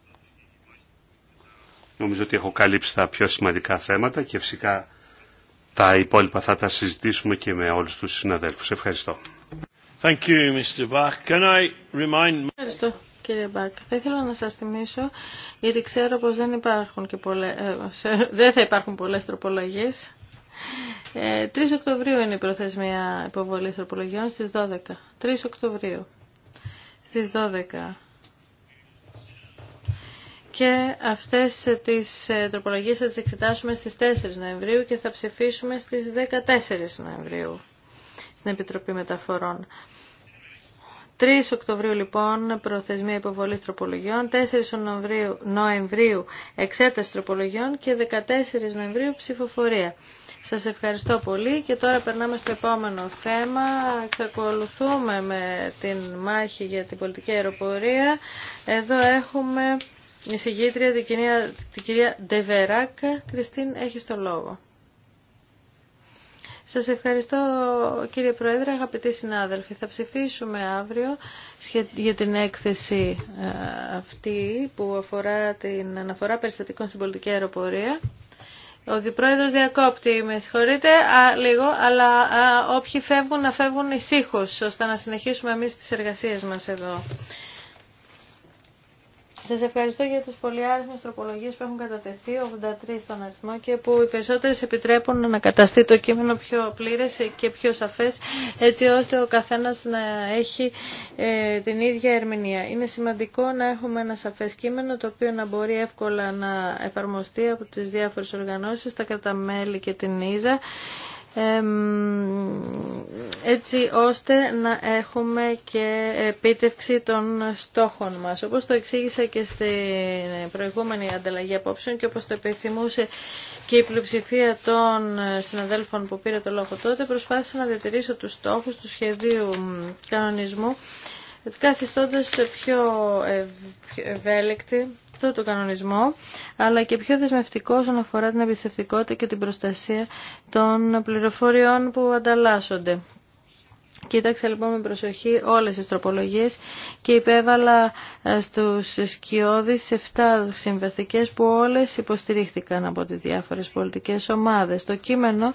B: Νομίζω ότι έχω καλύψει τα πιο σημαντικά θέματα και φυσικά τα υπόλοιπα θα τα συζητήσουμε και με όλους τους συναδέλφους. Ευχαριστώ.
A: Ευχαριστώ
F: κύριε Μπάρκ. Θα ήθελα να σας θυμίσω, γιατί ξέρω πως δεν, υπάρχουν και ε, δεν θα υπάρχουν πολλές τροπολογίες. 3 ε, Οκτωβρίου είναι η προθεσμία υποβολής τροπολογιών στις 12. 3 Οκτωβρίου στις 12. Και αυτές τις ε, τροπολογίες θα τις εξετάσουμε στις 4 Νοεμβρίου και θα ψηφίσουμε στις 14 Νοεμβρίου στην Επιτροπή Μεταφορών. 3 Οκτωβρίου λοιπόν προθεσμία υποβολή τροπολογιών, 4 Νοεμβρίου, Νοεμβρίου εξέταση τροπολογιών και 14 Νοεμβρίου ψηφοφορία. Σας ευχαριστώ πολύ και τώρα περνάμε στο επόμενο θέμα. Εξακολουθούμε με την μάχη για την πολιτική αεροπορία. Εδώ έχουμε η συγγήτρια την κυρία Ντεβεράκ. Κριστίν, έχεις το λόγο. Σας ευχαριστώ κύριε Πρόεδρε, αγαπητοί συνάδελφοι. Θα ψηφίσουμε αύριο για την έκθεση ε, αυτή που αφορά την αναφορά περιστατικών στην πολιτική αεροπορία. Ο διπρόεδρος διακόπτη, με συγχωρείτε λίγο, αλλά όποιοι φεύγουν να φεύγουν εισήχως ώστε να συνεχίσουμε εμείς τις εργασίες μας εδώ. Σα ευχαριστώ για τις πολυάριθμες τροπολογίε που έχουν κατατεθεί, 83 στον αριθμό και που οι περισσότερε επιτρέπουν να καταστεί το κείμενο πιο πλήρε και πιο σαφέ, έτσι ώστε ο καθένα να έχει ε, την ίδια ερμηνεία. Είναι σημαντικό να έχουμε ένα σαφέ κείμενο το οποίο να μπορεί εύκολα να εφαρμοστεί από τι διάφορε οργανώσει τα κραταμέλη και την Ίζα έτσι ώστε να έχουμε και επίτευξη των στόχων μας. Όπως το εξήγησα και στην προηγούμενη ανταλλαγή απόψεων και όπως το επιθυμούσε και η πλειοψηφία των συναδέλφων που πήρε το λόγο τότε, προσπάθησα να διατηρήσω τους στόχους του σχεδίου κανονισμού, καθιστώντας πιο ευέλικτη αυτό το κανονισμό, αλλά και πιο δεσμευτικό όσον αφορά την εμπιστευτικότητα και την προστασία των πληροφοριών που ανταλλάσσονται. Κοίταξα λοιπόν με προσοχή όλες τις τροπολογίες και υπέβαλα ε, στους σκιώδεις 7 συμβαστικές που όλες υποστηρίχθηκαν από τις διάφορες πολιτικές ομάδες. Το κείμενο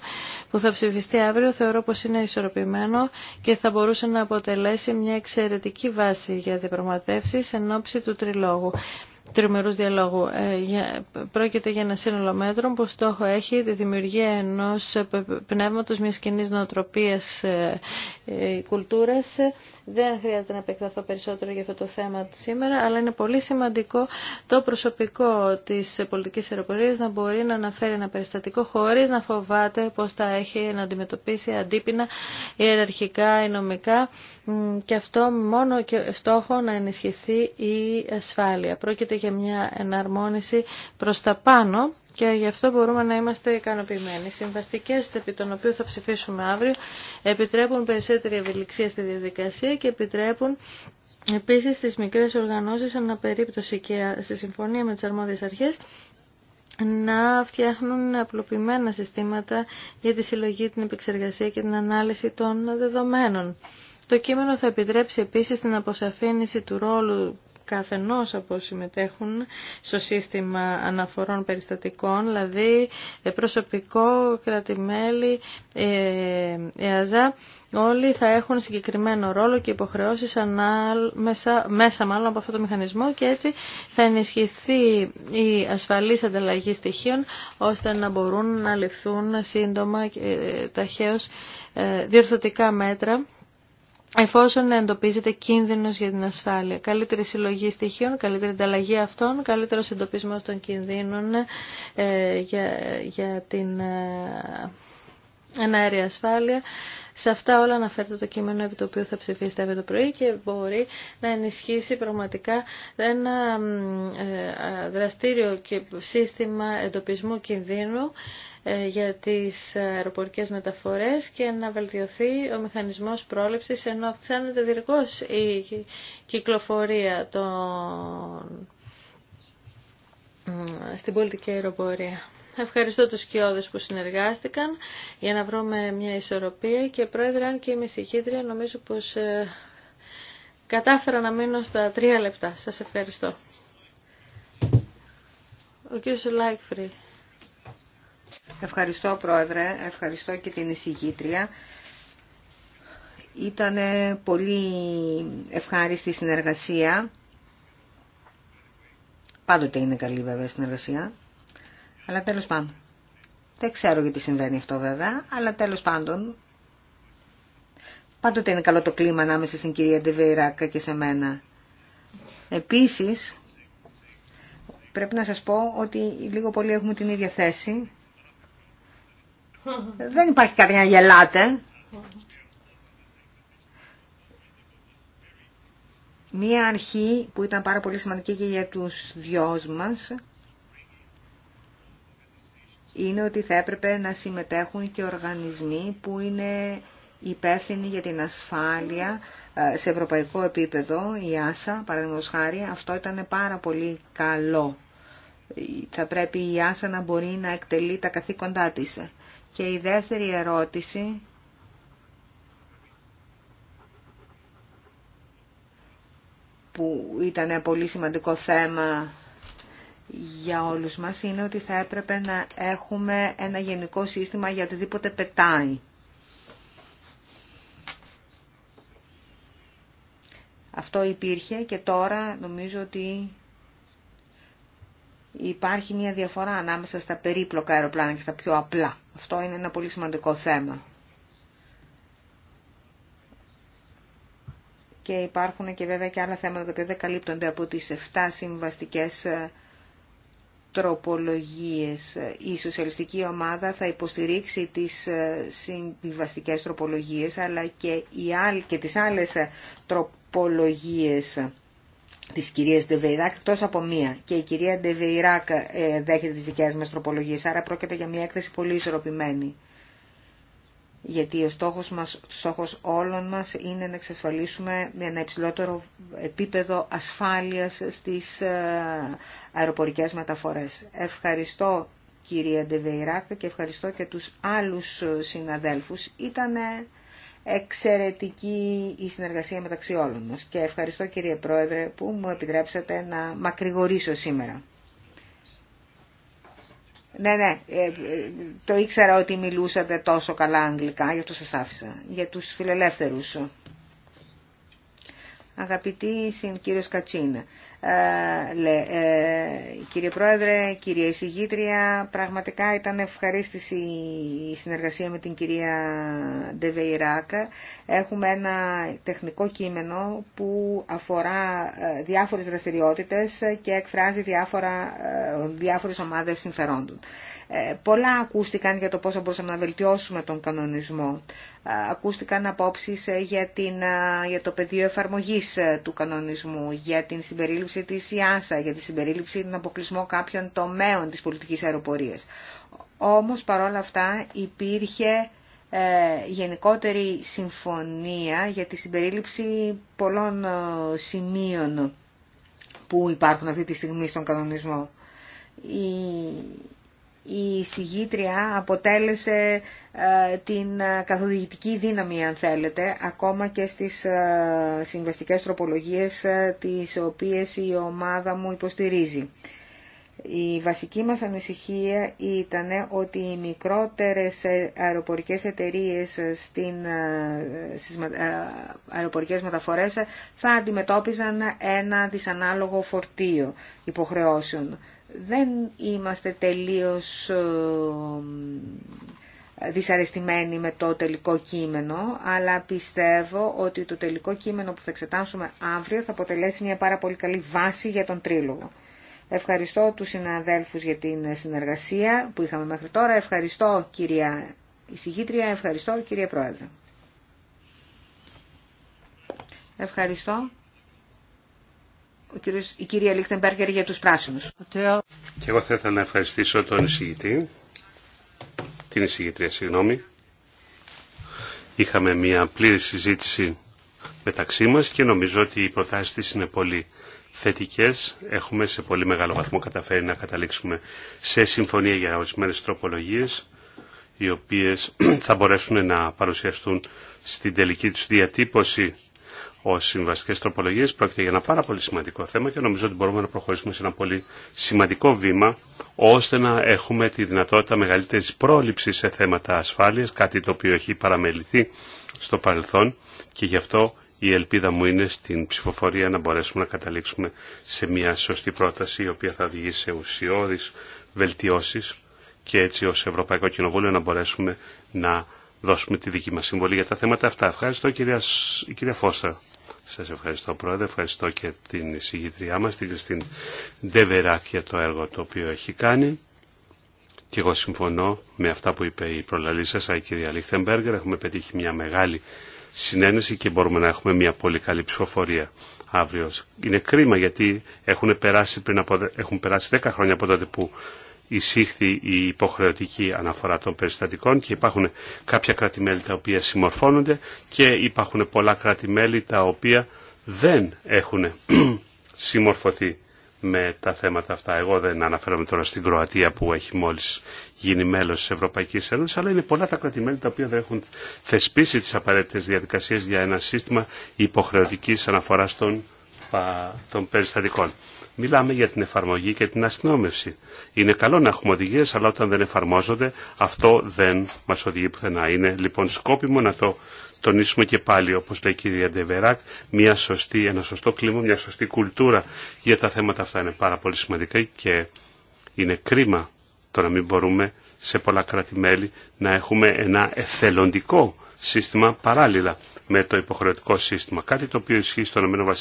F: που θα ψηφιστεί αύριο θεωρώ πως είναι ισορροπημένο και θα μπορούσε να αποτελέσει μια εξαιρετική βάση για διαπραγματεύσεις εν ώψη του τριλόγου τριμερούς διαλόγου. Ε, πρόκειται για ένα σύνολο μέτρων που στόχο έχει τη δημιουργία ενός πνεύματος μιας κοινή νοοτροπίας ε, ε, κουλτούρας. Δεν χρειάζεται να επεκταθώ περισσότερο για αυτό το θέμα σήμερα, αλλά είναι πολύ σημαντικό το προσωπικό της πολιτικής αεροπορίας να μπορεί να αναφέρει ένα περιστατικό χωρίς να φοβάται πώς θα έχει να αντιμετωπίσει αντίπεινα ιεραρχικά ή νομικά και αυτό μόνο και στόχο να ενισχυθεί η ασφάλεια. Πρόκειται και μια εναρμόνιση προς τα πάνω και γι' αυτό μπορούμε να είμαστε ικανοποιημένοι. Οι συμβαστικέ, επί των οποίων θα ψηφίσουμε αύριο, επιτρέπουν περισσότερη ευελιξία στη διαδικασία και επιτρέπουν επίσης στις μικρές οργανώσεις, αναπερίπτωση και στη συμφωνία με τις αρμόδιες αρχές, να φτιάχνουν απλοποιημένα συστήματα για τη συλλογή, την επεξεργασία και την ανάλυση των δεδομένων. Το κείμενο θα επιτρέψει επίσης την αποσαφήνιση του ρόλου καθενός από συμμετέχουν στο σύστημα αναφορών περιστατικών, δηλαδή ε, προσωπικό, κρατημέλη, ε, ΕΑΖΑ, όλοι θα έχουν συγκεκριμένο ρόλο και υποχρεώσεις μέσα, μέσα μάλλον από αυτό το μηχανισμό και έτσι θα ενισχυθεί η ασφαλής ανταλλαγή στοιχείων ώστε να μπορούν να ληφθούν σύντομα και ε, ταχαίως διορθωτικά μέτρα εφόσον εντοπίζεται κίνδυνο για την ασφάλεια. Καλύτερη συλλογή στοιχείων, καλύτερη ανταλλαγή αυτών, καλύτερο εντοπισμό των κινδύνων ε, για, για την εναέρια ασφάλεια. Σε αυτά όλα αναφέρεται το κείμενο επί το οποίο θα ψηφίσετε αύριο το πρωί και μπορεί να ενισχύσει πραγματικά ένα ε, δραστήριο και σύστημα εντοπισμού κινδύνου ε, για τις αεροπορικές μεταφορές και να βελτιωθεί ο μηχανισμός πρόληψης ενώ αυξάνεται η κυκλοφορία των... στην πολιτική αεροπορία. Ευχαριστώ τους σκιώδες που συνεργάστηκαν για να βρούμε μια ισορροπία και πρόεδρε αν και είμαι συγχύτρια νομίζω πως ε, κατάφερα να μείνω στα τρία λεπτά. Σας ευχαριστώ. Ο κύριος Λάικφρυ.
C: Ευχαριστώ Πρόεδρε, ευχαριστώ και την εισηγήτρια. Ήταν πολύ ευχάριστη συνεργασία. Πάντοτε είναι καλή βέβαια συνεργασία. Αλλά τέλος πάντων. Δεν ξέρω γιατί συμβαίνει αυτό βέβαια, αλλά τέλος πάντων. Πάντοτε είναι καλό το κλίμα ανάμεσα στην κυρία Ντεβεϊράκα και σε μένα. Επίσης, πρέπει να σας πω ότι λίγο πολύ έχουμε την ίδια θέση δεν υπάρχει κάτι να γελάτε. Μία αρχή που ήταν πάρα πολύ σημαντική και για τους δυο μας είναι ότι θα έπρεπε να συμμετέχουν και οργανισμοί που είναι υπεύθυνοι για την ασφάλεια ε, σε ευρωπαϊκό επίπεδο, η ΆΣΑ, παραδείγματος χάρη, αυτό ήταν πάρα πολύ καλό. Ε, θα πρέπει η ΆΣΑ να μπορεί να εκτελεί τα καθήκοντά της. Και η δεύτερη ερώτηση που ήταν ένα πολύ σημαντικό θέμα για όλους μας είναι ότι θα έπρεπε να έχουμε ένα γενικό σύστημα για οτιδήποτε πετάει. Αυτό υπήρχε και τώρα νομίζω ότι υπάρχει μια διαφορά ανάμεσα στα περίπλοκα αεροπλάνα και στα πιο απλά. Αυτό είναι ένα πολύ σημαντικό θέμα. Και υπάρχουν και βέβαια και άλλα θέματα τα οποία δεν καλύπτονται από τις 7 συμβαστικές ε, τροπολογίες. Η σοσιαλιστική ομάδα θα υποστηρίξει τις ε, συμβιβαστικές τροπολογίες αλλά και, οι άλλ, και τις άλλες ε, τροπολογίες της κυρίας Ντεβεϊράκ, τόσο από μία. Και η κυρία Ντεβεϊράκ ε, δέχεται τις δικές μας τροπολογίες, άρα πρόκειται για μια έκθεση πολύ ισορροπημένη. Γιατί ο στόχος, μας, ο στόχος όλων μας είναι να εξασφαλίσουμε ένα υψηλότερο επίπεδο ασφάλειας στις ε, αεροπορικές μεταφορές. Ευχαριστώ κυρία Ντεβεϊράκ και ευχαριστώ και τους άλλους συναδέλφους. Ήτανε εξαιρετική η συνεργασία μεταξύ όλων μας και ευχαριστώ κύριε Πρόεδρε που μου επιτρέψατε να μακρηγορήσω σήμερα. Ναι, ναι, ε, ε, το ήξερα ότι μιλούσατε τόσο καλά αγγλικά, γι' αυτό σας άφησα, για τους φιλελεύθερους. Αγαπητοί συν κύριος κατσίνα ε, ε, κύριε Πρόεδρε, κυρία Εισηγήτρια, πραγματικά ήταν ευχαρίστηση η συνεργασία με την κυρία Ντεβεϊράκα. Έχουμε ένα τεχνικό κείμενο που αφορά ε, διάφορες δραστηριότητες και εκφράζει διάφορα, διάφορες ομάδες συμφερόντων. Πολλά ακούστηκαν για το πώς θα μπορούσαμε να βελτιώσουμε τον κανονισμό. Ακούστηκαν απόψεις για, την, για το πεδίο εφαρμογής του κανονισμού, για την συμπερίληψη συμπερίληψη τη ΙΑΣΑ, για τη συμπερίληψη των αποκλεισμό κάποιων τομέων τη πολιτική αεροπορία. Όμω παρόλα αυτά υπήρχε ε, γενικότερη συμφωνία για τη συμπερίληψη πολλών ε, σημείων που υπάρχουν αυτή τη στιγμή στον κανονισμό. Η η συγγήτρια αποτέλεσε ε, την ε, καθοδηγητική δύναμη, αν θέλετε, ακόμα και στις ε, συμβαστικές τροπολογίες τις οποίες η ομάδα μου υποστηρίζει. Η βασική μας ανησυχία ήταν ότι οι μικρότερες αεροπορικές εταιρείες στην, στις αεροπορικές μεταφορές θα αντιμετώπιζαν ένα δυσανάλογο φορτίο υποχρεώσεων δεν είμαστε τελείως ε, δυσαρεστημένοι με το τελικό κείμενο, αλλά πιστεύω ότι το τελικό κείμενο που θα εξετάσουμε αύριο θα αποτελέσει μια πάρα πολύ καλή βάση για τον τρίλογο. Ευχαριστώ τους συναδέλφους για την συνεργασία που είχαμε μέχρι τώρα. Ευχαριστώ κυρία εισηγήτρια, ευχαριστώ κυρία Πρόεδρε. Ευχαριστώ ο κύριος, η κυρία Λίχτεμπεργκερ για τους πράσινους.
D: Και
B: εγώ θα ήθελα να ευχαριστήσω τον εισηγητή, την εισηγητρία, συγγνώμη. Είχαμε μια πλήρη συζήτηση μεταξύ μας και νομίζω ότι οι προτάσεις της είναι πολύ θετικές. Έχουμε σε πολύ μεγάλο βαθμό καταφέρει να καταλήξουμε σε συμφωνία για ορισμένε τροπολογίες οι οποίες θα μπορέσουν να παρουσιαστούν στην τελική τους διατύπωση ω συμβαστικέ τροπολογίε. Πρόκειται για ένα πάρα πολύ σημαντικό θέμα και νομίζω ότι μπορούμε να προχωρήσουμε σε ένα πολύ σημαντικό βήμα ώστε να έχουμε τη δυνατότητα μεγαλύτερη πρόληψη σε θέματα ασφάλεια, κάτι το οποίο έχει παραμεληθεί στο παρελθόν και γι' αυτό η ελπίδα μου είναι στην ψηφοφορία να μπορέσουμε να καταλήξουμε σε μια σωστή πρόταση η οποία θα οδηγήσει σε ουσιώδεις βελτιώσει και έτσι ως Ευρωπαϊκό Κοινοβούλιο να μπορέσουμε να δώσουμε τη δική μας συμβολή για τα θέματα αυτά. Ευχαριστώ κυρία, κυρία Φώστα. Σας ευχαριστώ Πρόεδρε, ευχαριστώ και την συγγήτριά μας, την Κριστίν Ντεβεράκ για το έργο το οποίο έχει κάνει. Και εγώ συμφωνώ με αυτά που είπε η προλαλή η κυρία Λίχτεμπεργκερ. Έχουμε πετύχει μια μεγάλη συνένεση και μπορούμε να έχουμε μια πολύ καλή ψηφοφορία αύριο. Είναι κρίμα γιατί έχουν περάσει, πριν έχουν περάσει 10 χρόνια από τότε που εισήχθη η υποχρεωτική αναφορά των περιστατικών και υπάρχουν κάποια κράτη-μέλη τα οποία συμμορφώνονται και υπάρχουν πολλά κράτη-μέλη τα οποία δεν έχουν συμμορφωθεί με τα θέματα αυτά. Εγώ δεν αναφέρομαι τώρα στην Κροατία που έχει μόλις γίνει μέλος της Ευρωπαϊκής Ένωσης, αλλά είναι πολλά τα κρατημέλη τα οποία δεν έχουν θεσπίσει τις απαραίτητες διαδικασίες για ένα σύστημα υποχρεωτικής αναφοράς των περιστατικών μιλάμε για την εφαρμογή και την αστυνόμευση. Είναι καλό να έχουμε οδηγίε, αλλά όταν δεν εφαρμόζονται, αυτό δεν μα οδηγεί πουθενά. Είναι λοιπόν σκόπιμο να το τονίσουμε και πάλι, όπω λέει η κυρία Ντεβεράκ, μια σωστή, ένα σωστό κλίμα, μια σωστή κουλτούρα για τα θέματα αυτά είναι πάρα πολύ σημαντικά και είναι κρίμα το να μην μπορούμε σε πολλά κράτη-μέλη να έχουμε ένα εθελοντικό σύστημα παράλληλα με το υποχρεωτικό σύστημα. Κάτι το οποίο ισχύει στο Ηνωμένο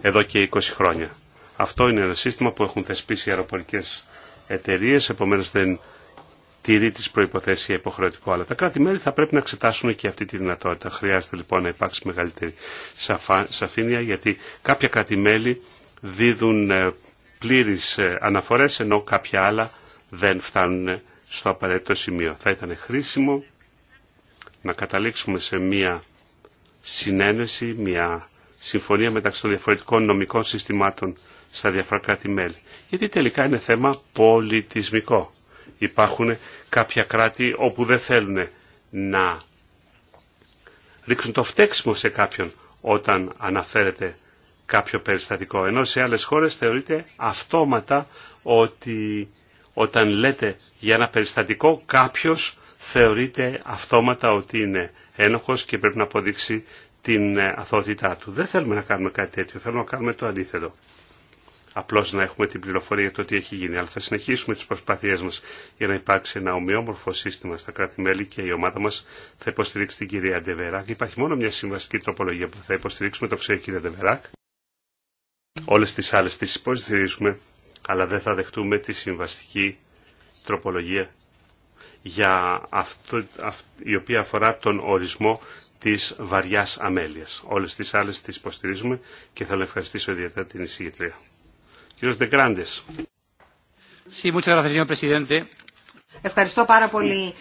B: εδώ και 20 χρόνια. Αυτό είναι ένα σύστημα που έχουν θεσπίσει οι αεροπορικές εταιρείες, επομένως δεν τηρεί τι προποθέσει για υποχρεωτικό. Αλλά τα κράτη-μέλη θα πρέπει να εξετάσουν και αυτή τη δυνατότητα. Χρειάζεται λοιπόν να υπάρξει μεγαλύτερη σαφήνεια γιατί κάποια κράτη-μέλη δίδουν ε, πλήρεις ε, αναφορές ενώ κάποια άλλα δεν φτάνουν στο απαραίτητο σημείο. Θα ήταν χρήσιμο να καταλήξουμε σε μία συνένεση, μία συμφωνία μεταξύ των διαφορετικών νομικών συστημάτων στα διάφορα κράτη-μέλη. Γιατί τελικά είναι θέμα πολιτισμικό. Υπάρχουν κάποια κράτη όπου δεν θέλουν να ρίξουν το φταίξιμο σε κάποιον όταν αναφέρεται κάποιο περιστατικό. Ενώ σε άλλες χώρες θεωρείται αυτόματα ότι όταν λέτε για ένα περιστατικό κάποιος θεωρείται αυτόματα ότι είναι ένοχος και πρέπει να αποδείξει την αθότητά του. Δεν θέλουμε να κάνουμε κάτι τέτοιο, θέλουμε να κάνουμε το αντίθετο απλώς να έχουμε την πληροφορία για το τι έχει γίνει. Αλλά θα συνεχίσουμε τις προσπάθειές μας για να υπάρξει ένα ομοιόμορφο σύστημα στα κράτη-μέλη και η ομάδα μας θα υποστηρίξει την κυρία Ντεβεράκ. Υπάρχει μόνο μια συμβαστική τροπολογία που θα υποστηρίξουμε, το ξέρει η κυρία Ντεβεράκ. Όλες τις άλλες τις υποστηρίζουμε, αλλά δεν θα δεχτούμε τη συμβαστική τροπολογία για αυτό, η οποία αφορά τον ορισμό της βαριάς αμέλειας. Όλες τις άλλες τις υποστηρίζουμε και θα ευχαριστήσω ιδιαίτερα την εισηγητρία.
C: Ευχαριστώ πάρα πολύ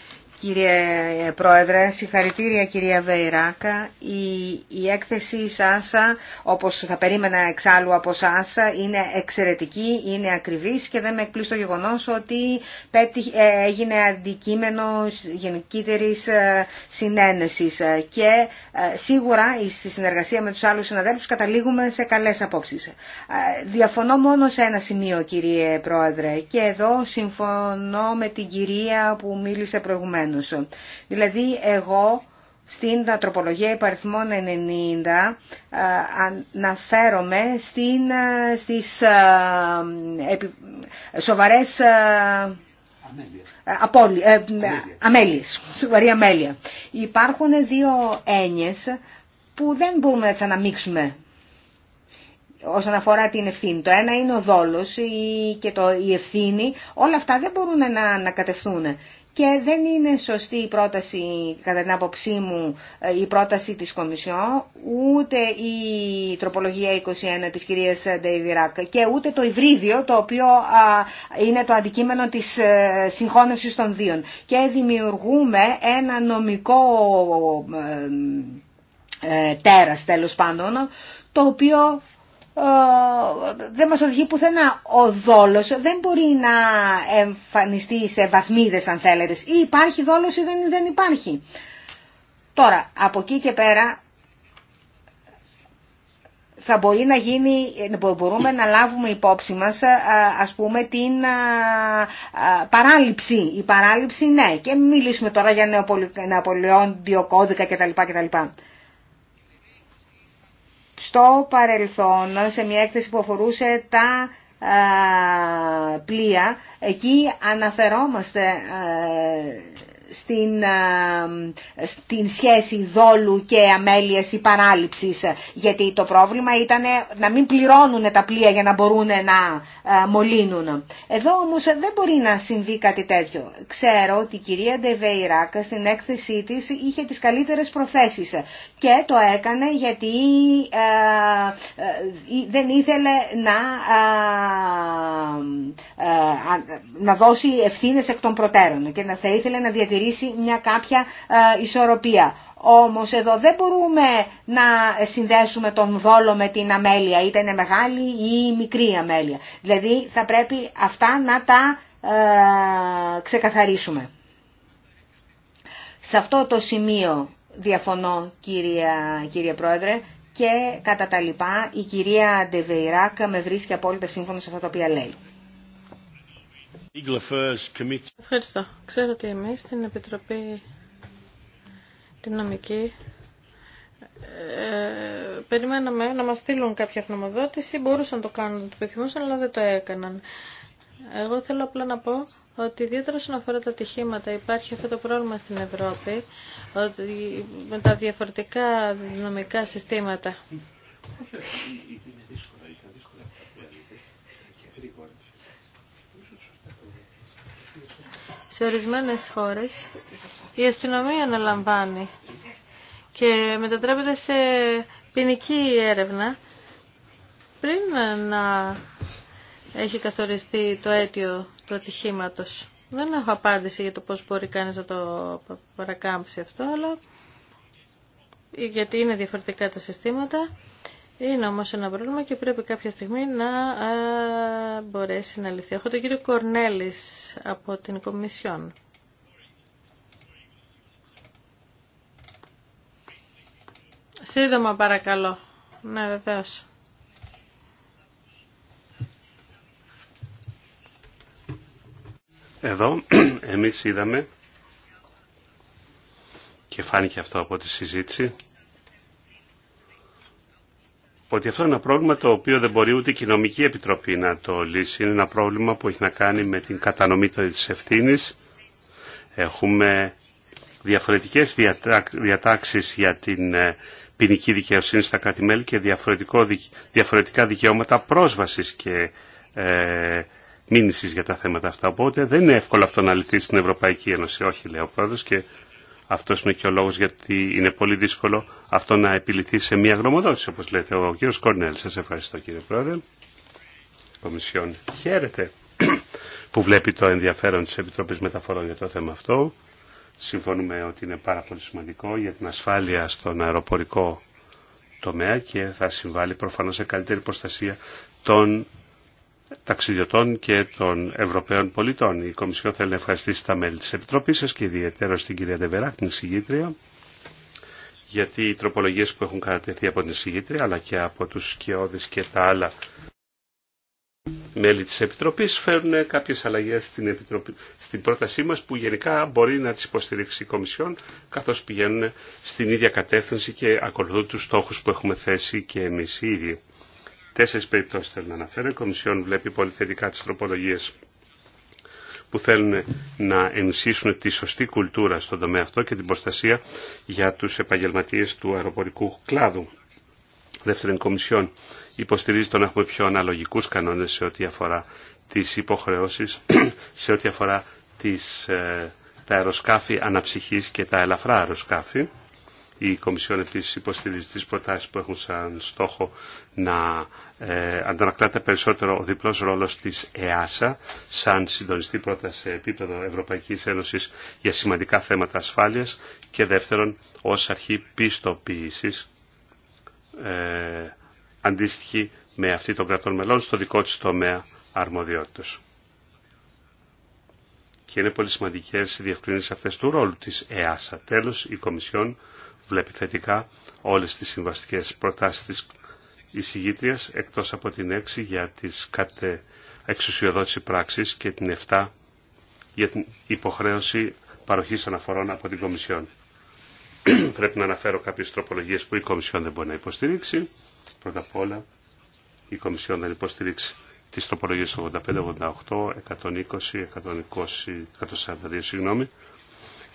C: κύριε Πρόεδρε, συγχαρητήρια κυρία Βεϊράκα. Η, η έκθεση σας, όπως θα περίμενα εξάλλου από σας, είναι εξαιρετική, είναι ακριβής και δεν με εκπλήσει το γεγονός ότι ε, έγινε αντικείμενο γενικύτερης ε, συνένεσης και ε, σίγουρα στη συνεργασία με τους άλλους συναδέλφους καταλήγουμε σε καλές απόψεις. Διαφωνώ μόνο σε ένα σημείο κύριε Πρόεδρε και εδώ συμφωνώ με την κυρία που μίλησε προηγουμένως. Δηλαδή εγώ στην τροπολογία υπαριθμών 90 αναφέρομαι στην, στις επι, σοβαρές Απόλυ, ε, αμέλειες, αμέλεια. Υπάρχουν δύο έννοιες που δεν μπορούμε να τις αναμίξουμε όσον αφορά την ευθύνη. Το ένα είναι ο δόλος και το, η ευθύνη. Όλα αυτά δεν μπορούν να ανακατευθούν και δεν είναι σωστή η πρόταση, κατά την άποψή μου, ε, η πρόταση της Κομισιόν, ούτε η τροπολογία 21 της κυρίας Ντεϊβιράκ και ούτε το υβρίδιο, το οποίο είναι το αντικείμενο της ε, συγχώνευσης των δύο. Και δημιουργούμε ένα νομικό ε, τέρας, τέλος πάντων, το οποίο ε, δεν μας οδηγεί πουθενά. Ο δόλος δεν μπορεί να εμφανιστεί σε βαθμίδες αν θέλετε. Ή υπάρχει δόλος ή δεν, δεν υπάρχει. Τώρα, από εκεί και πέρα θα μπορεί να γίνει, μπορούμε να λάβουμε υπόψη μας, ε, ας πούμε, την ε, παράληψη. Η παράληψη, ναι, και μιλήσουμε τώρα για νεοπολιόντιο κώδικα κτλ. κτλ. Το παρελθόν σε μια έκθεση που αφορούσε τα πλοία. Εκεί αναφερόμαστε ε, στην, στην σχέση δόλου και αμέλειας ή παράληψης γιατί το πρόβλημα ήταν να μην πληρώνουν τα πλοία για να μπορούν να μολύνουν. Εδώ όμως δεν μπορεί να συμβεί κάτι τέτοιο. Ξέρω ότι η κυρία Ντεβέιρακ στην έκθεσή της είχε τις καλύτερες προθέσεις και το έκανε γιατί δεν ήθελε να, να δώσει ευθύνες εκ των προτέρων και θα ήθελε να διατηρήσει διατηρήσει μια κάποια ε, ισορροπία. Όμως εδώ δεν μπορούμε να συνδέσουμε τον δόλο με την αμέλεια, είτε είναι μεγάλη ή μικρή αμέλεια. Δηλαδή θα πρέπει αυτά να τα ε, ξεκαθαρίσουμε. Σε αυτό το σημείο διαφωνώ κυρία, κύριε Πρόεδρε και κατά τα λοιπά η κυρία Ντεβεϊράκ με βρίσκει απόλυτα σύμφωνα σε αυτά τα οποία λέει.
F: Ευχαριστώ. Ξέρω ότι εμείς στην Επιτροπή Δυναμική ε, περιμέναμε να μας στείλουν κάποια γνωμοδότηση. Μπορούσαν να το κάνουν, το επιθυμούσαν, αλλά δεν το έκαναν. Εγώ θέλω απλά να πω ότι ιδιαίτερα όσον αφορά τα ατυχήματα υπάρχει αυτό το πρόβλημα στην Ευρώπη ότι με τα διαφορετικά δυναμικά συστήματα.
E: σε ορισμένες
F: χώρες η αστυνομία αναλαμβάνει και μετατρέπεται σε ποινική έρευνα πριν να έχει καθοριστεί το αίτιο του ατυχήματος. Δεν έχω απάντηση για το πώς μπορεί κανείς να το παρακάμψει αυτό, αλλά γιατί είναι διαφορετικά τα συστήματα. Είναι όμως ένα πρόβλημα και πρέπει κάποια στιγμή να μπορέσει να λυθεί. Έχω τον κύριο Κορνέλης από την Κομισιόν. Σύντομα παρακαλώ. Ναι βεβαίως.
B: Εδώ εμείς είδαμε και φάνηκε αυτό από τη συζήτηση ότι αυτό είναι ένα πρόβλημα το οποίο δεν μπορεί ούτε η Κοινωνική Επιτροπή να το λύσει. Είναι ένα πρόβλημα που έχει να κάνει με την κατανομή της ευθύνη. Έχουμε διαφορετικές διατάξεις για την ε, ποινική δικαιοσύνη στα κράτη-μέλη και διαφορετικά δικαιώματα πρόσβασης και ε, μήνυσης για τα θέματα αυτά. Οπότε δεν είναι εύκολο αυτό να λυθεί στην Ευρωπαϊκή Ένωση. Όχι, λέει ο Πρόεδρος, και αυτός είναι και ο λόγο γιατί είναι πολύ δύσκολο αυτό να επιληθεί σε μια γνωμοδότηση, όπως λέτε ο κύριο Κορνέλ. Σα ευχαριστώ κύριε Πρόεδρε. Κομισιόν χαίρεται που βλέπει το ενδιαφέρον τη Επιτροπή Μεταφορών για το θέμα αυτό. Συμφωνούμε ότι είναι πάρα πολύ σημαντικό για την ασφάλεια στον αεροπορικό τομέα και θα συμβάλλει προφανώς σε καλύτερη προστασία των ταξιδιωτών και των Ευρωπαίων πολιτών. Η Κομισιόν θέλει να ευχαριστήσει τα μέλη της Επιτροπής σας και ιδιαίτερα στην κυρία Ντεβερά, την εισηγήτρια, γιατί οι τροπολογίες που έχουν κατατεθεί από την εισηγήτρια αλλά και από τους σκιώδεις και τα άλλα μέλη της Επιτροπής φέρνουν κάποιες αλλαγές στην, Επιτροπή, στην πρότασή μας που γενικά μπορεί να τις υποστηρίξει η Κομισιόν καθώς πηγαίνουν στην ίδια κατεύθυνση και ακολουθούν τους στόχους που έχουμε θέσει και εμείς οι ίδιοι. Τέσσερις περιπτώσεις θέλω να αναφέρω. Η Κομισιόν βλέπει πολύ θετικά τις τροπολογίες που θέλουν να ενισχύσουν τη σωστή κουλτούρα στον τομέα αυτό και την προστασία για τους επαγγελματίες του αεροπορικού κλάδου. Δεύτερον, η Κομισιόν υποστηρίζει το να έχουμε πιο αναλογικούς κανόνες σε ό,τι αφορά τις υποχρεώσεις, σε ό,τι αφορά ε, τα αεροσκάφη αναψυχής και τα ελαφρά αεροσκάφη. Η Κομισιόν επίσης υποστηρίζει τις προτάσεις που έχουν σαν στόχο να ε, αντανακλάται περισσότερο ο διπλός ρόλος της ΕΑΣΑ σαν συντονιστή πρώτα σε επίπεδο Ευρωπαϊκής Ένωσης για σημαντικά θέματα ασφάλειας και δεύτερον ως αρχή πιστοποίησης ε, αντίστοιχη με αυτή των κρατών μελών στο δικό της τομέα αρμοδιότητας. Και είναι πολύ σημαντικές οι διευκρινήσεις αυτές του ρόλου της ΕΑΣΑ. Τέλος, η Κομισιόν βλέπει θετικά όλες τις συμβαστικές προτάσεις της εισηγήτριας, εκτός από την 6 για τις κατε εξουσιοδότηση πράξης και την 7 για την υποχρέωση παροχής αναφορών από την Κομισιόν. Πρέπει να αναφέρω κάποιες τροπολογίες που η Κομισιόν δεν μπορεί να υποστηρίξει. Πρώτα απ' όλα, η Κομισιόν δεν υποστηρίξει τις τροπολογίες 85, 88, 120, 120 142, συγγνώμη,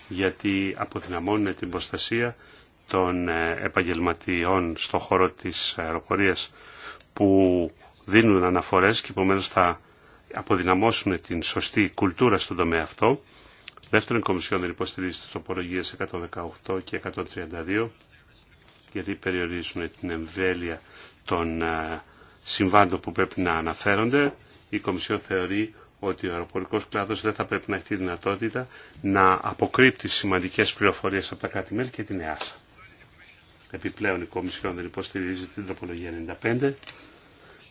B: γιατί αποδυναμώνουν την προστασία των ε, επαγγελματιών στο χώρο της αεροπορίας που δίνουν αναφορές και επομένως θα αποδυναμώσουν την σωστή κουλτούρα στον τομέα αυτό. Δεύτερον, η Κομισιόν δεν υποστηρίζει τις τοπολογίες 118 και 132 γιατί περιορίζουν την εμβέλεια των ε, συμβάντων που πρέπει να αναφέρονται. Η Κομισιόν θεωρεί ότι ο αεροπορικό κλάδο δεν θα πρέπει να έχει τη δυνατότητα να αποκρύπτει σημαντικέ πληροφορίε από τα κράτη-μέλη και την ΕΑΣΑ. Επιπλέον η Κομισιόν δεν υποστηρίζει την τροπολογία 95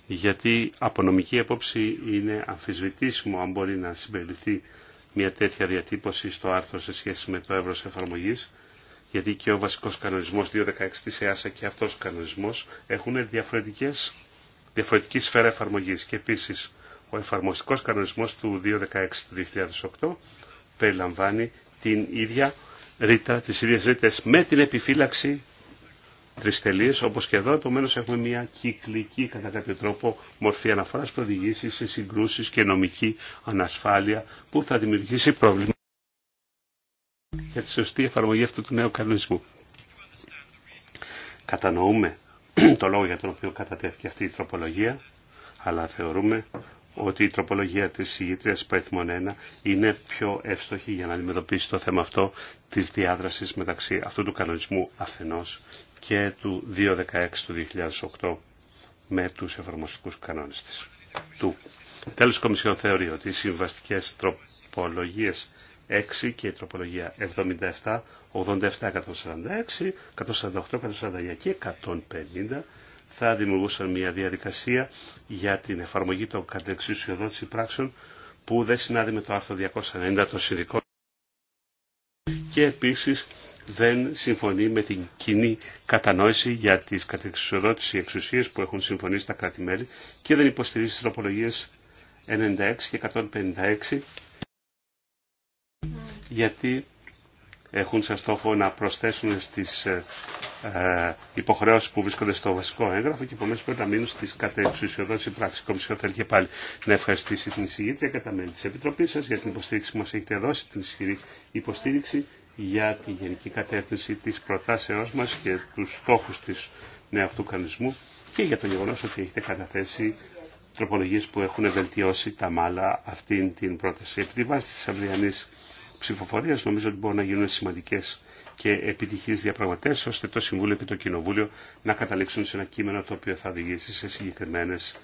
B: γιατί από νομική απόψη είναι αμφισβητήσιμο αν μπορεί να συμπεριληφθεί μια τέτοια διατύπωση στο άρθρο σε σχέση με το εύρο εφαρμογή, γιατί και ο βασικό κανονισμό 2.16 τη ΕΑΣΑ και αυτό ο κανονισμό έχουν διαφορετικές, διαφορετική σφαίρα εφαρμογή και επίση. Ο εφαρμοστικός κανονισμός του 216 του 2008 περιλαμβάνει την ίδια ρήτα, τις ίδιες ρήτες με την επιφύλαξη τριστελείς, όπως και εδώ. Επομένως έχουμε μια κυκλική κατά κάποιο τρόπο μορφή αναφοράς που οδηγήσει σε συγκρούσεις και νομική ανασφάλεια που θα δημιουργήσει πρόβλημα για τη σωστή εφαρμογή αυτού του νέου κανονισμού. Κατανοούμε το λόγο για τον οποίο κατατέθηκε αυτή η τροπολογία, αλλά θεωρούμε ότι η τροπολογία της ηγητρίας Παϊθμών 1 είναι πιο εύστοχη για να αντιμετωπίσει το θέμα αυτό της διάδρασης μεταξύ αυτού του κανονισμού αφενός και του 2.16 του 2008 με τους εφαρμοστικούς κανόνες της. Του. Τέλος η Κομισιόν θεωρεί ότι οι συμβαστικές τροπολογίες 6 και η τροπολογία 77, 87, 146, 148, 149 και 150 θα δημιουργούσαν μια διαδικασία για την εφαρμογή των κατεξουσιοδότηση πράξεων που δεν συνάδει με το άρθρο 290 των συνδικών και επίσης δεν συμφωνεί με την κοινή κατανόηση για τις κατεξουσιοδότηση εξουσίες που έχουν συμφωνήσει τα κράτη-μέλη και δεν υποστηρίζει τις τροπολογίες 96 και 156 γιατί έχουν σαν στόχο να προσθέσουν στις ε, ε, υποχρεώσει που βρίσκονται στο βασικό έγγραφο και πολλέ πρέπει να μείνουν στι και πράξη. Η Κομισιό θέλει και πάλι να ευχαριστήσει την εισηγήτρια κατά μέλη τη Επιτροπή σα για την υποστήριξη που μα έχετε δώσει, την ισχυρή υποστήριξη για τη γενική κατεύθυνση τη προτάσεώ μα και του στόχου τη Νέα αυτού κανονισμού και για το γεγονό ότι έχετε καταθέσει τροπολογίε που έχουν βελτιώσει τα μάλα αυτήν την πρόταση. Επειδή βάσει τη αυριανή ψηφοφορία νομίζω ότι μπορούν να γίνουν σημαντικέ και επιτυχής διαπραγματεύσει ώστε το Συμβούλιο και το Κοινοβούλιο να καταλήξουν σε ένα κείμενο το οποίο θα οδηγήσει σε συγκεκριμένες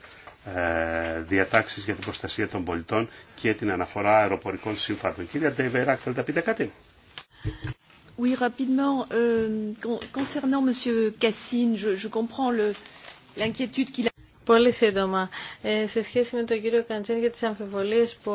B: ε, διατάξεις για την προστασία των πολιτών και την αναφορά αεροπορικών συμφάτων. Κύριε Ντέιβερα, θέλετε να πείτε κάτι.
D: Oui, rapidement, euh, concernant Cassine, je, je comprends
F: l'inquiétude qu'il Πολύ σύντομα. Ε, σε σχέση με τον κύριο Καντζέν για τις αμφιβολίες που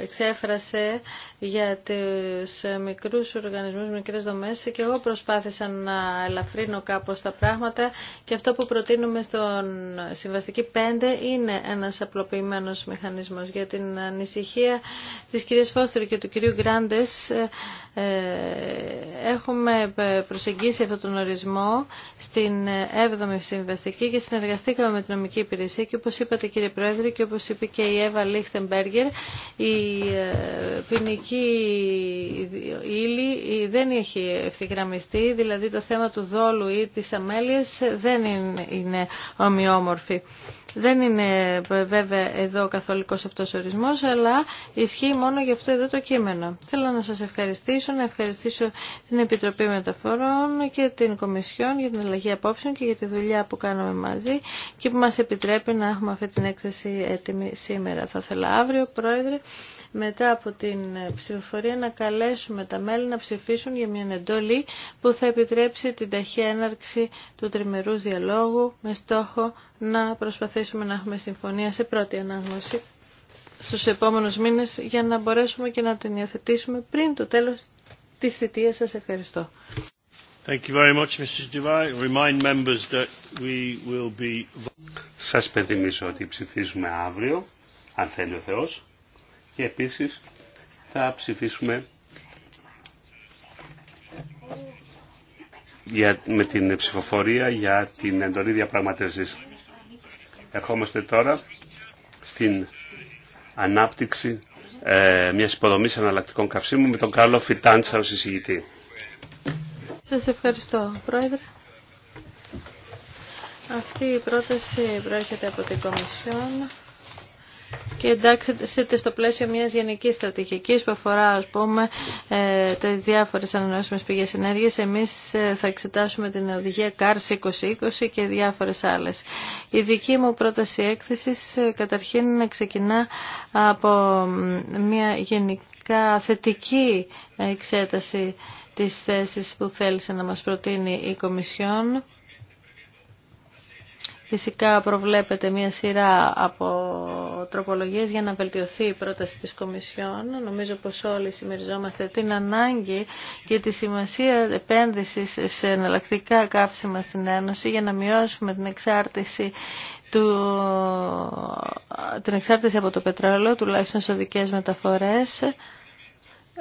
F: εξέφρασε για τους μικρούς οργανισμούς, μικρές δομές και εγώ προσπάθησα να ελαφρύνω κάπως τα πράγματα και αυτό που προτείνουμε στον Συμβαστική 5 είναι ένας απλοποιημένος μηχανισμός για την ανησυχία της κυρίας Φώστερ και του κυρίου Γκράντες ε, ε, έχουμε προσεγγίσει αυτόν τον ορισμό στην 7η Συμβαστική και συνεργαστήκαμε με αστυνομική υπηρεσία και όπως είπατε κύριε Πρόεδρε και όπως είπε και η Εύα Λίχτεμπέργκερ η ε, ποινική ύλη δεν έχει ευθυγραμμιστεί δηλαδή το θέμα του δόλου ή της αμέλειας δεν είναι ομοιόμορφη. Δεν είναι ε, βέβαια εδώ καθολικός αυτός ο ορισμός, αλλά ισχύει μόνο για αυτό εδώ το κείμενο. Θέλω να σας ευχαριστήσω, να ευχαριστήσω την Επιτροπή Μεταφορών και την Κομισιόν για την αλλαγή απόψεων και για τη δουλειά που κάνουμε μαζί και που μας επιτρέπει να έχουμε αυτή την έκθεση έτοιμη σήμερα. Θα ήθελα αύριο, Πρόεδρε, μετά από την ψηφοφορία να καλέσουμε τα μέλη να ψηφίσουν για μια εντολή που θα επιτρέψει την ταχύα έναρξη του τριμερού διαλόγου με στόχο να προσπαθήσουμε να έχουμε συμφωνία σε πρώτη ανάγνωση στους επόμενους μήνες για να μπορέσουμε και να την υιοθετήσουμε πριν το τέλος της θητείας σας. Ευχαριστώ.
B: Thank you very much, Mrs. Remind will be... Σας πενθυμίζω ότι ψηφίζουμε αύριο, αν θέλει ο Θεός και επίσης θα ψηφίσουμε για, με την ψηφοφορία για την εντολή διαπραγματεύσει. Ερχόμαστε τώρα στην ανάπτυξη ε, μιας υποδομής αναλλακτικών καυσίμων με τον Κάρλο Φιτάντσα ως εισηγητή.
F: Σας ευχαριστώ, Πρόεδρε. Αυτή η πρόταση προέρχεται από την Κομισιόν και εντάξετε στο πλαίσιο μια γενικής στρατηγική που αφορά α πούμε ε, τα ανανεώσιμε πηγέ πηγές ενέργειας. Εμείς ε, θα εξετάσουμε την οδηγία CARS 2020 και διάφορες άλλες. Η δική μου πρόταση έκθεσης ε, καταρχήν να ξεκινά από μια γενικά θετική εξέταση της θέσης που θέλησε να μας προτείνει η Κομισιόν Φυσικά προβλέπεται μια σειρά από τροπολογίες για να βελτιωθεί η πρόταση της Κομισιόν. Νομίζω πως όλοι συμμεριζόμαστε την ανάγκη και τη σημασία επένδυσης σε εναλλακτικά κάψιμα στην Ένωση για να μειώσουμε την εξάρτηση του, την εξάρτηση από το πετρέλαιο, τουλάχιστον σε οδικές μεταφορές,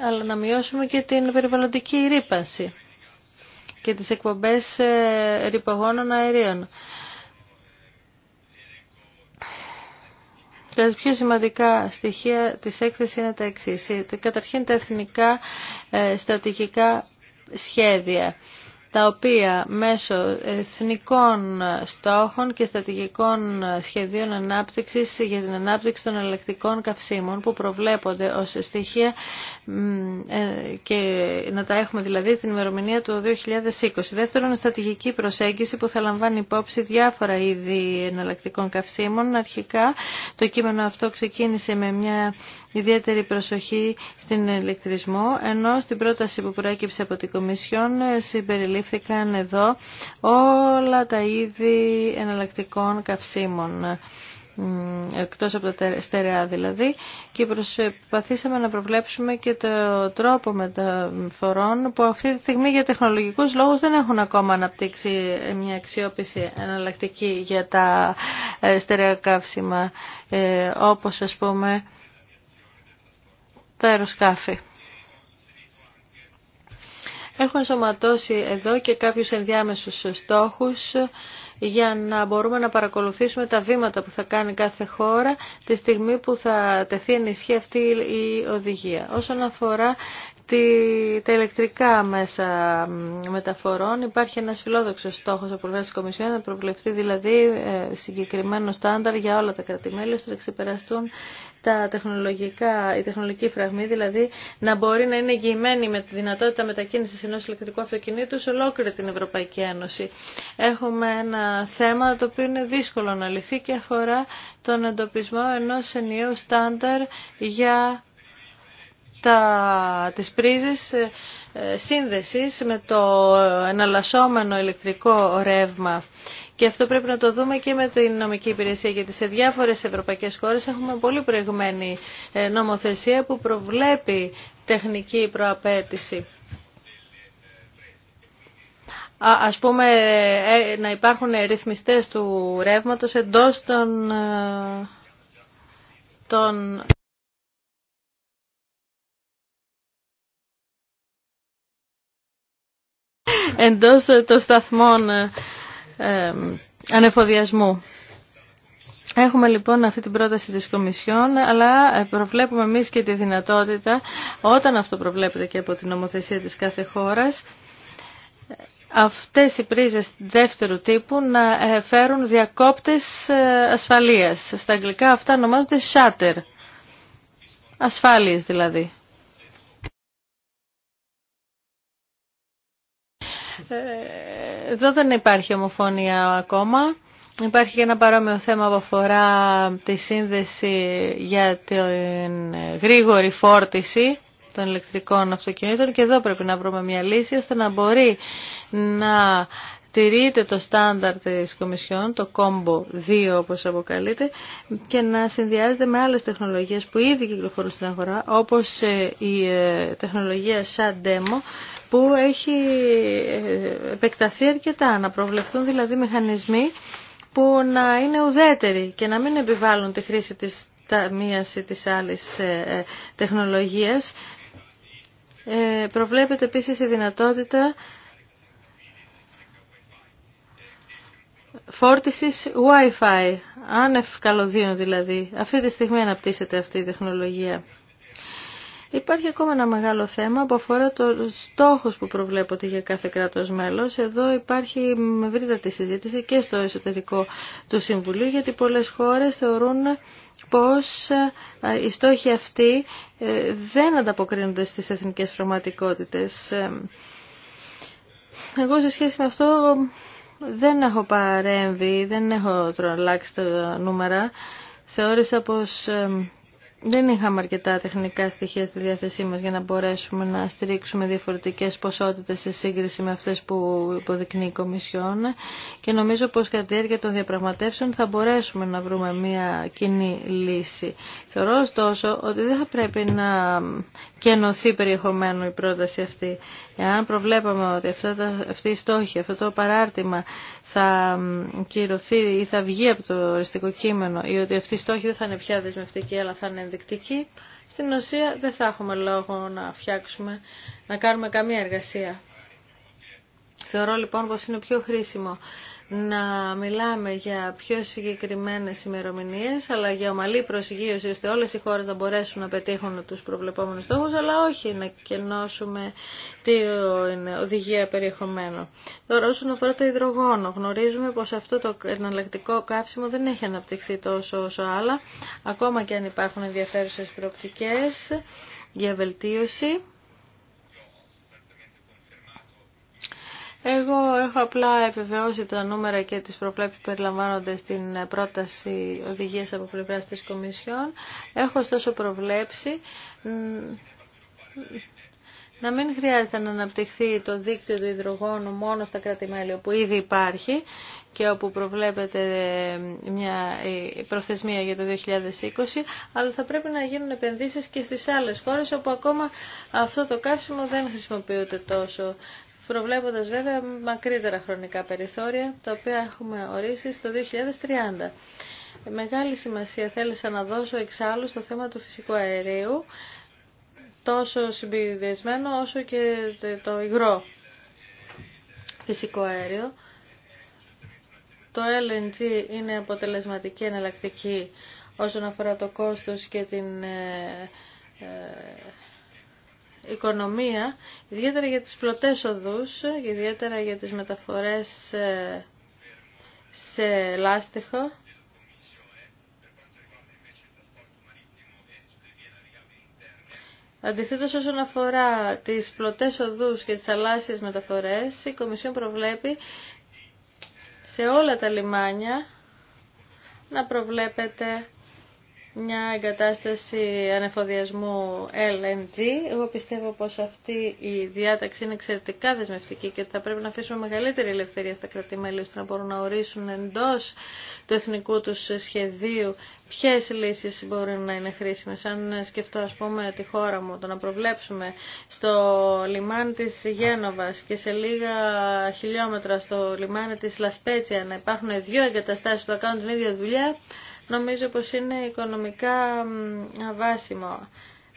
F: αλλά να μειώσουμε και την περιβαλλοντική ρήπανση και τις εκπομπές ε, ρηπογόνων αερίων. Τα πιο σημαντικά στοιχεία της έκθεσης είναι τα εξής. Ε, καταρχήν τα εθνικά ε, στρατηγικά σχέδια τα οποία μέσω εθνικών στόχων και στρατηγικών σχεδίων ανάπτυξης για την ανάπτυξη των ελεκτικών καυσίμων που προβλέπονται ως στοιχεία ε, και να τα έχουμε δηλαδή στην ημερομηνία του 2020. Δεύτερον, στρατηγική προσέγγιση που θα λαμβάνει υπόψη διάφορα είδη εναλλακτικών καυσίμων. Αρχικά το κείμενο αυτό ξεκίνησε με μια ιδιαίτερη προσοχή στην ηλεκτρισμό, ενώ στην πρόταση που προέκυψε από την Κομισιόν ε, συμπεριλήφθηκε συλλήφθηκαν εδώ όλα τα είδη εναλλακτικών καυσίμων εκτός από τα στερεά δηλαδή και προσπαθήσαμε να προβλέψουμε και το τρόπο μεταφορών που αυτή τη στιγμή για τεχνολογικούς λόγους δεν έχουν ακόμα αναπτύξει μια αξιόπιση εναλλακτική για τα ε, στερεά καύσιμα ε, όπως ας πούμε τα αεροσκάφη. Έχω ενσωματώσει εδώ και κάποιους ενδιάμεσους στόχους για να μπορούμε να παρακολουθήσουμε τα βήματα που θα κάνει κάθε χώρα τη στιγμή που θα τεθεί ενισχύ αυτή η οδηγία. Όσον αφορά τη, τα ηλεκτρικά μέσα μεταφορών υπάρχει ένας φιλόδοξος στόχος από πλευράς της Κομισιόν να προβλεφθεί δηλαδή ε, συγκεκριμένο στάνταρ για όλα τα κρατημέλη ώστε να ξεπεραστούν τα τεχνολογικά, η τεχνολογική φραγμή, δηλαδή να μπορεί να είναι εγγυημένη με τη δυνατότητα μετακίνησης ενός ηλεκτρικού αυτοκινήτου σε ολόκληρη την Ευρωπαϊκή Ένωση. Έχουμε ένα θέμα το οποίο είναι δύσκολο να λυθεί και αφορά τον εντοπισμό ενός ενιαίου στάνταρ για τα, τις πρίζες ε, ε, σύνδεσης με το εναλλασσόμενο ηλεκτρικό ρεύμα. Και αυτό πρέπει να το δούμε και με την νομική υπηρεσία, γιατί σε διάφορες ευρωπαϊκές χώρες έχουμε πολύ προηγμένη ε, νομοθεσία που προβλέπει τεχνική προαπέτηση. Α, ας πούμε να υπάρχουν ρυθμιστές του ρεύματος εντός των, των εντός ε, των σταθμών ε, ε, ανεφοδιασμού. Έχουμε λοιπόν αυτή την πρόταση της Κομισιόν, αλλά προβλέπουμε εμείς και τη δυνατότητα, όταν αυτό προβλέπεται και από την νομοθεσία της κάθε χώρας, αυτές οι πρίζες δεύτερου τύπου να φέρουν διακόπτες ασφαλείας. Στα αγγλικά αυτά ονομάζονται shutter, ασφάλειες δηλαδή. Ε, εδώ δεν υπάρχει ομοφωνία ακόμα. Υπάρχει και ένα παρόμοιο θέμα που αφορά τη σύνδεση για την γρήγορη φόρτιση των ηλεκτρικών αυτοκινήτων και εδώ πρέπει να βρούμε μια λύση ώστε να μπορεί να τηρείται το στάνταρ της Κομισιόν, το κόμπο 2 όπως αποκαλείται, και να συνδυάζεται με άλλες τεχνολογίες που ήδη κυκλοφορούν στην αγορά, όπως η ε, τεχνολογία σαν demo, που έχει ε, επεκταθεί αρκετά, να προβλεφθούν δηλαδή μηχανισμοί που να είναι ουδέτεροι και να μην επιβάλλουν τη χρήση της μίας ή της άλλης ε, ε, τεχνολογίας. Προβλέπεται επίσης η δυνατότητα φόρτισης Wi-Fi, άνευ καλωδίων δηλαδή. Αυτή τη στιγμή αναπτύσσεται αυτή η τεχνολογία. Υπάρχει ακόμα ένα μεγάλο θέμα που αφορά το στόχος που προβλέπονται για κάθε κράτος μέλος. Εδώ υπάρχει ευρύτατη συζήτηση και στο εσωτερικό του Συμβουλίου, γιατί πολλές χώρες θεωρούν πως ε, οι στόχοι αυτοί ε, δεν ανταποκρίνονται στις εθνικές πραγματικότητες. Ε, εγώ σε σχέση με αυτό δεν έχω παρέμβει, δεν έχω αλλάξει τα νούμερα. Θεώρησα πως δεν είχαμε αρκετά τεχνικά στοιχεία στη διάθεσή μας για να μπορέσουμε να στηρίξουμε διαφορετικές ποσότητες σε σύγκριση με αυτές που υποδεικνύει η Κομισιόν και νομίζω πως κατά τη διάρκεια των διαπραγματεύσεων θα μπορέσουμε να βρούμε μια κοινή λύση. Θεωρώ ωστόσο ότι δεν θα πρέπει να κενωθεί περιεχομένου η πρόταση αυτή. Εάν προβλέπαμε ότι αυτή η στόχη, αυτό το παράρτημα θα κυρωθεί ή θα βγει από το οριστικό κείμενο ή ότι αυτή η στόχη δεν θα είναι πια δεσμευτική αλλά θα είναι ενδεικτική, στην ουσία δεν θα έχουμε λόγο να φτιάξουμε, να κάνουμε καμία εργασία. Θεωρώ λοιπόν πως είναι πιο χρήσιμο να μιλάμε για πιο συγκεκριμένες ημερομηνίε, αλλά για ομαλή προσγείωση ώστε όλες οι χώρες να μπορέσουν να πετύχουν τους προβλεπόμενους στόχους, αλλά όχι να κενώσουμε είναι οδηγία περιεχομένου. Τώρα όσον αφορά το υδρογόνο, γνωρίζουμε πως αυτό το εναλλακτικό κάψιμο δεν έχει αναπτυχθεί τόσο όσο άλλα, ακόμα και αν υπάρχουν ενδιαφέρουσες προοπτικές για βελτίωση. Εγώ έχω απλά επιβεβαιώσει τα νούμερα και τις προβλέψεις που περιλαμβάνονται στην πρόταση οδηγίας από πλευράς της Κομισιόν. Έχω ωστόσο προβλέψει να μην χρειάζεται να αναπτυχθεί το δίκτυο του υδρογόνου μόνο στα κράτη-μέλη όπου ήδη υπάρχει και όπου προβλέπεται μια προθεσμία για το 2020, αλλά θα πρέπει να γίνουν επενδύσεις και στις άλλες χώρες όπου ακόμα αυτό το κάψιμο δεν χρησιμοποιούνται τόσο προβλέποντας βέβαια μακρύτερα χρονικά περιθώρια, τα οποία έχουμε ορίσει στο 2030. Μεγάλη σημασία θέλησα να δώσω εξάλλου στο θέμα του φυσικού αερίου, τόσο συμπιδεσμένο όσο και το υγρό φυσικό αέριο. Το LNG είναι αποτελεσματική εναλλακτική όσον αφορά το κόστος και την ε, ε, οικονομία, ιδιαίτερα για τις πλωτές οδούς, ιδιαίτερα για τις μεταφορές ε, σε λάστιχο. Αντιθέτως όσον αφορά τις πλωτές οδούς και τις θαλάσσιες μεταφορές, η Κομισιόν προβλέπει σε όλα τα λιμάνια να προβλέπεται μια εγκατάσταση ανεφοδιασμού LNG. Εγώ πιστεύω πως αυτή η διάταξη είναι εξαιρετικά δεσμευτική και θα πρέπει να αφήσουμε μεγαλύτερη ελευθερία στα κρατημέλη ώστε να μπορούν να ορίσουν εντός του εθνικού τους σχεδίου ποιε λύσεις μπορούν να είναι χρήσιμες. Αν σκεφτώ α πούμε τη χώρα μου, το να προβλέψουμε στο λιμάνι τη Γένοβας και σε λίγα χιλιόμετρα στο λιμάνι τη Λασπέτσια να υπάρχουν δύο εγκαταστάσει που θα κάνουν την ίδια δουλειά, νομίζω πως είναι οικονομικά αβάσιμο,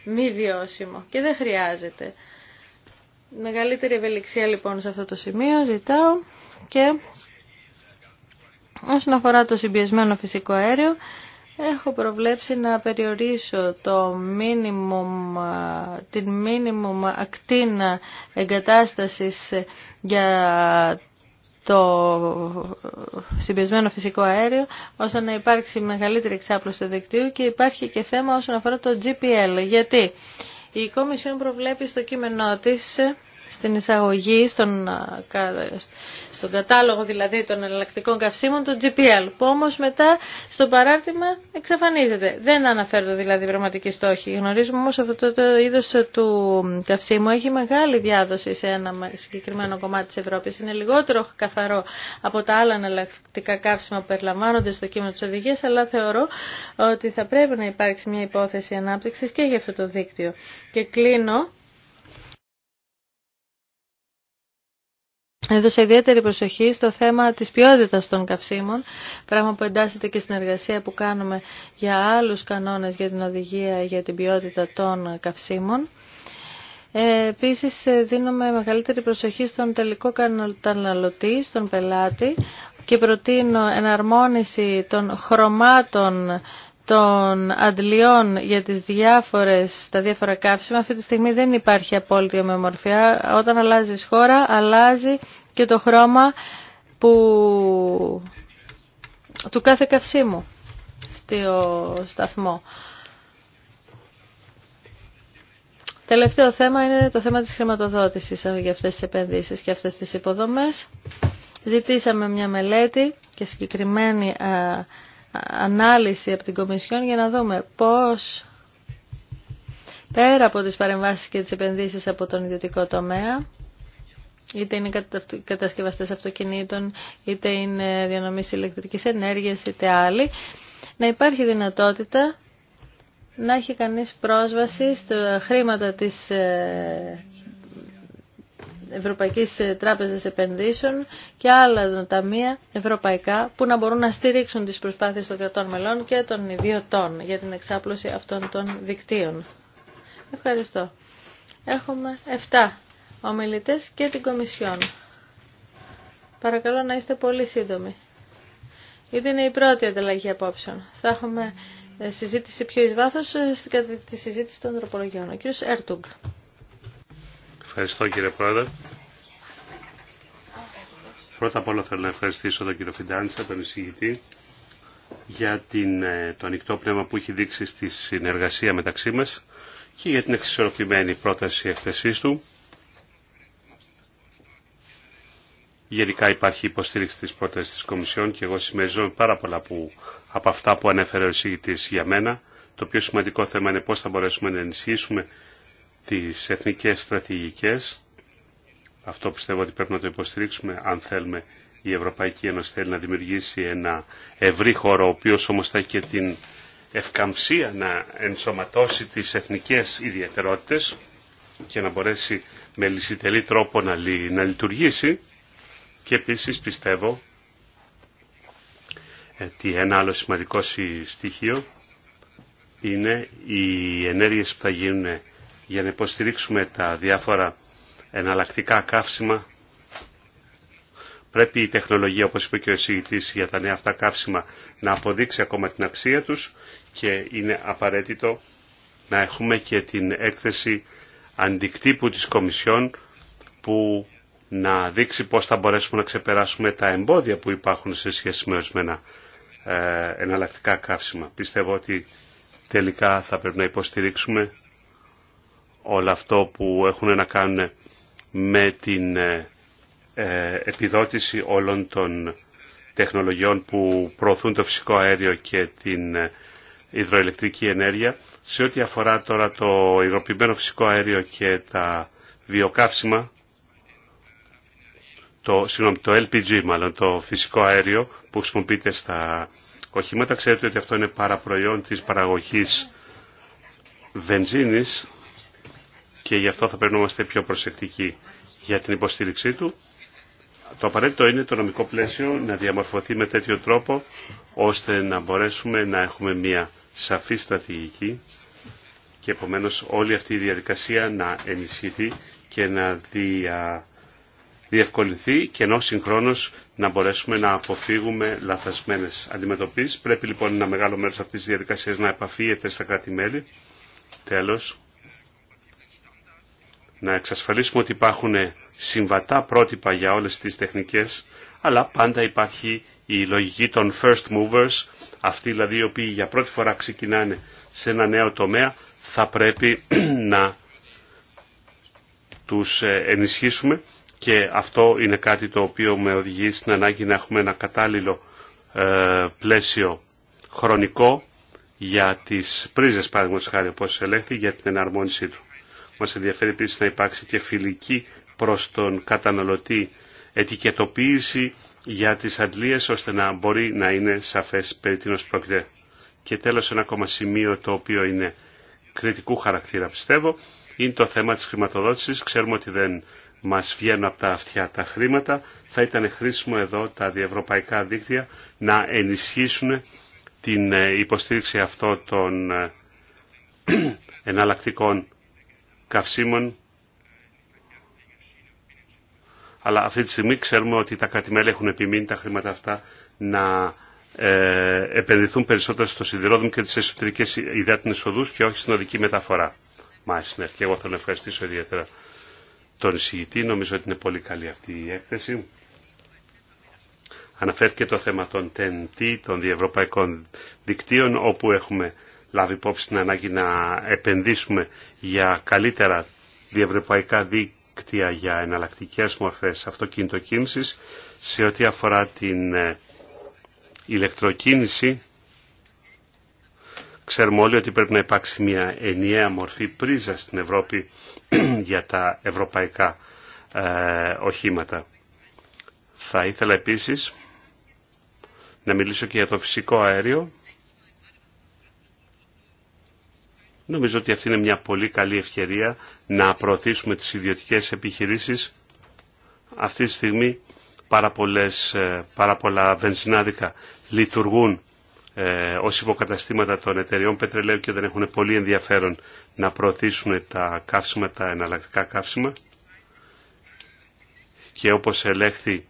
F: μη βιώσιμο και δεν χρειάζεται. Μεγαλύτερη ευελιξία λοιπόν σε αυτό το σημείο ζητάω και όσον αφορά το συμπιεσμένο φυσικό αέριο έχω προβλέψει να περιορίσω το minimum, την μίνιμουμ ακτίνα εγκατάστασης για το συμπιεσμένο φυσικό αέριο ώστε να υπάρξει μεγαλύτερη εξάπλωση του δικτύου και υπάρχει και θέμα όσον αφορά το GPL. Γιατί η Κομισιόν προβλέπει στο κείμενό της στην εισαγωγή, στον, στον κατάλογο δηλαδή των εναλλακτικών καυσίμων, το GPL, που όμως μετά στο παράρτημα εξαφανίζεται. Δεν αναφέρονται δηλαδή πραγματικοί στόχοι. Γνωρίζουμε όμως αυτό το, το είδος του καυσίμου έχει μεγάλη διάδοση σε ένα συγκεκριμένο κομμάτι της Ευρώπης. Είναι λιγότερο καθαρό από τα άλλα εναλλακτικά καύσιμα που περιλαμβάνονται στο κείμενο της οδηγίας, αλλά θεωρώ ότι θα πρέπει να υπάρξει μια υπόθεση ανάπτυξης και για αυτό το δίκτυο. Και κλείνω έδωσε ιδιαίτερη προσοχή στο θέμα της ποιότητας των καυσίμων, πράγμα που εντάσσεται και στην εργασία που κάνουμε για άλλους κανόνες για την οδηγία για την ποιότητα των καυσίμων. Ε, επίσης δίνουμε μεγαλύτερη προσοχή στον τελικό καταναλωτή, στον πελάτη και προτείνω εναρμόνιση των χρωμάτων των αντλειών για τις διάφορες, τα διάφορα καύσιμα αυτή τη στιγμή δεν υπάρχει απόλυτη ομοιομορφία. Όταν αλλάζει χώρα αλλάζει και το χρώμα που... του κάθε καυσίμου στο σταθμό. Τελευταίο θέμα είναι το θέμα της χρηματοδότησης για αυτές τις επενδύσεις και αυτές τις υποδομές. Ζητήσαμε μια μελέτη και συγκεκριμένη ανάλυση από την Κομισιόν για να δούμε πώς πέρα από τις παρεμβάσεις και τις επενδύσεις από τον ιδιωτικό τομέα, είτε είναι κατασκευαστές αυτοκινήτων, είτε είναι διανομής ηλεκτρικής ενέργειας, είτε άλλοι, να υπάρχει δυνατότητα να έχει κανείς πρόσβαση στα χρήματα της ε, Ευρωπαϊκής ε, Τράπεζας Επενδύσεων και άλλα ταμεία ευρωπαϊκά που να μπορούν να στηρίξουν τις προσπάθειες των κρατών μελών και των ιδιωτών για την εξάπλωση αυτών των δικτύων. Ευχαριστώ. Έχουμε 7 ομιλητές και την Κομισιόν. Παρακαλώ να είστε πολύ σύντομοι. Ήδη είναι η πρώτη ανταλλαγή απόψεων. Θα έχουμε ε, συζήτηση πιο εις βάθος ε, κατά τη συζήτηση των τροπολογιών. Ο κύριος Έρτουγκ.
B: Ευχαριστώ κύριε Πρόεδρε. Πρώτα απ' όλα θέλω να ευχαριστήσω τον κύριο Φιντάντσα, τον εισηγητή, για την, ε, το ανοιχτό πνεύμα που έχει δείξει στη συνεργασία μεταξύ μας και για την εξισορροπημένη πρόταση ευθεσής του. Γενικά υπάρχει υποστήριξη της πρότασης της Κομισιόν και εγώ συμμεριζόμαι πάρα πολλά που, από αυτά που ανέφερε ο εισηγητής για μένα. Το πιο σημαντικό θέμα είναι πώς θα μπορέσουμε να ενισχύσουμε τις εθνικές στρατηγικές. Αυτό πιστεύω ότι πρέπει να το υποστηρίξουμε αν θέλουμε η Ευρωπαϊκή Ένωση θέλει να δημιουργήσει ένα ευρύ χώρο ο οποίος όμως θα έχει και την ευκαμψία να ενσωματώσει τις εθνικές ιδιαιτερότητες και να μπορέσει με λυσιτελή τρόπο να, λειτουργήσει και επίσης πιστεύω ότι ε, ένα άλλο σημαντικό στοιχείο είναι οι ενέργειες που θα γίνουν για να υποστηρίξουμε τα διάφορα εναλλακτικά καύσιμα. Πρέπει η τεχνολογία, όπως είπε και ο εισηγητής για τα νέα αυτά καύσιμα, να αποδείξει ακόμα την αξία τους και είναι απαραίτητο να έχουμε και την έκθεση αντικτύπου της Κομισιόν που να δείξει πώς θα μπορέσουμε να ξεπεράσουμε τα εμπόδια που υπάρχουν σε σχέση με ορισμένα ε, εναλλακτικά καύσιμα. Πιστεύω ότι τελικά θα πρέπει να υποστηρίξουμε όλο αυτό που έχουν να κάνουν με την ε, ε, επιδότηση όλων των τεχνολογιών που προωθούν το φυσικό αέριο και την ε, υδροελεκτρική ενέργεια. Σε ό,τι αφορά τώρα το υγροποιημένο φυσικό αέριο και τα βιοκαύσιμα, το, συγγνώμη, το LPG μάλλον, το φυσικό αέριο που χρησιμοποιείται στα οχήματα, ξέρετε ότι αυτό είναι παραπροϊόν της παραγωγής βενζίνης και γι' αυτό θα πρέπει να είμαστε πιο προσεκτικοί για την υποστήριξή του. Το απαραίτητο είναι το νομικό πλαίσιο να διαμορφωθεί με τέτοιο τρόπο ώστε να μπορέσουμε να έχουμε μια σαφή στρατηγική και επομένως όλη αυτή η διαδικασία να ενισχυθεί και να δια... διευκολυνθεί και ενώ συγχρόνως να μπορέσουμε να αποφύγουμε λαθασμένες αντιμετωπίσεις. Πρέπει λοιπόν ένα μεγάλο μέρος αυτής της διαδικασίας να επαφείεται στα κράτη-μέλη. Τέλος, να εξασφαλίσουμε ότι υπάρχουν συμβατά πρότυπα για όλες τις τεχνικές, αλλά πάντα υπάρχει η λογική των first movers, αυτοί δηλαδή οι οποίοι για πρώτη φορά ξεκινάνε σε ένα νέο τομέα, θα πρέπει να τους ε, ενισχύσουμε και αυτό είναι κάτι το οποίο με οδηγεί στην ανάγκη να έχουμε ένα κατάλληλο ε, πλαίσιο χρονικό για τις πρίζες, παραδείγματος χάρη, όπως ελέγχθη, για την εναρμόνισή του. Μας ενδιαφέρει επίσης να υπάρξει και φιλική προς τον καταναλωτή ετικετοποίηση για τις αντλίες ώστε να μπορεί να είναι σαφές περί τίνος πρόκειται. Και τέλος ένα ακόμα σημείο το οποίο είναι κριτικού χαρακτήρα πιστεύω είναι το θέμα της χρηματοδότησης. Ξέρουμε ότι δεν μας βγαίνουν από τα αυτιά τα χρήματα. Θα ήταν χρήσιμο εδώ τα διευρωπαϊκά δίκτυα να ενισχύσουν την ε, υποστήριξη αυτών των ε, εναλλακτικών καυσίμων. Αλλά αυτή τη στιγμή ξέρουμε ότι τα κρατημέλη έχουν επιμείνει τα χρήματα αυτά να ε, επενδυθούν περισσότερο στο σιδηρόδρομο και τις εσωτερικές υδάτινες οδούς και όχι στην οδική μεταφορά. Μάλιστα, ναι. και εγώ θέλω να ευχαριστήσω ιδιαίτερα τον εισηγητή. Νομίζω ότι είναι πολύ καλή αυτή η έκθεση. Αναφέρθηκε το θέμα των TNT, των διευρωπαϊκών δικτύων, όπου έχουμε λάβει υπόψη την ανάγκη να επενδύσουμε για καλύτερα διευρωπαϊκά δίκτυα για εναλλακτικές μορφές αυτοκινητοκίνησης σε ό,τι αφορά την ε, ηλεκτροκίνηση Ξέρουμε όλοι ότι πρέπει να υπάρξει μια ενιαία μορφή πρίζα στην Ευρώπη για τα ευρωπαϊκά ε, οχήματα. Θα ήθελα επίσης να μιλήσω και για το φυσικό αέριο. Νομίζω ότι αυτή είναι μια πολύ καλή ευκαιρία να προωθήσουμε τις ιδιωτικές επιχειρήσεις. Αυτή τη στιγμή πάρα, πολλές, ε, πολλά βενζινάδικα λειτουργούν ε, ως υποκαταστήματα των εταιριών πετρελαίου και δεν έχουν πολύ ενδιαφέρον να προωθήσουν τα καύσιμα, τα εναλλακτικά καύσιμα. Και όπως ελέγχθη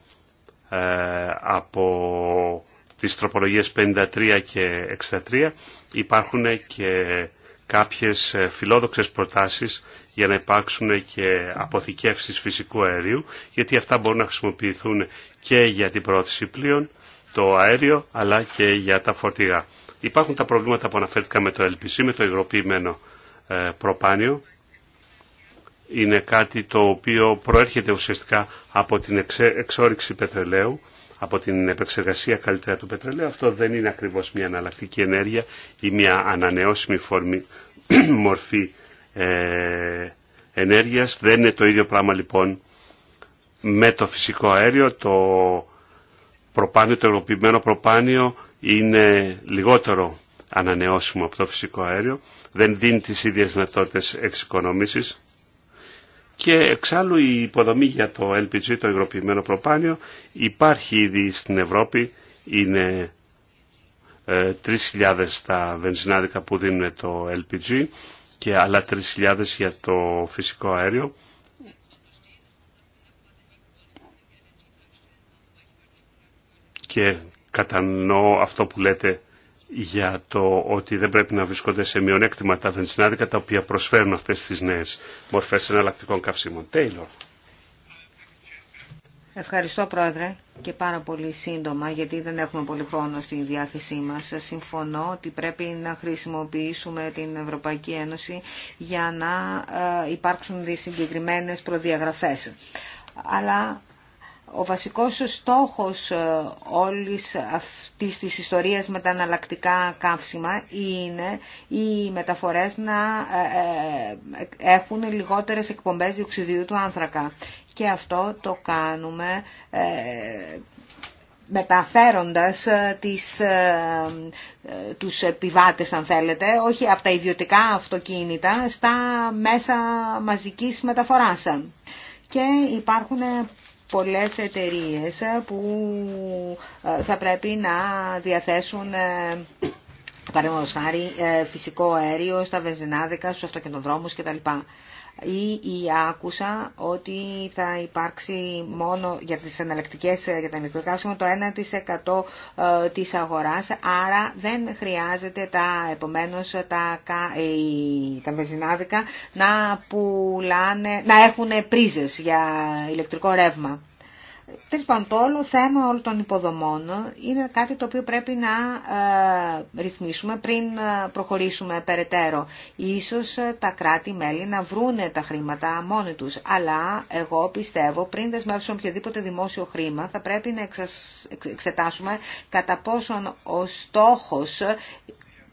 B: ε, από τις τροπολογίες 53 και 63 υπάρχουν και κάποιες ε, φιλόδοξες προτάσεις για να υπάρξουν και αποθηκεύσεις φυσικού αερίου, γιατί αυτά μπορούν να χρησιμοποιηθούν και για την πρόθεση πλοίων, το αέριο, αλλά και για τα φορτηγά. Υπάρχουν τα προβλήματα που αναφέρθηκα με το LPC, με το υγροποιημένο ε, προπάνιο. Είναι κάτι το οποίο προέρχεται ουσιαστικά από την εξόριξη πετρελαίου από την επεξεργασία καλύτερα του πετρελαίου. Αυτό δεν είναι ακριβώς μια αναλλακτική ενέργεια ή μια ανανεώσιμη μορφή ε, ενέργειας. Δεν είναι το ίδιο πράγμα λοιπόν με το φυσικό αέριο. Το προπάνιο, το ευρωποιημένο προπάνιο είναι λιγότερο ανανεώσιμο από το φυσικό αέριο. Δεν δίνει τις ίδιες δυνατότητες εξοικονόμησης. Και εξάλλου η υποδομή για το LPG, το υγροποιημένο προπάνιο, υπάρχει ήδη στην Ευρώπη, είναι 3.000 ε, τα βενζινάδικα που δίνουν το LPG και άλλα 3.000 για το φυσικό αέριο. Και κατανοώ αυτό που λέτε για το ότι δεν πρέπει να βρισκόνται σε μειονέκτημα τα βενζινάδικα τα οποία προσφέρουν αυτές τις νέες μορφές εναλλακτικών καυσίμων. Τέιλορ.
C: Ευχαριστώ Πρόεδρε και πάρα πολύ σύντομα γιατί δεν έχουμε πολύ χρόνο στη διάθεσή μας. Συμφωνώ ότι πρέπει να χρησιμοποιήσουμε την Ευρωπαϊκή Ένωση για να ε, υπάρξουν συγκεκριμένες προδιαγραφές. Αλλά ο βασικός στόχος ε, όλης αυτής της ιστορίας με τα αναλλακτικά καύσιμα είναι οι μεταφορές να ε, ε, έχουν λιγότερες εκπομπές διοξιδίου του άνθρακα. Και αυτό το κάνουμε μεταφέροντας τις, τους επιβάτες, αν θέλετε, όχι από τα ιδιωτικά αυτοκίνητα, στα μέσα μαζικής μεταφοράς. Και υπάρχουν πολλές εταιρείες που ε, θα πρέπει να διαθέσουν ε, παραδείγματος χάρη ε, φυσικό αέριο στα βενζινάδικα, στους αυτοκινοδρόμους κτλ ή, ή άκουσα ότι θα υπάρξει μόνο για τις εναλλακτικές για τα μικροκαύσιμα το 1% ε, της αγοράς, άρα δεν χρειάζεται τα επομένως τα, ε, τα βεζινάδικα να, πουλάνε, να έχουν πρίζες για ηλεκτρικό ρεύμα. Τέλο πάντων, το όλο θέμα όλων των υποδομών είναι κάτι το οποίο πρέπει να ε, ρυθμίσουμε πριν ε, προχωρήσουμε περαιτέρω. Ίσως ε, τα κράτη-μέλη να βρούνε τα χρήματα μόνοι τους, αλλά εγώ πιστεύω πριν δεσμεύσουμε οποιοδήποτε δημόσιο χρήμα θα πρέπει να εξετάσουμε κατά πόσον ο στόχος,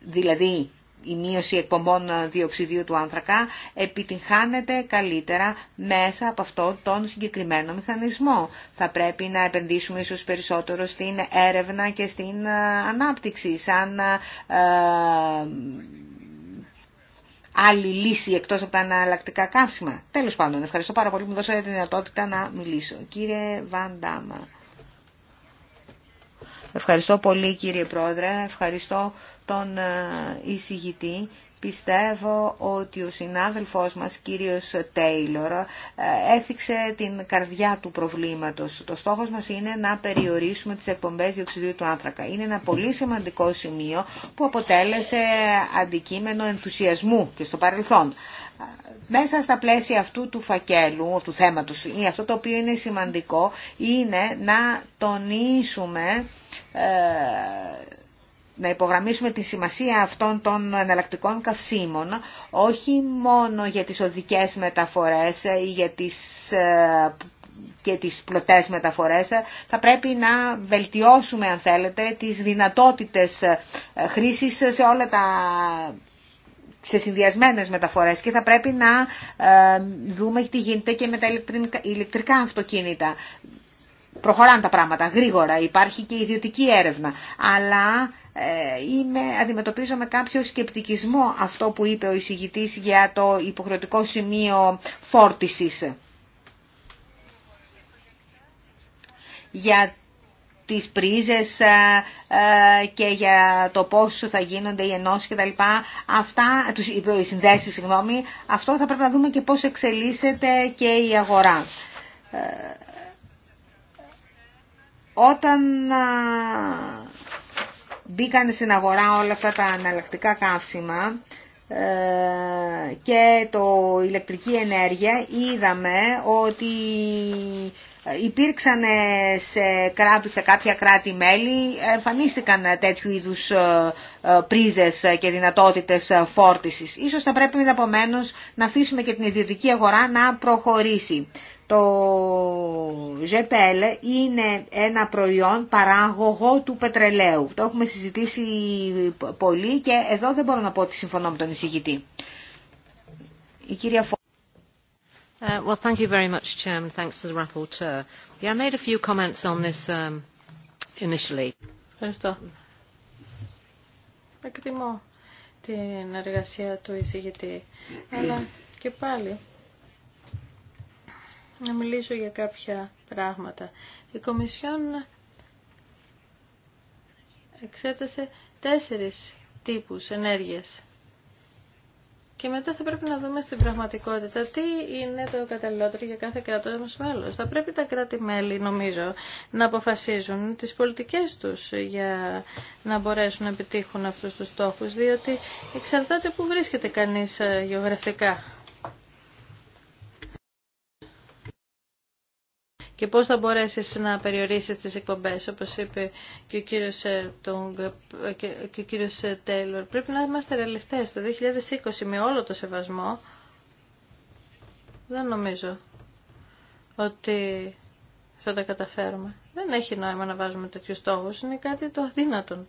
C: δηλαδή η μείωση εκπομπών ε, διοξιδίου του άνθρακα επιτυγχάνεται καλύτερα μέσα από αυτό τον συγκεκριμένο μηχανισμό. Θα πρέπει να επενδύσουμε ίσως περισσότερο στην έρευνα και στην ε, ανάπτυξη σαν ε, άλλη λύση εκτός από τα αναλλακτικά καύσιμα. Τέλος πάντων, ευχαριστώ πάρα πολύ που μου δώσατε τη δυνατότητα να μιλήσω. Κύριε Βαντάμα. Ευχαριστώ πολύ κύριε Πρόεδρε, ευχαριστώ τον ε, εισηγητή πιστεύω ότι ο συνάδελφός μας, κύριος Τέιλορ, ε, έθιξε την καρδιά του προβλήματος. Το στόχος μας είναι να περιορίσουμε τις εκπομπές διοξιδίου του άνθρακα. Είναι ένα πολύ σημαντικό σημείο που αποτέλεσε αντικείμενο ενθουσιασμού και στο παρελθόν. Μέσα στα πλαίσια αυτού του φακέλου, του θέματος, αυτό το οποίο είναι σημαντικό είναι να τονίσουμε ε, να υπογραμμίσουμε τη σημασία αυτών των εναλλακτικών καυσίμων, όχι μόνο για τις οδικές μεταφορές ή για τις ε, και τις πλωτές μεταφορές, θα πρέπει να βελτιώσουμε, αν θέλετε, τις δυνατότητες ε, χρήσης σε όλα τα σε συνδυασμένε μεταφορές και θα πρέπει να ε, δούμε τι γίνεται και με τα ηλεκτρικά αυτοκίνητα. Προχωράνε τα πράγματα γρήγορα, υπάρχει και ιδιωτική έρευνα. Αλλά ε, είμαι, αντιμετωπίζω με κάποιο σκεπτικισμό αυτό που είπε ο εισηγητής για το υποχρεωτικό σημείο φόρτισης. Για τις πρίζες ε, ε, και για το πόσο θα γίνονται οι ενώσεις και λοιπά, αυτά, τους, οι συνδέσεις, συγγνώμη, αυτό θα πρέπει να δούμε και πώς εξελίσσεται και η αγορά. όταν μπήκαν στην αγορά όλα αυτά τα αναλλακτικά καύσιμα ε, και το ηλεκτρική ενέργεια είδαμε ότι υπήρξαν σε, σε κάποια κράτη-μέλη, εμφανίστηκαν τέτοιου είδους ε, ε, πρίζες και δυνατότητες φόρτισης. Ίσως θα πρέπει επομένω να αφήσουμε και την ιδιωτική αγορά να προχωρήσει. Το GPL είναι ένα προϊόν παράγωγο του πετρελαίου. Το έχουμε συζητήσει πολύ και εδώ δεν μπορώ να πω ότι συμφωνώ με τον εισηγητή.
F: Η κυρία Uh, well, thank you very much, Chair, and thanks to the rapporteur. Yeah, I made a few comments on this um, initially. Ευχαριστώ. Εκτιμώ την εργασία του εισηγητή, αλλά και πάλι να μιλήσω για κάποια πράγματα. Η Κομισιόν εξέτασε τέσσερις τύπους ενέργειας και μετά θα πρέπει να δούμε στην πραγματικότητα τι είναι το καταλληλότερο για κάθε κράτος μέλος. Θα πρέπει τα κράτη-μέλη, νομίζω, να αποφασίζουν τις πολιτικές τους για να μπορέσουν να επιτύχουν αυτούς τους στόχους, διότι εξαρτάται που βρίσκεται κανείς ε, γεωγραφικά. και πώς θα μπορέσεις να περιορίσεις τις εκπομπές, όπως είπε και ο κύριος, ε, ε, Τέιλορ. Πρέπει να είμαστε ρεαλιστές. Το 2020 με όλο το σεβασμό δεν νομίζω ότι θα τα καταφέρουμε. Δεν έχει νόημα να βάζουμε τέτοιους στόχους. Είναι κάτι το αδύνατον.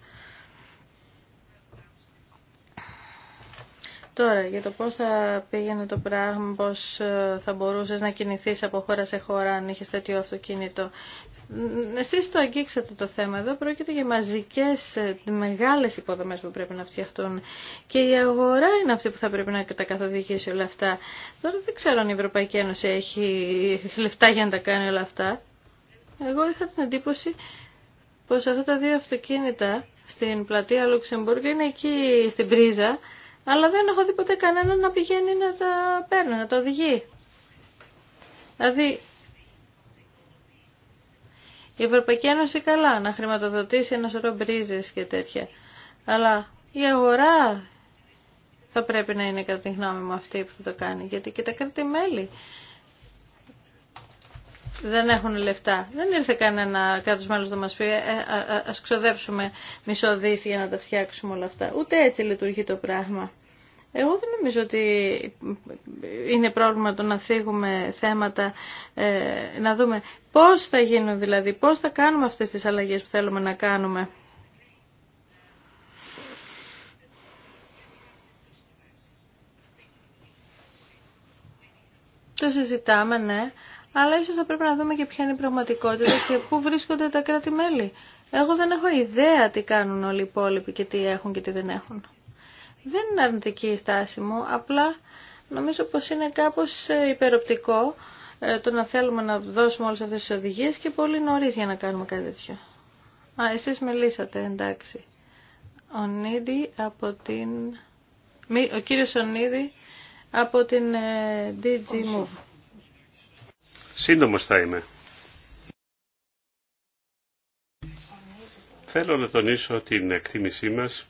F: Τώρα, για το πώς θα πήγαινε το πράγμα, πώς ε, θα μπορούσες να κινηθείς από χώρα σε χώρα αν είχες τέτοιο αυτοκίνητο. Εσείς το αγγίξατε το θέμα εδώ, πρόκειται για μαζικές, ε, μεγάλες υποδομές που πρέπει να φτιαχτούν και η αγορά είναι αυτή που θα πρέπει να τα καθοδηγήσει όλα αυτά. Τώρα δεν ξέρω αν η Ευρωπαϊκή Ένωση έχει λεφτά για να τα κάνει όλα αυτά. Εγώ είχα την εντύπωση πως αυτά τα δύο αυτοκίνητα στην πλατεία Λουξεμπούργκ είναι εκεί στην πρίζα αλλά δεν έχω δει ποτέ κανέναν να πηγαίνει να τα παίρνει, να τα οδηγεί. Δηλαδή, η Ευρωπαϊκή Ένωση καλά να χρηματοδοτήσει ένα σωρό μπρίζες και τέτοια, αλλά η αγορά θα πρέπει να είναι κατά τη γνώμη μου αυτή που θα το κάνει, γιατί και τα κρατη δεν έχουν λεφτά. Δεν ήρθε κανένα κάτω μέλο να μα πει ε, α ξοδέψουμε μισό για να τα φτιάξουμε όλα αυτά. Ούτε έτσι λειτουργεί το πράγμα. Εγώ δεν νομίζω ότι είναι πρόβλημα το να θίγουμε θέματα, ε, να δούμε πώς θα γίνουν δηλαδή, πώς θα κάνουμε αυτές τις αλλαγές που θέλουμε να κάνουμε. Το συζητάμε, ναι, αλλά ίσως θα πρέπει να δούμε και ποια είναι η πραγματικότητα και πού βρίσκονται τα κράτη-μέλη. Εγώ δεν έχω ιδέα τι κάνουν όλοι οι υπόλοιποι και τι έχουν και τι δεν έχουν. Δεν είναι αρνητική η στάση μου, απλά νομίζω πως είναι κάπως ε, υπεροπτικό ε, το να θέλουμε να δώσουμε όλες αυτές τις οδηγίες και πολύ νωρίς για να κάνουμε κάτι τέτοιο. Α, εσείς μιλήσατε, εντάξει. Ο από την... Ο κύριος Ονίδη από την ε, DG Move.
B: Σύντομος θα είμαι. Θέλω να τονίσω την εκτίμησή μας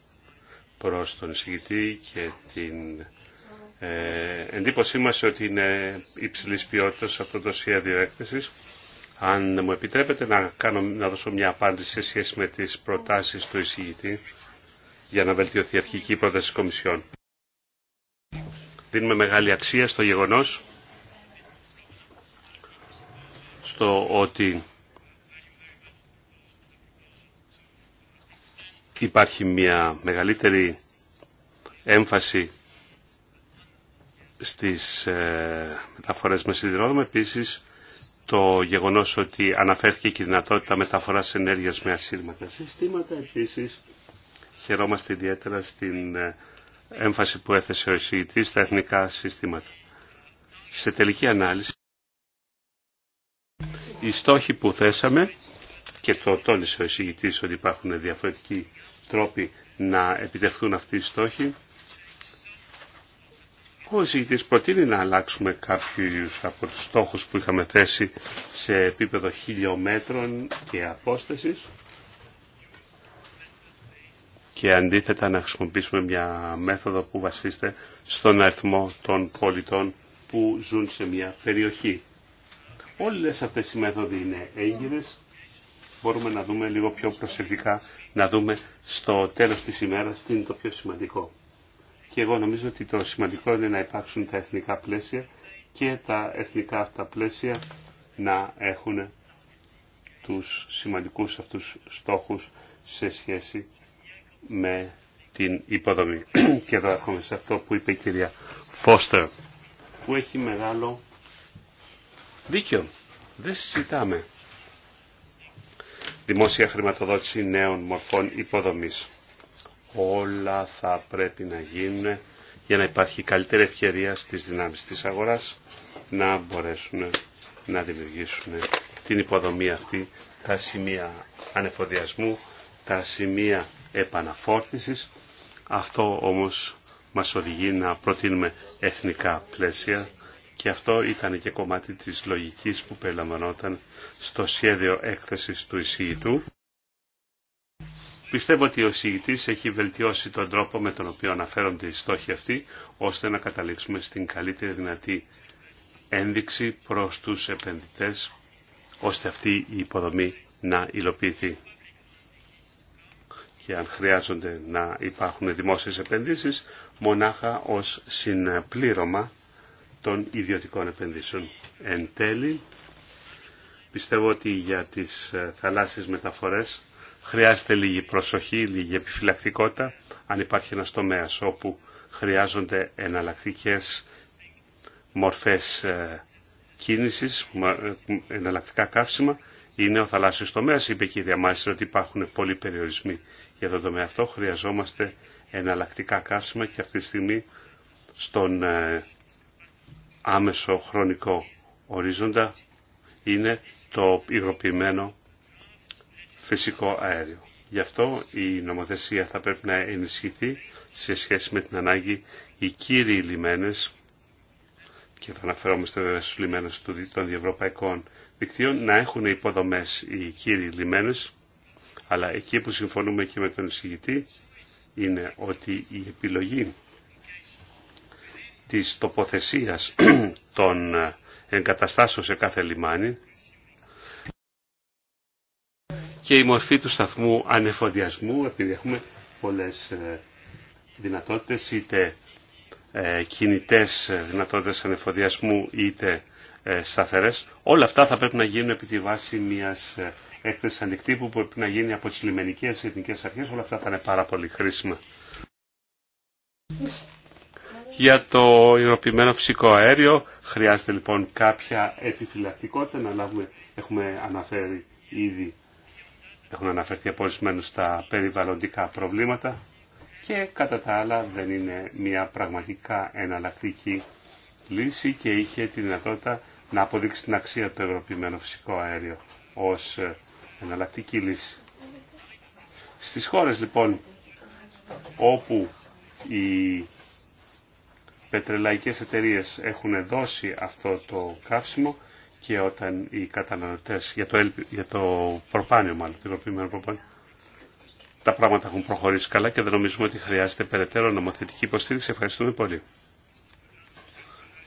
B: προς τον εισηγητή και την ε, εντύπωσή μας ότι είναι υψηλής ποιότητας αυτό το σχέδιο έκθεσης. Αν μου επιτρέπετε να, κάνω, να δώσω μια απάντηση σε σχέση με τις προτάσεις του εισηγητή για να βελτιωθεί η αρχική πρόταση της Κομισιόν. Δίνουμε μεγάλη αξία στο γεγονός στο ότι υπάρχει μια μεγαλύτερη έμφαση στις ε, μεταφορές με σιδηρόδρομο. Επίσης, το γεγονός ότι αναφέρθηκε και η δυνατότητα μεταφοράς ενέργειας με ασύρματα συστήματα. Επίσης, χαιρόμαστε ιδιαίτερα στην ε, έμφαση που έθεσε ο εισηγητής στα εθνικά συστήματα. Σε τελική ανάλυση, οι στόχοι που θέσαμε και το τόνισε ο εισηγητής ότι υπάρχουν διαφορετικοί τρόποι να επιτευχθούν αυτοί οι στόχοι. Ο εισηγητής προτείνει να αλλάξουμε κάποιους από τους στόχους που είχαμε θέσει σε επίπεδο χιλιόμετρων και απόστασης και αντίθετα να χρησιμοποιήσουμε μια μέθοδο που βασίζεται στον αριθμό των πολιτών που ζουν σε μια περιοχή. Όλες αυτές οι μέθοδοι είναι έγκυρες. Μπορούμε να δούμε λίγο πιο προσεκτικά, να δούμε στο τέλος της ημέρας τι είναι το πιο σημαντικό. Και εγώ νομίζω ότι το σημαντικό είναι να υπάρξουν τα εθνικά πλαίσια και τα εθνικά αυτά πλαίσια να έχουν τους σημαντικούς αυτούς στόχους σε σχέση με την υποδομή. και εδώ έρχομαι σε αυτό που είπε η κυρία Φώστερ, που έχει μεγάλο δίκιο. Δεν συζητάμε δημόσια χρηματοδότηση νέων μορφών υποδομής. Όλα θα πρέπει να γίνουν για να υπάρχει καλύτερη ευκαιρία στις δυνάμεις της αγοράς να μπορέσουν να δημιουργήσουν την υποδομή αυτή, τα σημεία ανεφοδιασμού, τα σημεία επαναφόρτισης. Αυτό όμως μας οδηγεί να προτείνουμε εθνικά πλαίσια και αυτό ήταν και κομμάτι της λογικής που περιλαμβανόταν στο σχέδιο έκθεσης του εισηγητού. Πιστεύω ότι ο εισηγητής έχει βελτιώσει τον τρόπο με τον οποίο αναφέρονται οι στόχοι αυτοί, ώστε να καταλήξουμε στην καλύτερη δυνατή ένδειξη προς τους επενδυτές, ώστε αυτή η υποδομή να υλοποιηθεί. Και αν χρειάζονται να υπάρχουν δημόσιες επενδύσεις, μονάχα ως συμπλήρωμα των ιδιωτικών επενδύσεων. Εν τέλει, πιστεύω ότι για τις ε, θαλάσσιες μεταφορές χρειάζεται λίγη προσοχή, λίγη επιφυλακτικότητα, αν υπάρχει ένας τομέας όπου χρειάζονται εναλλακτικές μορφές ε, κίνησης, ε, εναλλακτικά καύσιμα, είναι ο θαλάσσιος τομέας. Είπε και η κυρία ότι υπάρχουν πολλοί περιορισμοί για τον τομέα αυτό. Χρειαζόμαστε εναλλακτικά καύσιμα και αυτή τη στιγμή στον άμεσο χρονικό ορίζοντα είναι το υγροποιημένο φυσικό αέριο. Γι' αυτό η νομοθεσία θα πρέπει να ενισχυθεί σε σχέση με την ανάγκη οι κύριοι λιμένες και θα αναφερόμαστε βέβαια στους λιμένες των διευρωπαϊκών δικτύων να έχουν υποδομές οι κύριοι λιμένες αλλά εκεί που συμφωνούμε και με τον εισηγητή είναι ότι η επιλογή της τοποθεσίας των εγκαταστάσεων σε κάθε λιμάνι και η μορφή του σταθμού ανεφοδιασμού, επειδή έχουμε πολλές ε, δυνατότητες, είτε ε, κινητές δυνατότητες ανεφοδιασμού, είτε ε, σταθερές. Όλα αυτά θα πρέπει να γίνουν επί τη βάση μιας έκθεσης αντικτύπου που πρέπει να γίνει από τις λιμενικές εθνικές αρχές. Όλα αυτά θα είναι πάρα πολύ χρήσιμα για το υγροποιημένο φυσικό αέριο. Χρειάζεται λοιπόν κάποια επιφυλακτικότητα να λάβουμε, έχουμε αναφέρει ήδη, έχουν αναφερθεί από στα τα περιβαλλοντικά προβλήματα και κατά τα άλλα δεν είναι μια πραγματικά εναλλακτική λύση και είχε τη δυνατότητα να αποδείξει την αξία του ευρωπημένο φυσικού αέριο ως εναλλακτική λύση. Στις χώρες λοιπόν όπου η πετρελαϊκές εταιρείες έχουν δώσει αυτό το καύσιμο και όταν οι καταναλωτές για το, για το προπάνιο μάλλον, το προπάνιο, τα πράγματα έχουν προχωρήσει καλά και δεν νομίζουμε ότι χρειάζεται περαιτέρω νομοθετική υποστήριξη. Ευχαριστούμε πολύ.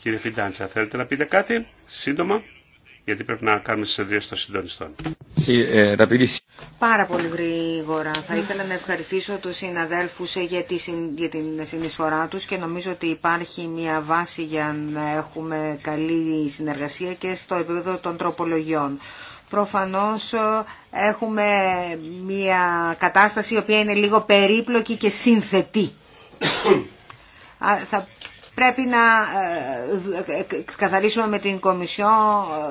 B: Κύριε Φιντάντσα, θέλετε να πείτε κάτι σύντομα, γιατί πρέπει να κάνουμε τι των συντονιστών. Eh,
C: πάρα πολύ γρήγορα. Θα ήθελα να ευχαριστήσω τους συναδέλφους ε, για, την συνεισφορά τους και νομίζω ότι υπάρχει μια βάση για να έχουμε καλή συνεργασία και στο επίπεδο των τροπολογιών. Προφανώς ε, έχουμε μια κατάσταση η οποία είναι λίγο περίπλοκη και συνθετή. θα Πρέπει να ε, καθαρίσουμε με την Κομισιό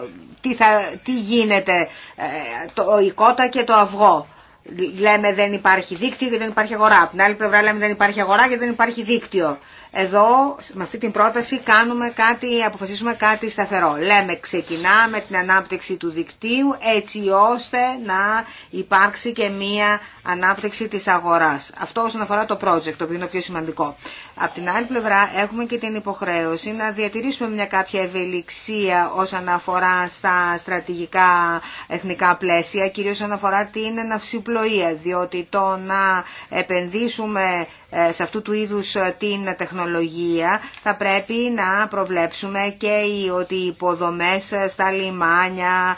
C: ε, τι, θα, τι γίνεται, ε, το η κότα και το αυγό. Λέμε δεν υπάρχει δίκτυο και δεν υπάρχει αγορά. Από την άλλη πλευρά λέμε δεν υπάρχει αγορά και δεν υπάρχει δίκτυο. Εδώ, με αυτή την πρόταση, κάνουμε κάτι, αποφασίσουμε κάτι σταθερό. Λέμε, ξεκινάμε την ανάπτυξη του δικτύου, έτσι ώστε να υπάρξει και μία ανάπτυξη της αγοράς. Αυτό όσον αφορά το project, το οποίο είναι το πιο σημαντικό. Απ' την άλλη πλευρά, έχουμε και την υποχρέωση να διατηρήσουμε μια κάποια ευελιξία όσον αφορά στα στρατηγικά εθνικά πλαίσια, κυρίως όσον αφορά την ναυσιπλοεία, διότι το να επενδύσουμε ε, σε αυτού του είδους ε, την τεχνολογία θα πρέπει να προβλέψουμε και ότι οι υποδομές ε, στα λιμάνια,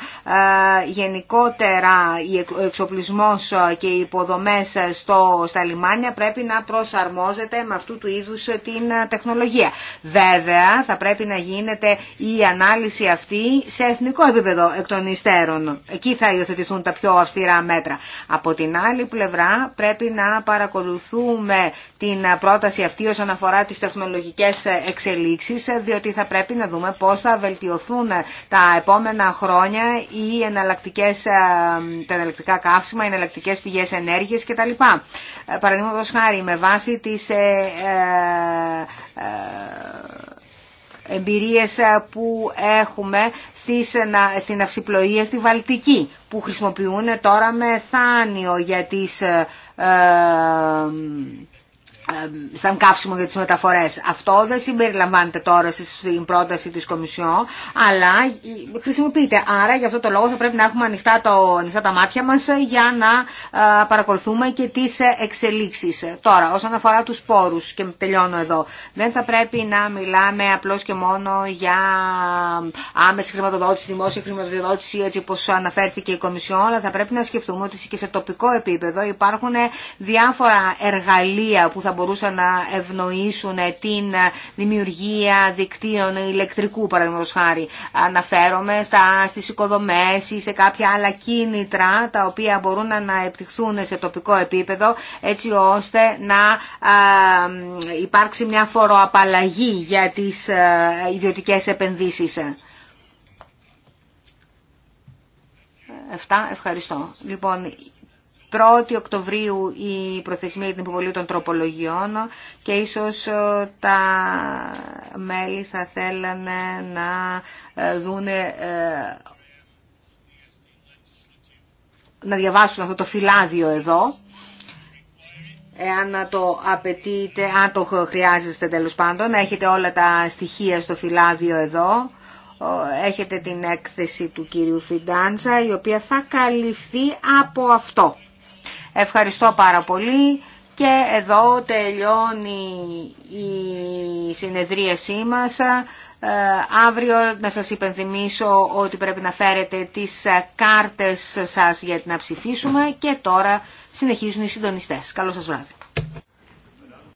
C: γενικότερα ο εξοπλισμός και οι υποδομές στο, στα λιμάνια πρέπει να προσαρμόζεται με αυτού του είδους την τεχνολογία. Βέβαια θα πρέπει να γίνεται η ανάλυση αυτή σε εθνικό επίπεδο εκ των υστέρων. Εκεί θα υιοθετηθούν τα πιο αυστηρά μέτρα. Από την άλλη πλευρά πρέπει να παρακολουθούμε την πρόταση αυτή όσον αφορά τις τεχνολογικές εξελίξεις, διότι θα πρέπει να δούμε πώς θα βελτιωθούν τα επόμενα χρόνια οι εναλλακτικές, ε, τα εναλλακτικά καύσιμα, οι εναλλακτικές πηγές ενέργειας κτλ. Ε, παραδείγματος χάρη, με βάση τις ε, εμπειρίες που έχουμε στην αυσιπλοεία στη Βαλτική που χρησιμοποιούν τώρα θάνιο για τις σαν καύσιμο για τις μεταφορές. Αυτό δεν συμπεριλαμβάνεται τώρα στην πρόταση της Κομισιό, αλλά χρησιμοποιείται. Άρα για αυτό το λόγο θα πρέπει να έχουμε ανοιχτά, το, ανοιχτά τα μάτια μας για να ε, παρακολουθούμε και τις ε, εξελίξεις. Τώρα, όσον αφορά τους πόρους, και τελειώνω εδώ, δεν θα πρέπει να μιλάμε απλώς και μόνο για ε, άμεση χρηματοδότηση, δημόσια χρηματοδότηση, έτσι όπως αναφέρθηκε η Κομισιό, αλλά θα πρέπει να σκεφτούμε ότι και σε τοπικό επίπεδο υπάρχουν διάφορα εργαλεία που θα μπορούσαν να ευνοήσουν την δημιουργία δικτύων ηλεκτρικού παραδείγματο χάρη. Αναφέρομαι στα, στις οικοδομές ή σε κάποια άλλα κίνητρα τα οποία μπορούν να επιτυχθούν σε τοπικό επίπεδο έτσι ώστε να υπάρξει μια φοροαπαλλαγή για τις ιδιωτικές επενδύσεις. ευχαριστώ. Λοιπόν, 1η Οκτωβρίου η προθεσμία για την υποβολή των τροπολογιών και ίσως ε, τα μέλη θα θέλανε να ε, δούνε ε, να διαβάσουν αυτό το φυλάδιο εδώ εάν το απαιτείτε, αν το χρειάζεστε τέλος πάντων, να έχετε όλα τα στοιχεία στο φυλάδιο εδώ, έχετε την έκθεση του κύριου Φιντάντσα, η οποία θα καλυφθεί από αυτό. Ευχαριστώ πάρα πολύ και εδώ τελειώνει η συνεδρίασή μας. Ε, αύριο να σας υπενθυμίσω ότι πρέπει να φέρετε τις κάρτες σας για να ψηφίσουμε και τώρα συνεχίζουν οι συντονιστές. Καλό σας βράδυ.